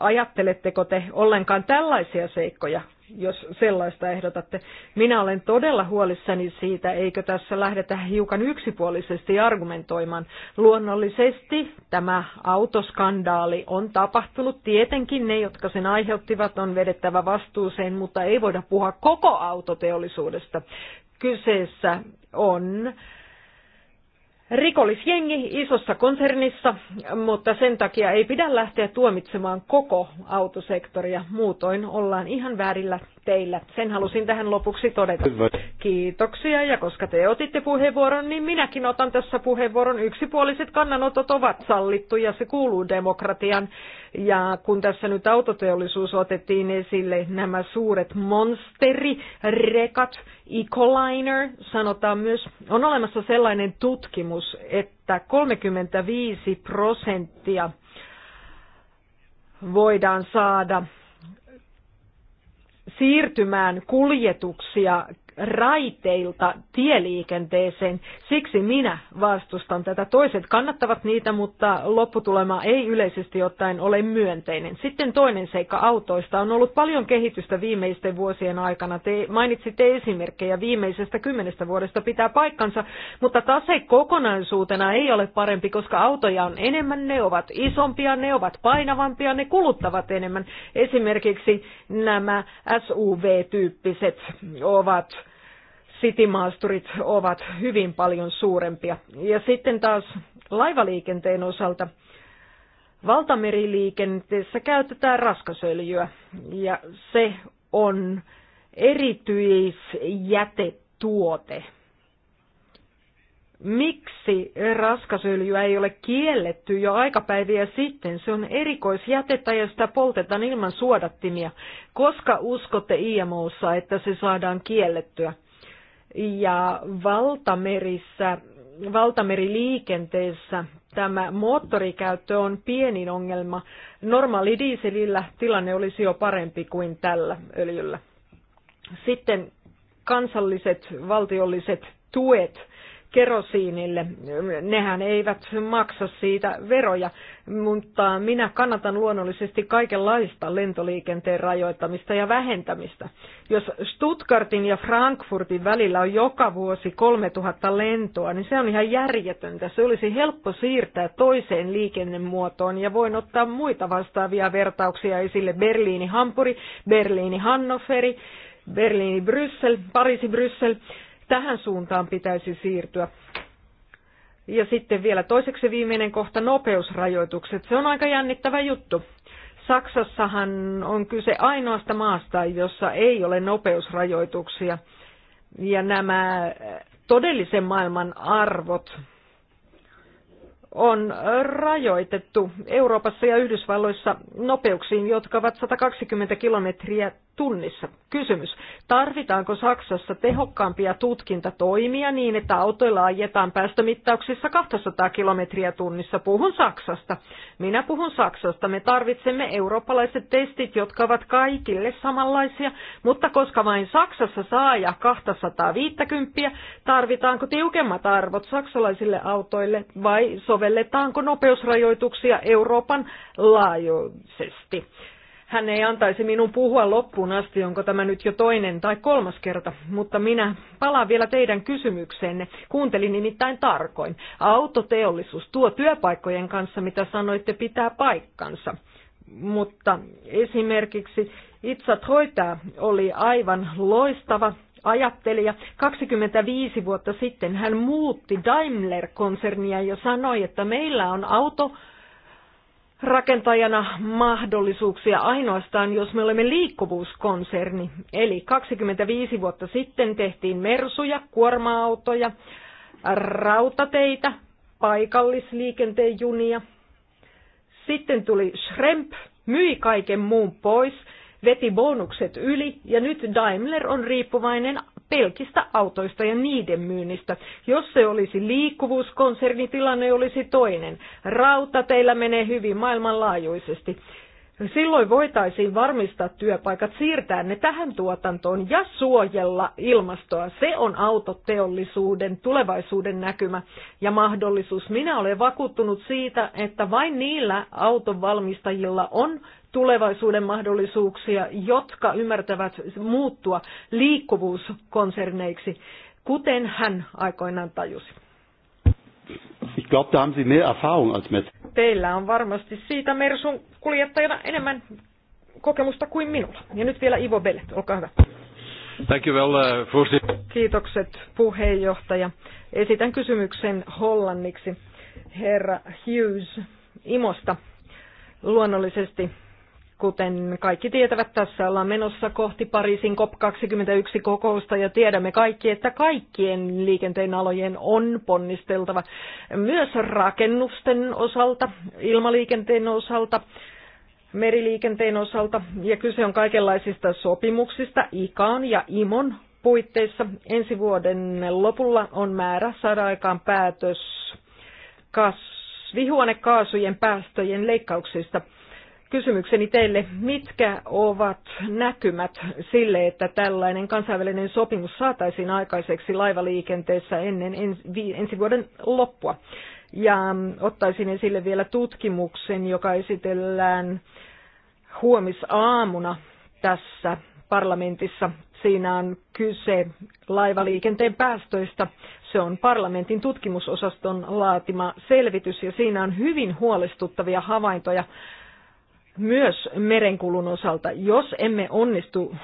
ajatteletteko te ollenkaan tällaisia seikkoja jos sellaista ehdotatte. Minä olen todella huolissani siitä, eikö tässä lähdetä hiukan yksipuolisesti argumentoimaan. Luonnollisesti tämä autoskandaali on tapahtunut. Tietenkin ne, jotka sen aiheuttivat, on vedettävä vastuuseen, mutta ei voida puhua koko autoteollisuudesta. Kyseessä on äh, rikollisjengi isossa konsernissa, mutta sen takia ei pidä lähteä tuomitsemaan koko autosektoria. Muutoin ollaan ihan väärillä teillä. Sen halusin tähän lopuksi todeta. Kiitoksia, ja koska te otitte puheenvuoron, niin minäkin otan tässä puheenvuoron. Yksipuoliset kannanotot ovat sallittu, ja se kuuluu demokratian. Ja kun tässä nyt autoteollisuus otettiin esille, nämä suuret monsterirekat, Ecoliner sanotaan myös, on olemassa sellainen tutkimus, että 35 prosenttia voidaan saada siirtymään kuljetuksia raiteilta tieliikenteeseen. Siksi minä vastustan tätä. Toiset kannattavat niitä, mutta lopputulema ei yleisesti ottaen ole myönteinen. Sitten toinen seikka autoista. On ollut paljon kehitystä viimeisten vuosien aikana. Te mainitsitte esimerkkejä viimeisestä kymmenestä vuodesta pitää paikkansa, mutta tase kokonaisuutena ei ole parempi, koska autoja on enemmän, ne ovat isompia, ne ovat painavampia, ne kuluttavat enemmän. Esimerkiksi nämä SUV-tyyppiset ovat sitimaasturit ovat hyvin paljon suurempia. Ja sitten taas laivaliikenteen osalta valtameriliikenteessä käytetään raskasöljyä ja se on erityisjätetuote. Miksi raskasöljyä ei ole kielletty jo aikapäiviä sitten? Se on erikoisjätettä ja sitä poltetaan ilman suodattimia. Koska uskotte IMOssa, että se saadaan kiellettyä? ja valtamerissä, valtameriliikenteessä tämä moottorikäyttö on pienin ongelma. Normaali dieselillä tilanne olisi jo parempi kuin tällä öljyllä. Sitten kansalliset valtiolliset tuet kerosiinille. Nehän eivät maksa siitä veroja, mutta minä kannatan luonnollisesti kaikenlaista lentoliikenteen rajoittamista ja vähentämistä. Jos Stuttgartin ja Frankfurtin välillä on joka vuosi 3000 lentoa, niin se on ihan järjetöntä. Se olisi helppo siirtää toiseen liikennemuotoon ja voin ottaa muita vastaavia vertauksia esille Berliini-Hampuri, Berliini-Hannoveri, Berliini-Bryssel, Pariisi-Bryssel. Tähän suuntaan pitäisi siirtyä. Ja sitten vielä toiseksi viimeinen kohta, nopeusrajoitukset. Se on aika jännittävä juttu. Saksassahan on kyse ainoasta maasta, jossa ei ole nopeusrajoituksia. Ja nämä todellisen maailman arvot on rajoitettu Euroopassa ja Yhdysvalloissa nopeuksiin, jotka ovat 120 kilometriä tunnissa. Kysymys, tarvitaanko Saksassa tehokkaampia tutkintatoimia niin, että autoilla ajetaan päästömittauksissa 200 kilometriä tunnissa? Puhun Saksasta. Minä puhun Saksasta. Me tarvitsemme eurooppalaiset testit, jotka ovat kaikille samanlaisia, mutta koska vain Saksassa saa ja 250, tarvitaanko tiukemmat arvot saksalaisille autoille vai sovelletaanko nopeusrajoituksia Euroopan laajuisesti? Hän ei antaisi minun puhua loppuun asti, onko tämä nyt jo toinen tai kolmas kerta, mutta minä palaan vielä teidän kysymykseenne. Kuuntelin nimittäin tarkoin. Autoteollisuus, tuo työpaikkojen kanssa, mitä sanoitte, pitää paikkansa. Mutta esimerkiksi Itsat hoitaa oli aivan loistava ajattelija. 25 vuotta sitten hän muutti Daimler-konsernia ja sanoi, että meillä on auto, rakentajana mahdollisuuksia ainoastaan, jos me olemme liikkuvuuskonserni. Eli 25 vuotta sitten tehtiin mersuja, kuorma-autoja, rautateitä, paikallisliikenteen junia. Sitten tuli Schremp, myi kaiken muun pois, veti bonukset yli ja nyt Daimler on riippuvainen pelkistä autoista ja niiden myynnistä. Jos se olisi liikkuvuuskonserni, tilanne olisi toinen. teillä menee hyvin maailmanlaajuisesti. Silloin voitaisiin varmistaa työpaikat, siirtää ne tähän tuotantoon ja suojella ilmastoa. Se on autoteollisuuden tulevaisuuden näkymä ja mahdollisuus. Minä olen vakuuttunut siitä, että vain niillä autonvalmistajilla on tulevaisuuden mahdollisuuksia, jotka ymmärtävät muuttua liikkuvuuskonserneiksi, kuten hän aikoinaan tajusi. Ich glaube, da haben Sie mehr Erfahrung als Metz teillä on varmasti siitä Mersun kuljettajana enemmän kokemusta kuin minulla. Ja nyt vielä Ivo Bellet, olkaa hyvä. Thank you well, uh, Kiitokset puheenjohtaja. Esitän kysymyksen hollanniksi herra Hughes Imosta. Luonnollisesti Kuten kaikki tietävät, tässä ollaan menossa kohti Pariisin COP21-kokousta ja tiedämme kaikki, että kaikkien liikenteen alojen on ponnisteltava myös rakennusten osalta, ilmaliikenteen osalta, meriliikenteen osalta ja kyse on kaikenlaisista sopimuksista ICAon ja IMON puitteissa. Ensi vuoden lopulla on määrä saada aikaan päätös kasvihuonekaasujen päästöjen leikkauksista – kysymykseni teille, mitkä ovat näkymät sille, että tällainen kansainvälinen sopimus saataisiin aikaiseksi laivaliikenteessä ennen ensi vuoden loppua? Ja ottaisin esille vielä tutkimuksen, joka esitellään huomisaamuna tässä parlamentissa. Siinä on kyse laivaliikenteen päästöistä. Se on parlamentin tutkimusosaston laatima selvitys ja siinä on hyvin huolestuttavia havaintoja myös merenkulun osalta, jos emme onnistu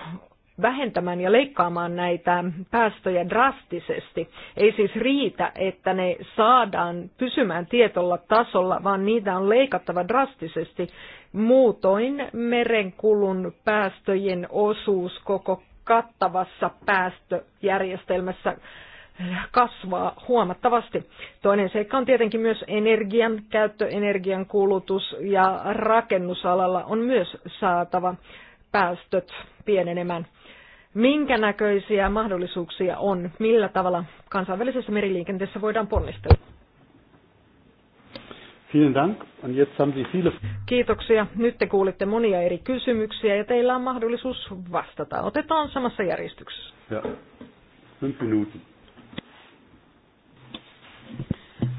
vähentämään ja leikkaamaan näitä päästöjä drastisesti. Ei siis riitä, että ne saadaan pysymään tietolla tasolla, vaan niitä on leikattava drastisesti. Muutoin merenkulun päästöjen osuus koko kattavassa päästöjärjestelmässä kasvaa huomattavasti. Toinen seikka on tietenkin myös energian käyttö, energian kulutus ja rakennusalalla on myös saatava päästöt pienenemään. Minkä näköisiä mahdollisuuksia on? Millä tavalla kansainvälisessä meriliikenteessä voidaan ponnistella? Kiitoksia. Nyt te kuulitte monia eri kysymyksiä ja teillä on mahdollisuus vastata. Otetaan samassa järjestyksessä. Ja. Fünf Minuten.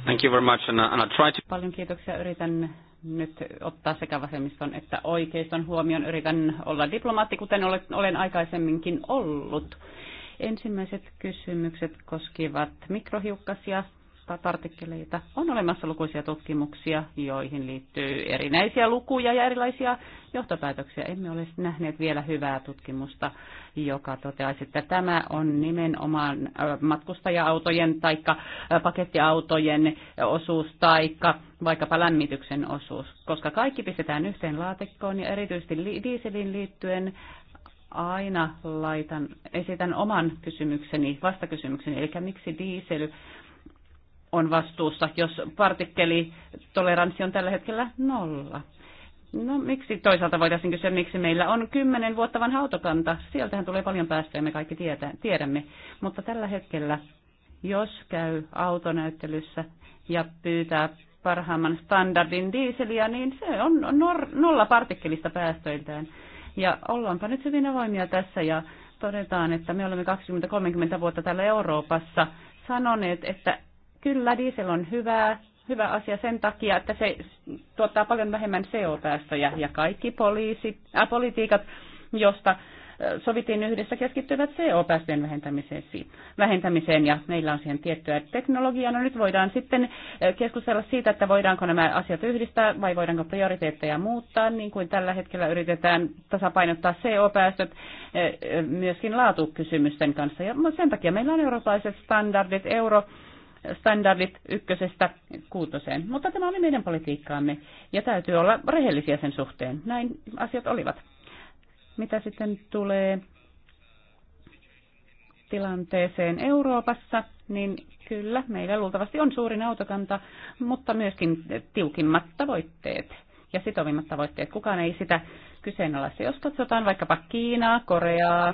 Thank you very much. And, uh, and I try to... Paljon kiitoksia. Yritän nyt ottaa sekä vasemmiston että oikeiston huomioon. Yritän olla diplomaatti, kuten olen aikaisemminkin ollut. Ensimmäiset kysymykset koskivat mikrohiukkasia artikkeleita. On olemassa lukuisia tutkimuksia, joihin liittyy erinäisiä lukuja ja erilaisia johtopäätöksiä. Emme ole nähneet vielä hyvää tutkimusta, joka toteaisi, että tämä on nimenomaan äh, matkustaja-autojen tai äh, pakettiautojen osuus tai vaikkapa lämmityksen osuus, koska kaikki pistetään yhteen laatikkoon ja erityisesti dieselin liittyen aina laitan, esitän oman kysymykseni, vastakysymykseni, eli miksi diesel on vastuussa, jos partikkelitoleranssi on tällä hetkellä nolla. No miksi toisaalta voitaisiin kysyä, miksi meillä on kymmenen vuotta vanha autokanta? Sieltähän tulee paljon päästöjä, me kaikki tiedämme. Mutta tällä hetkellä, jos käy autonäyttelyssä ja pyytää parhaimman standardin diiseliä, niin se on nolla partikkelista päästöiltään. Ja ollaanpa nyt hyvin avoimia tässä ja todetaan, että me olemme 20-30 vuotta täällä Euroopassa sanoneet, että Kyllä, diesel on hyvä, hyvä asia sen takia, että se tuottaa paljon vähemmän CO-päästöjä ja kaikki poliisit, äh, politiikat, josta äh, sovittiin yhdessä, keskittyvät CO-päästöjen vähentämiseen, vähentämiseen ja meillä on siihen tiettyä teknologiaa. No nyt voidaan sitten äh, keskustella siitä, että voidaanko nämä asiat yhdistää vai voidaanko prioriteetteja muuttaa, niin kuin tällä hetkellä yritetään tasapainottaa CO-päästöt äh, myöskin laatukysymysten kanssa. Ja sen takia meillä on eurooppalaiset standardit, euro standardit ykkösestä kuutoseen. Mutta tämä oli meidän politiikkaamme ja täytyy olla rehellisiä sen suhteen. Näin asiat olivat. Mitä sitten tulee tilanteeseen Euroopassa, niin kyllä, meillä luultavasti on suurin autokanta, mutta myöskin tiukimmat tavoitteet ja sitovimmat tavoitteet. Kukaan ei sitä kyseenalaista. Jos katsotaan vaikkapa Kiinaa, Koreaa,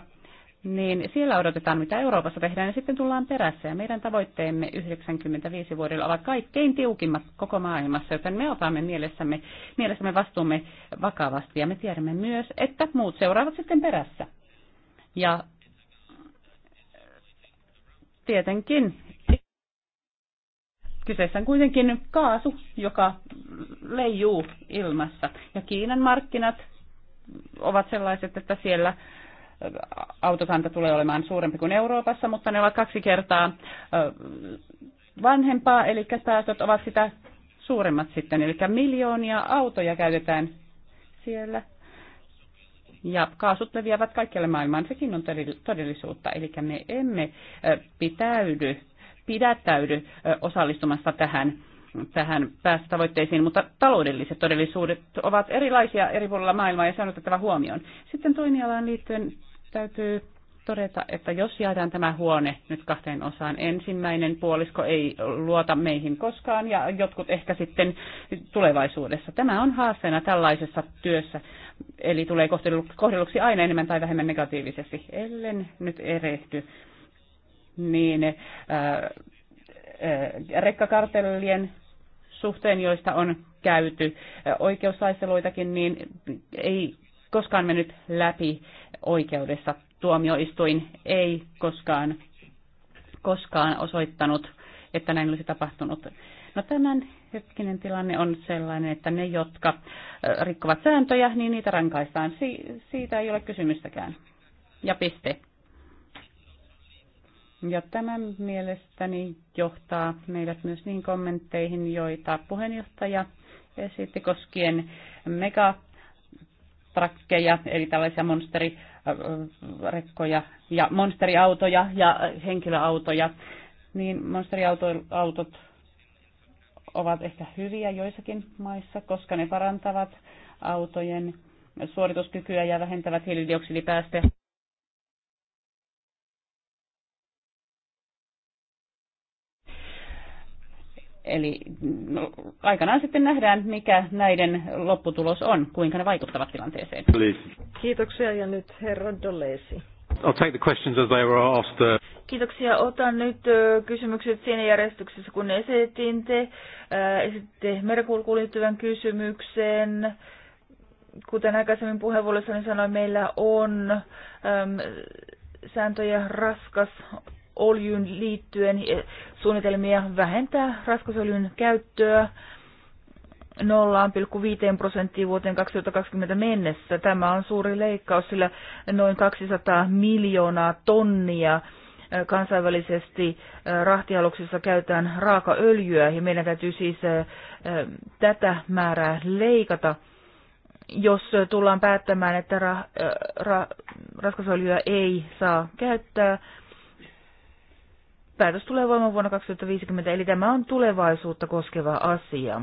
niin siellä odotetaan, mitä Euroopassa tehdään, ja sitten tullaan perässä. Ja meidän tavoitteemme 95 vuodella ovat kaikkein tiukimmat koko maailmassa, joten me otamme mielessämme, mielessämme vastuumme vakavasti, ja me tiedämme myös, että muut seuraavat sitten perässä. Ja tietenkin Kyseessä on kuitenkin kaasu, joka leijuu ilmassa. Ja Kiinan markkinat ovat sellaiset, että siellä autokanta tulee olemaan suurempi kuin Euroopassa, mutta ne ovat kaksi kertaa vanhempaa, eli päästöt ovat sitä suuremmat sitten. Eli miljoonia autoja käytetään siellä. Ja kaasut leviävät kaikkialle maailmaan, sekin on todellisuutta. Eli me emme pitäydy, pidättäydy osallistumasta tähän tähän päästötavoitteisiin, mutta taloudelliset todellisuudet ovat erilaisia eri puolilla maailmaa ja se on otettava huomioon. Sitten toimialaan liittyen täytyy todeta, että jos jaetaan tämä huone nyt kahteen osaan, ensimmäinen puolisko ei luota meihin koskaan ja jotkut ehkä sitten tulevaisuudessa. Tämä on haasteena tällaisessa työssä, eli tulee kohdelluksi aina enemmän tai vähemmän negatiivisesti, ellen nyt erehty, Niin, äh, äh rekkakartellien suhteen, joista on käyty oikeustaisteluitakin, niin ei koskaan mennyt läpi oikeudessa. Tuomioistuin ei koskaan, koskaan osoittanut, että näin olisi tapahtunut. No tämän hetkinen tilanne on sellainen, että ne, jotka rikkovat sääntöjä, niin niitä rankaistaan. Si- siitä ei ole kysymystäkään. Ja piste. Ja tämä mielestäni johtaa meidät myös niihin kommentteihin, joita puheenjohtaja esitti koskien megatrakkeja, eli tällaisia monsterirekkoja ja monsteriautoja ja henkilöautoja. Niin monsteriautot ovat ehkä hyviä joissakin maissa, koska ne parantavat autojen suorituskykyä ja vähentävät hiilidioksidipäästöjä Eli mm, aikanaan sitten nähdään, mikä näiden lopputulos on, kuinka ne vaikuttavat tilanteeseen. Kiitoksia ja nyt herra Dolesi. I'll take the questions as they were asked. Uh, Kiitoksia. Otan nyt kysymykset siinä järjestyksessä, kun ne esitin te. Esitte merkulkuun liittyvän kysymyksen. Kuten aikaisemmin puheenvuorossani sanoin, meillä on äm, sääntöjä raskas öljyyn liittyen eh, suunnitelmia vähentää raskasöljyn käyttöä 0,5 prosenttia vuoteen 2020 mennessä. Tämä on suuri leikkaus, sillä noin 200 miljoonaa tonnia eh, kansainvälisesti eh, rahtialuksissa käytetään raakaöljyä ja meidän täytyy siis tätä määrää leikata jos tullaan päättämään, että ra, ra, raskasöljyä ei saa käyttää, päätös tulee voimaan vuonna 2050, eli tämä on tulevaisuutta koskeva asia.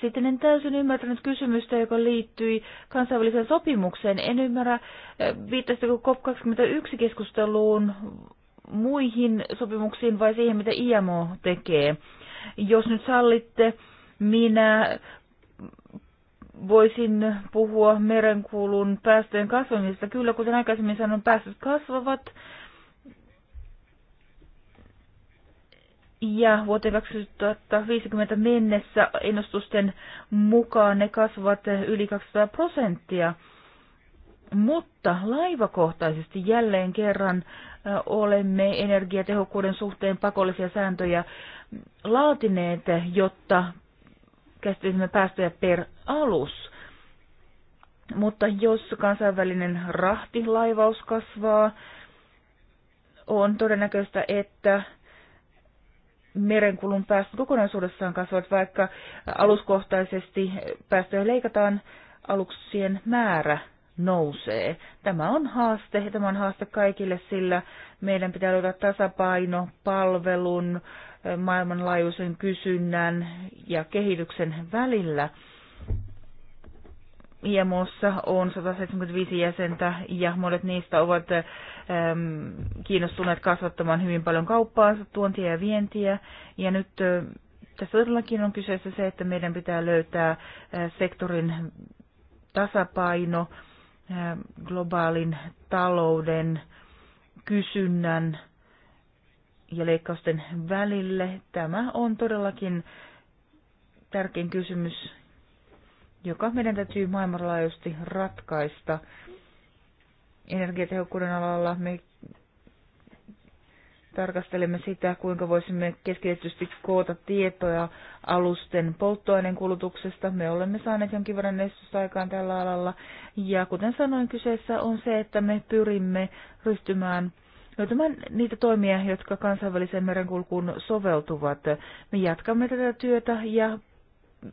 Sitten en täysin ymmärtänyt kysymystä, joka liittyi kansainväliseen sopimukseen. En ymmärrä, viittasitko COP21-keskusteluun muihin sopimuksiin vai siihen, mitä IMO tekee. Jos nyt sallitte, minä voisin puhua merenkulun päästöjen kasvamisesta. Kyllä, kuten aikaisemmin sanoin, päästöt kasvavat ja vuoteen 2050 mennessä ennustusten mukaan ne kasvavat yli 200 prosenttia. Mutta laivakohtaisesti jälleen kerran olemme energiatehokkuuden suhteen pakollisia sääntöjä laatineet, jotta käsittelisimme päästöjä per alus. Mutta jos kansainvälinen rahtilaivaus kasvaa, on todennäköistä, että merenkulun päästöt kokonaisuudessaan kasvavat, vaikka aluskohtaisesti päästöjä leikataan, aluksien määrä nousee. Tämä on haaste, tämä on haaste kaikille, sillä meidän pitää löytää tasapaino palvelun, maailmanlaajuisen kysynnän ja kehityksen välillä. IMOssa on 175 jäsentä ja monet niistä ovat äm, kiinnostuneet kasvattamaan hyvin paljon kauppaansa, tuontia ja vientiä. Ja nyt ä, äh, tässä todellakin on kyseessä se, että meidän pitää löytää ä, äh, sektorin tasapaino ä, äh, globaalin talouden, kysynnän ja leikkausten välille. Tämä on todellakin tärkein kysymys joka meidän täytyy maailmanlaajuisesti ratkaista. Energiatehokkuuden alalla me tarkastelemme sitä, kuinka voisimme keskitetysti koota tietoja alusten polttoaineen kulutuksesta. Me olemme saaneet jonkin verran estystä aikaan tällä alalla. Ja kuten sanoin, kyseessä on se, että me pyrimme ryhtymään löytämään niitä toimia, jotka kansainväliseen merenkulkuun soveltuvat. Me jatkamme tätä työtä ja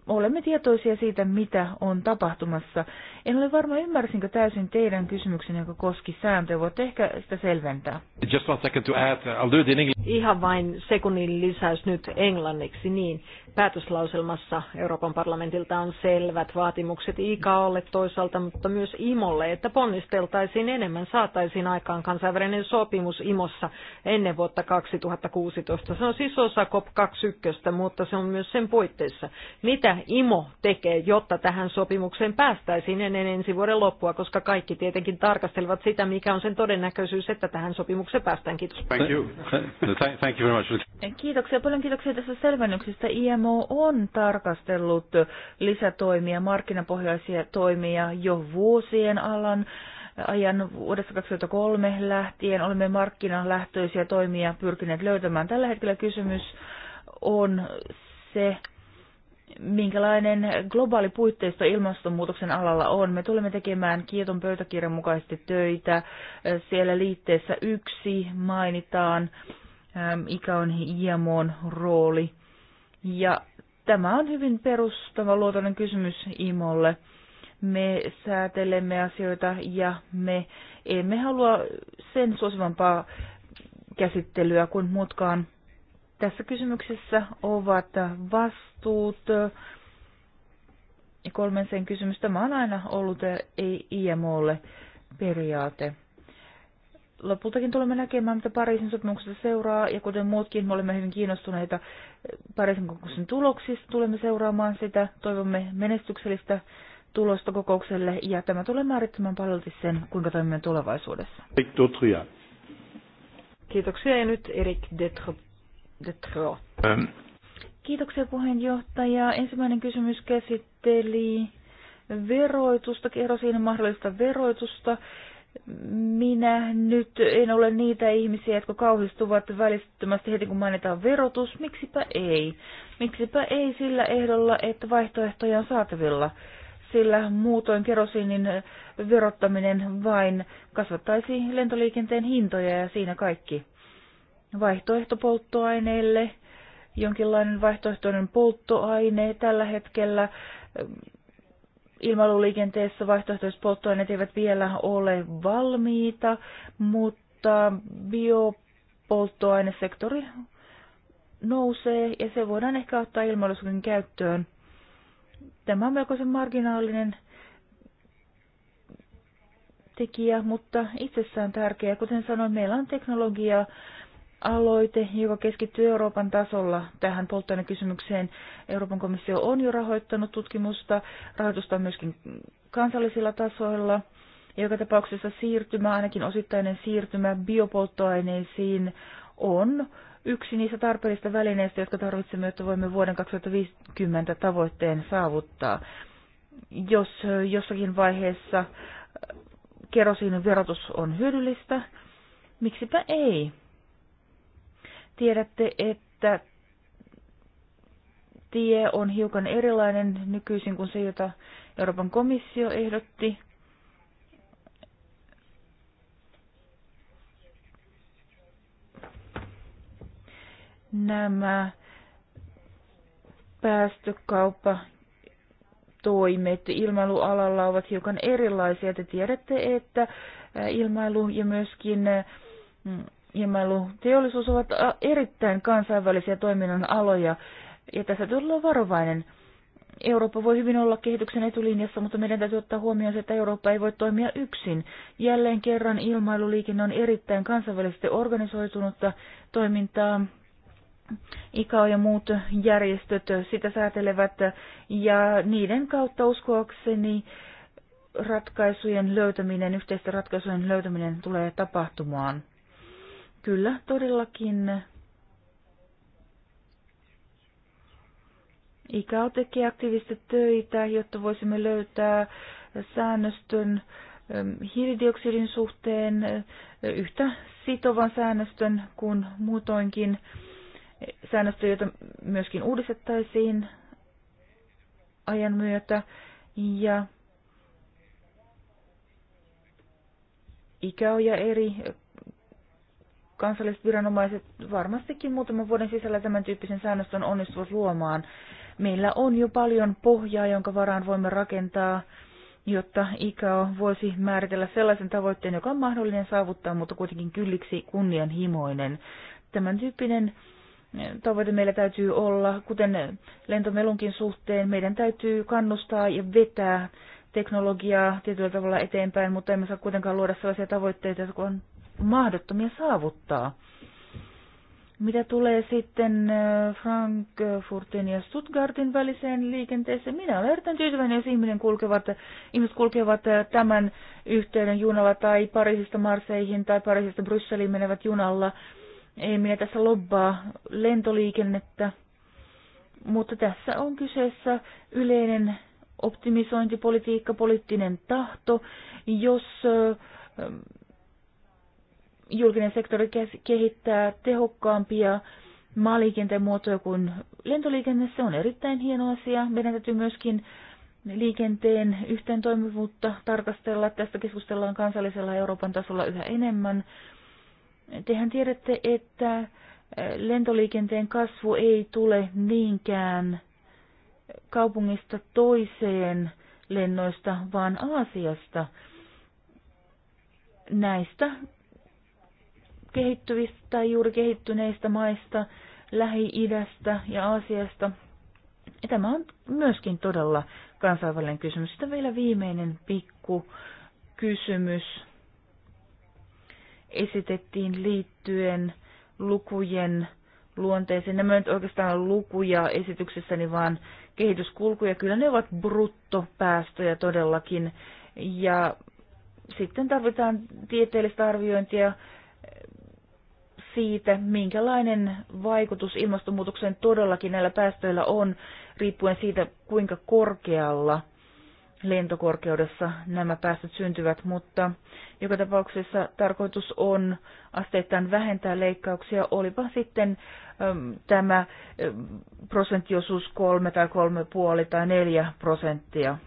olemme tietoisia siitä, mitä on tapahtumassa. En ole varma, ymmärsinkö täysin teidän kysymyksen, joka koski sääntöä. Voit ehkä sitä selventää. Just one second to add. Uh, I'll do it in English. Ihan vain sekunnin lisäys nyt englanniksi. Niin, päätöslauselmassa Euroopan parlamentilta on selvät vaatimukset IKAOlle toisaalta, mutta myös IMOlle, että ponnisteltaisiin enemmän, saataisiin aikaan kansainvälinen sopimus IMOssa ennen vuotta 2016. Se on siis osa COP21, mutta se on myös sen puitteissa. Mit mitä IMO tekee, jotta tähän sopimukseen päästäisiin ennen ensi vuoden loppua, koska kaikki tietenkin tarkastelevat sitä, mikä on sen todennäköisyys, että tähän sopimukseen päästään. Kiitos. Thank you. Thank you very much. Kiitoksia. Paljon kiitoksia tästä selvennyksestä. IMO on tarkastellut lisätoimia, markkinapohjaisia toimia jo vuosien alan ajan vuodesta 2003 lähtien. Olemme markkinalähtöisiä toimia pyrkineet löytämään. Tällä hetkellä kysymys on se, minkälainen globaali puitteisto ilmastonmuutoksen alalla on. Me tulemme tekemään Kieton pöytäkirjan mukaisesti töitä. Siellä liitteessä yksi mainitaan, mikä on IMOn rooli. Ja tämä on hyvin perustava luotoinen kysymys IMOlle. Me säätelemme asioita ja me emme halua sen suosivampaa käsittelyä kuin muutkaan tässä kysymyksessä ovat vasta vastuut ja kolmen sen kysymys. Tämä on aina ollut IMOlle periaate. Lopultakin tulemme näkemään, mitä Pariisin sopimuksesta seuraa, ja kuten muutkin, me olemme hyvin kiinnostuneita Pariisin kokouksen tuloksista. Tulemme seuraamaan sitä, toivomme menestyksellistä tulosta kokoukselle, ja tämä tulee määrittämään paljon sen, kuinka toimimme tulevaisuudessa. Kiitoksia, ja nyt Erik Detro. Detro. Ähm. Kiitoksia puheenjohtaja. Ensimmäinen kysymys käsitteli veroitusta, siinä mahdollista veroitusta. Minä nyt en ole niitä ihmisiä, jotka kauhistuvat välittömästi heti kun mainitaan verotus. Miksipä ei? Miksipä ei sillä ehdolla, että vaihtoehtoja on saatavilla? Sillä muutoin kerosiinin verottaminen vain kasvattaisi lentoliikenteen hintoja ja siinä kaikki. Vaihtoehto polttoaineelle jonkinlainen vaihtoehtoinen polttoaine. Tällä hetkellä ilmailuliikenteessä vaihtoehtoiset polttoaineet eivät vielä ole valmiita, mutta biopolttoainesektori nousee ja se voidaan ehkä ottaa ilmailusukin käyttöön. Tämä on melkoisen marginaalinen tekijä, mutta itsessään tärkeä. Kuten sanoin, meillä on teknologiaa, aloite, joka keskittyy Euroopan tasolla tähän polttoainekysymykseen. Euroopan komissio on jo rahoittanut tutkimusta, rahoitusta on myöskin kansallisilla tasoilla. joka tapauksessa siirtymä, ainakin osittainen siirtymä biopolttoaineisiin on yksi niistä tarpeellisista välineistä, jotka tarvitsemme, jotta voimme vuoden 2050 tavoitteen saavuttaa. Jos jossakin vaiheessa kerosiinin verotus on hyödyllistä, miksipä ei? Tiedätte, että tie on hiukan erilainen nykyisin kuin se, jota Euroopan komissio ehdotti. Nämä päästökauppa toimet ilmailualalla ovat hiukan erilaisia. Te tiedätte, että ilmailu ja myöskin teollisuus ovat erittäin kansainvälisiä toiminnan aloja, ja tässä täytyy olla varovainen. Eurooppa voi hyvin olla kehityksen etulinjassa, mutta meidän täytyy ottaa huomioon se, että Eurooppa ei voi toimia yksin. Jälleen kerran ilmailuliikenne on erittäin kansainvälisesti organisoitunutta toimintaa. ICAO ja muut järjestöt sitä säätelevät ja niiden kautta uskoakseni ratkaisujen löytäminen, yhteisten ratkaisujen löytäminen tulee tapahtumaan. Kyllä, todellakin. ICAO tekee aktiivisesti töitä, jotta voisimme löytää säännöstön ähm, hiilidioksidin suhteen äh, yhtä sitovan säännöstön kuin muutoinkin säännöstö, jota myöskin uudistettaisiin ajan myötä. Ja ICAO ja eri kansalliset viranomaiset varmastikin muutaman vuoden sisällä tämän tyyppisen säännöstön onnistuvat luomaan. Meillä on jo paljon pohjaa, jonka varaan voimme rakentaa, jotta ICAO voisi määritellä sellaisen tavoitteen, joka on mahdollinen saavuttaa, mutta kuitenkin kylliksi kunnianhimoinen. Tämän tyyppinen eh, tavoite meillä täytyy olla, kuten lentomelunkin suhteen, meidän täytyy kannustaa ja vetää teknologiaa tietyllä tavalla eteenpäin, mutta emme saa kuitenkaan luoda sellaisia tavoitteita, jotka on mahdottomia saavuttaa. Mitä tulee sitten äh, Frankfurtin ja Stuttgartin väliseen liikenteeseen, minä olen erittäin tyytyväinen, jos ihminen kulkevat, ihmiset kulkevat äh, tämän yhteyden junalla tai Pariisista Marseihin tai Pariisista Brysseliin menevät junalla. Ei minä tässä lobbaa lentoliikennettä, mutta tässä on kyseessä yleinen optimisointipolitiikka, poliittinen tahto. Jos äh, julkinen sektori kehittää tehokkaampia maaliikenteen muotoja kuin lentoliikenne. Se on erittäin hieno asia. Meidän täytyy myöskin liikenteen yhteen toimivuutta tarkastella. Tästä keskustellaan kansallisella Euroopan tasolla yhä enemmän. Tehän tiedätte, että lentoliikenteen kasvu ei tule niinkään kaupungista toiseen lennoista, vaan Aasiasta. Näistä kehittyvistä tai juuri kehittyneistä maista, Lähi-idästä ja Aasiasta. Ja tämä on myöskin todella kansainvälinen kysymys. Sitten vielä viimeinen pikku kysymys esitettiin liittyen lukujen luonteeseen. Nämä nyt oikeastaan lukuja esityksessäni, vaan kehityskulkuja. Kyllä ne ovat bruttopäästöjä todellakin. Ja sitten tarvitaan tieteellistä arviointia siitä, minkälainen vaikutus ilmastonmuutokseen todellakin näillä päästöillä on, riippuen siitä, kuinka korkealla lentokorkeudessa nämä päästöt syntyvät, mutta joka tapauksessa tarkoitus on asteittain vähentää leikkauksia, olipa sitten äm, tämä äm, prosenttiosuus kolme tai puoli tai neljä prosenttia.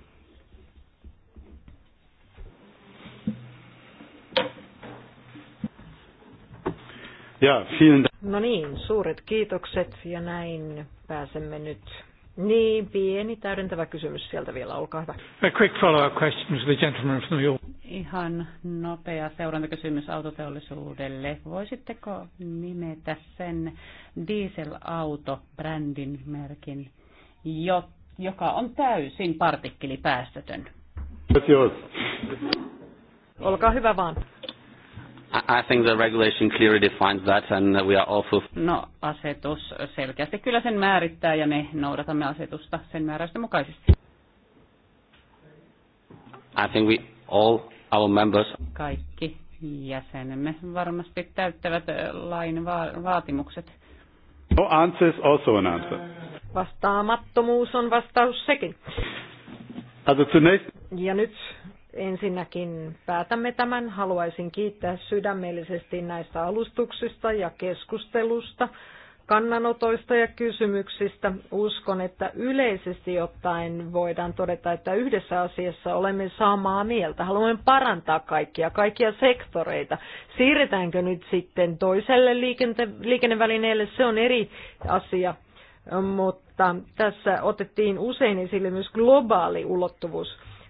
Ja, vielen No niin, suuret kiitokset ja näin pääsemme nyt. Niin, pieni täydentävä kysymys sieltä vielä, olkaa hyvä. A quick follow-up question to the gentleman from New York. Ihan nopea seurantakysymys autoteollisuudelle. Voisitteko nimetä sen dieselauto-brändin merkin, joka on täysin partikkelipäästötön? Olkaa hyvä vaan. I think the regulation clearly defines that and we are also... No, asetus selkeästi kyllä sen määrittää ja me noudatamme asetusta sen määräystä mukaisesti. I think we all our members... Kaikki jäsenemme varmasti täyttävät lain va- vaatimukset. No answer is also an answer. Vastaamattomuus on vastaus sekin. Also zunächst... Ja nyt Ensinnäkin päätämme tämän. Haluaisin kiittää sydämellisesti näistä alustuksista ja keskustelusta, kannanotoista ja kysymyksistä. Uskon, että yleisesti ottaen voidaan todeta, että yhdessä asiassa olemme samaa mieltä. Haluamme parantaa kaikkia, kaikkia sektoreita. Siirretäänkö nyt sitten toiselle liikennevälineelle, se on eri asia. Mutta tässä otettiin usein esille myös globaali ulottuvuus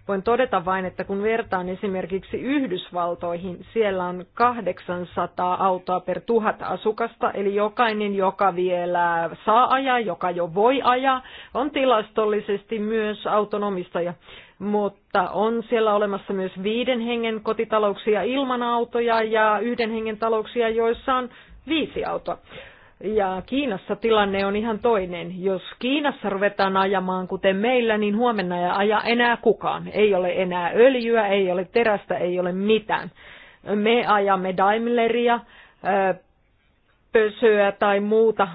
Voin todeta vain, että kun vertaan esimerkiksi Yhdysvaltoihin, siellä on 800 autoa per tuhat asukasta, eli jokainen, joka vielä saa ajaa, joka jo voi ajaa, on tilastollisesti myös autonomistaja mutta on siellä olemassa myös viiden hengen kotitalouksia ilman autoja ja yhden hengen talouksia, joissa on viisi autoa. Ja Kiinassa tilanne on ihan toinen. Jos Kiinassa ruvetaan ajamaan kuten meillä, niin huomenna ei aja enää kukaan. Ei ole enää öljyä, ei ole terästä, ei ole mitään. Me ajamme Daimleria, pösöä tai muuta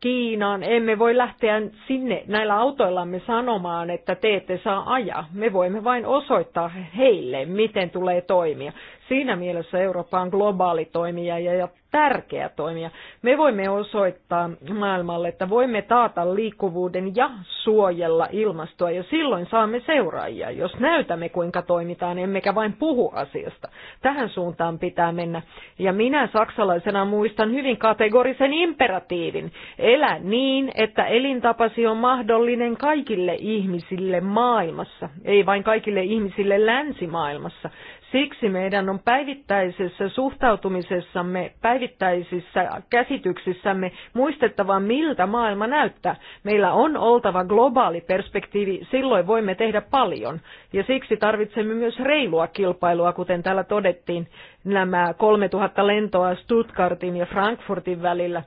Kiinaan. Emme voi lähteä sinne näillä autoillamme sanomaan, että te ette saa ajaa. Me voimme vain osoittaa heille, miten tulee toimia. Siinä mielessä Eurooppa on globaali toimija ja tärkeä toimija. Me voimme osoittaa maailmalle, että voimme taata liikkuvuuden ja suojella ilmastoa ja silloin saamme seuraajia, jos näytämme kuinka toimitaan, emmekä vain puhu asiasta. Tähän suuntaan pitää mennä. Ja minä saksalaisena muistan hyvin kategorisen imperatiivin. Elä niin, että elintapasi on mahdollinen kaikille ihmisille maailmassa, ei vain kaikille ihmisille länsimaailmassa. Siksi meidän on päivittäisessä suhtautumisessamme, päivittäisissä käsityksissämme muistettava, miltä maailma näyttää. Meillä on oltava globaali perspektiivi, silloin voimme tehdä paljon. Ja siksi tarvitsemme myös reilua kilpailua, kuten täällä todettiin, nämä 3000 lentoa Stuttgartin ja Frankfurtin välillä.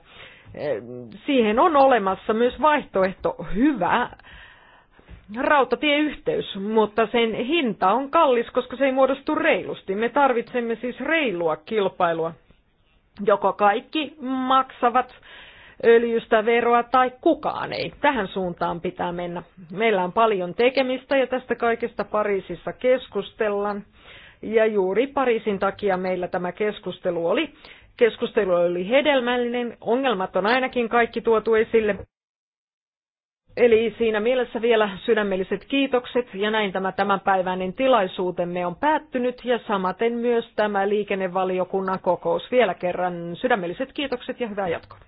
Eh, siihen on olemassa myös vaihtoehto hyvä rautatieyhteys, mutta sen hinta on kallis, koska se ei muodostu reilusti. Me tarvitsemme siis reilua kilpailua, joko kaikki maksavat öljystä veroa tai kukaan ei. Tähän suuntaan pitää mennä. Meillä on paljon tekemistä ja tästä kaikesta Pariisissa keskustellaan. Ja juuri Pariisin takia meillä tämä keskustelu oli. Keskustelu oli hedelmällinen, ongelmat on ainakin kaikki tuotu esille. Eli siinä mielessä vielä sydämelliset kiitokset ja näin tämä tämänpäiväinen tilaisuutemme on päättynyt ja samaten myös tämä liikennevaliokunnan kokous. Vielä kerran sydämelliset kiitokset ja hyvää jatkoa.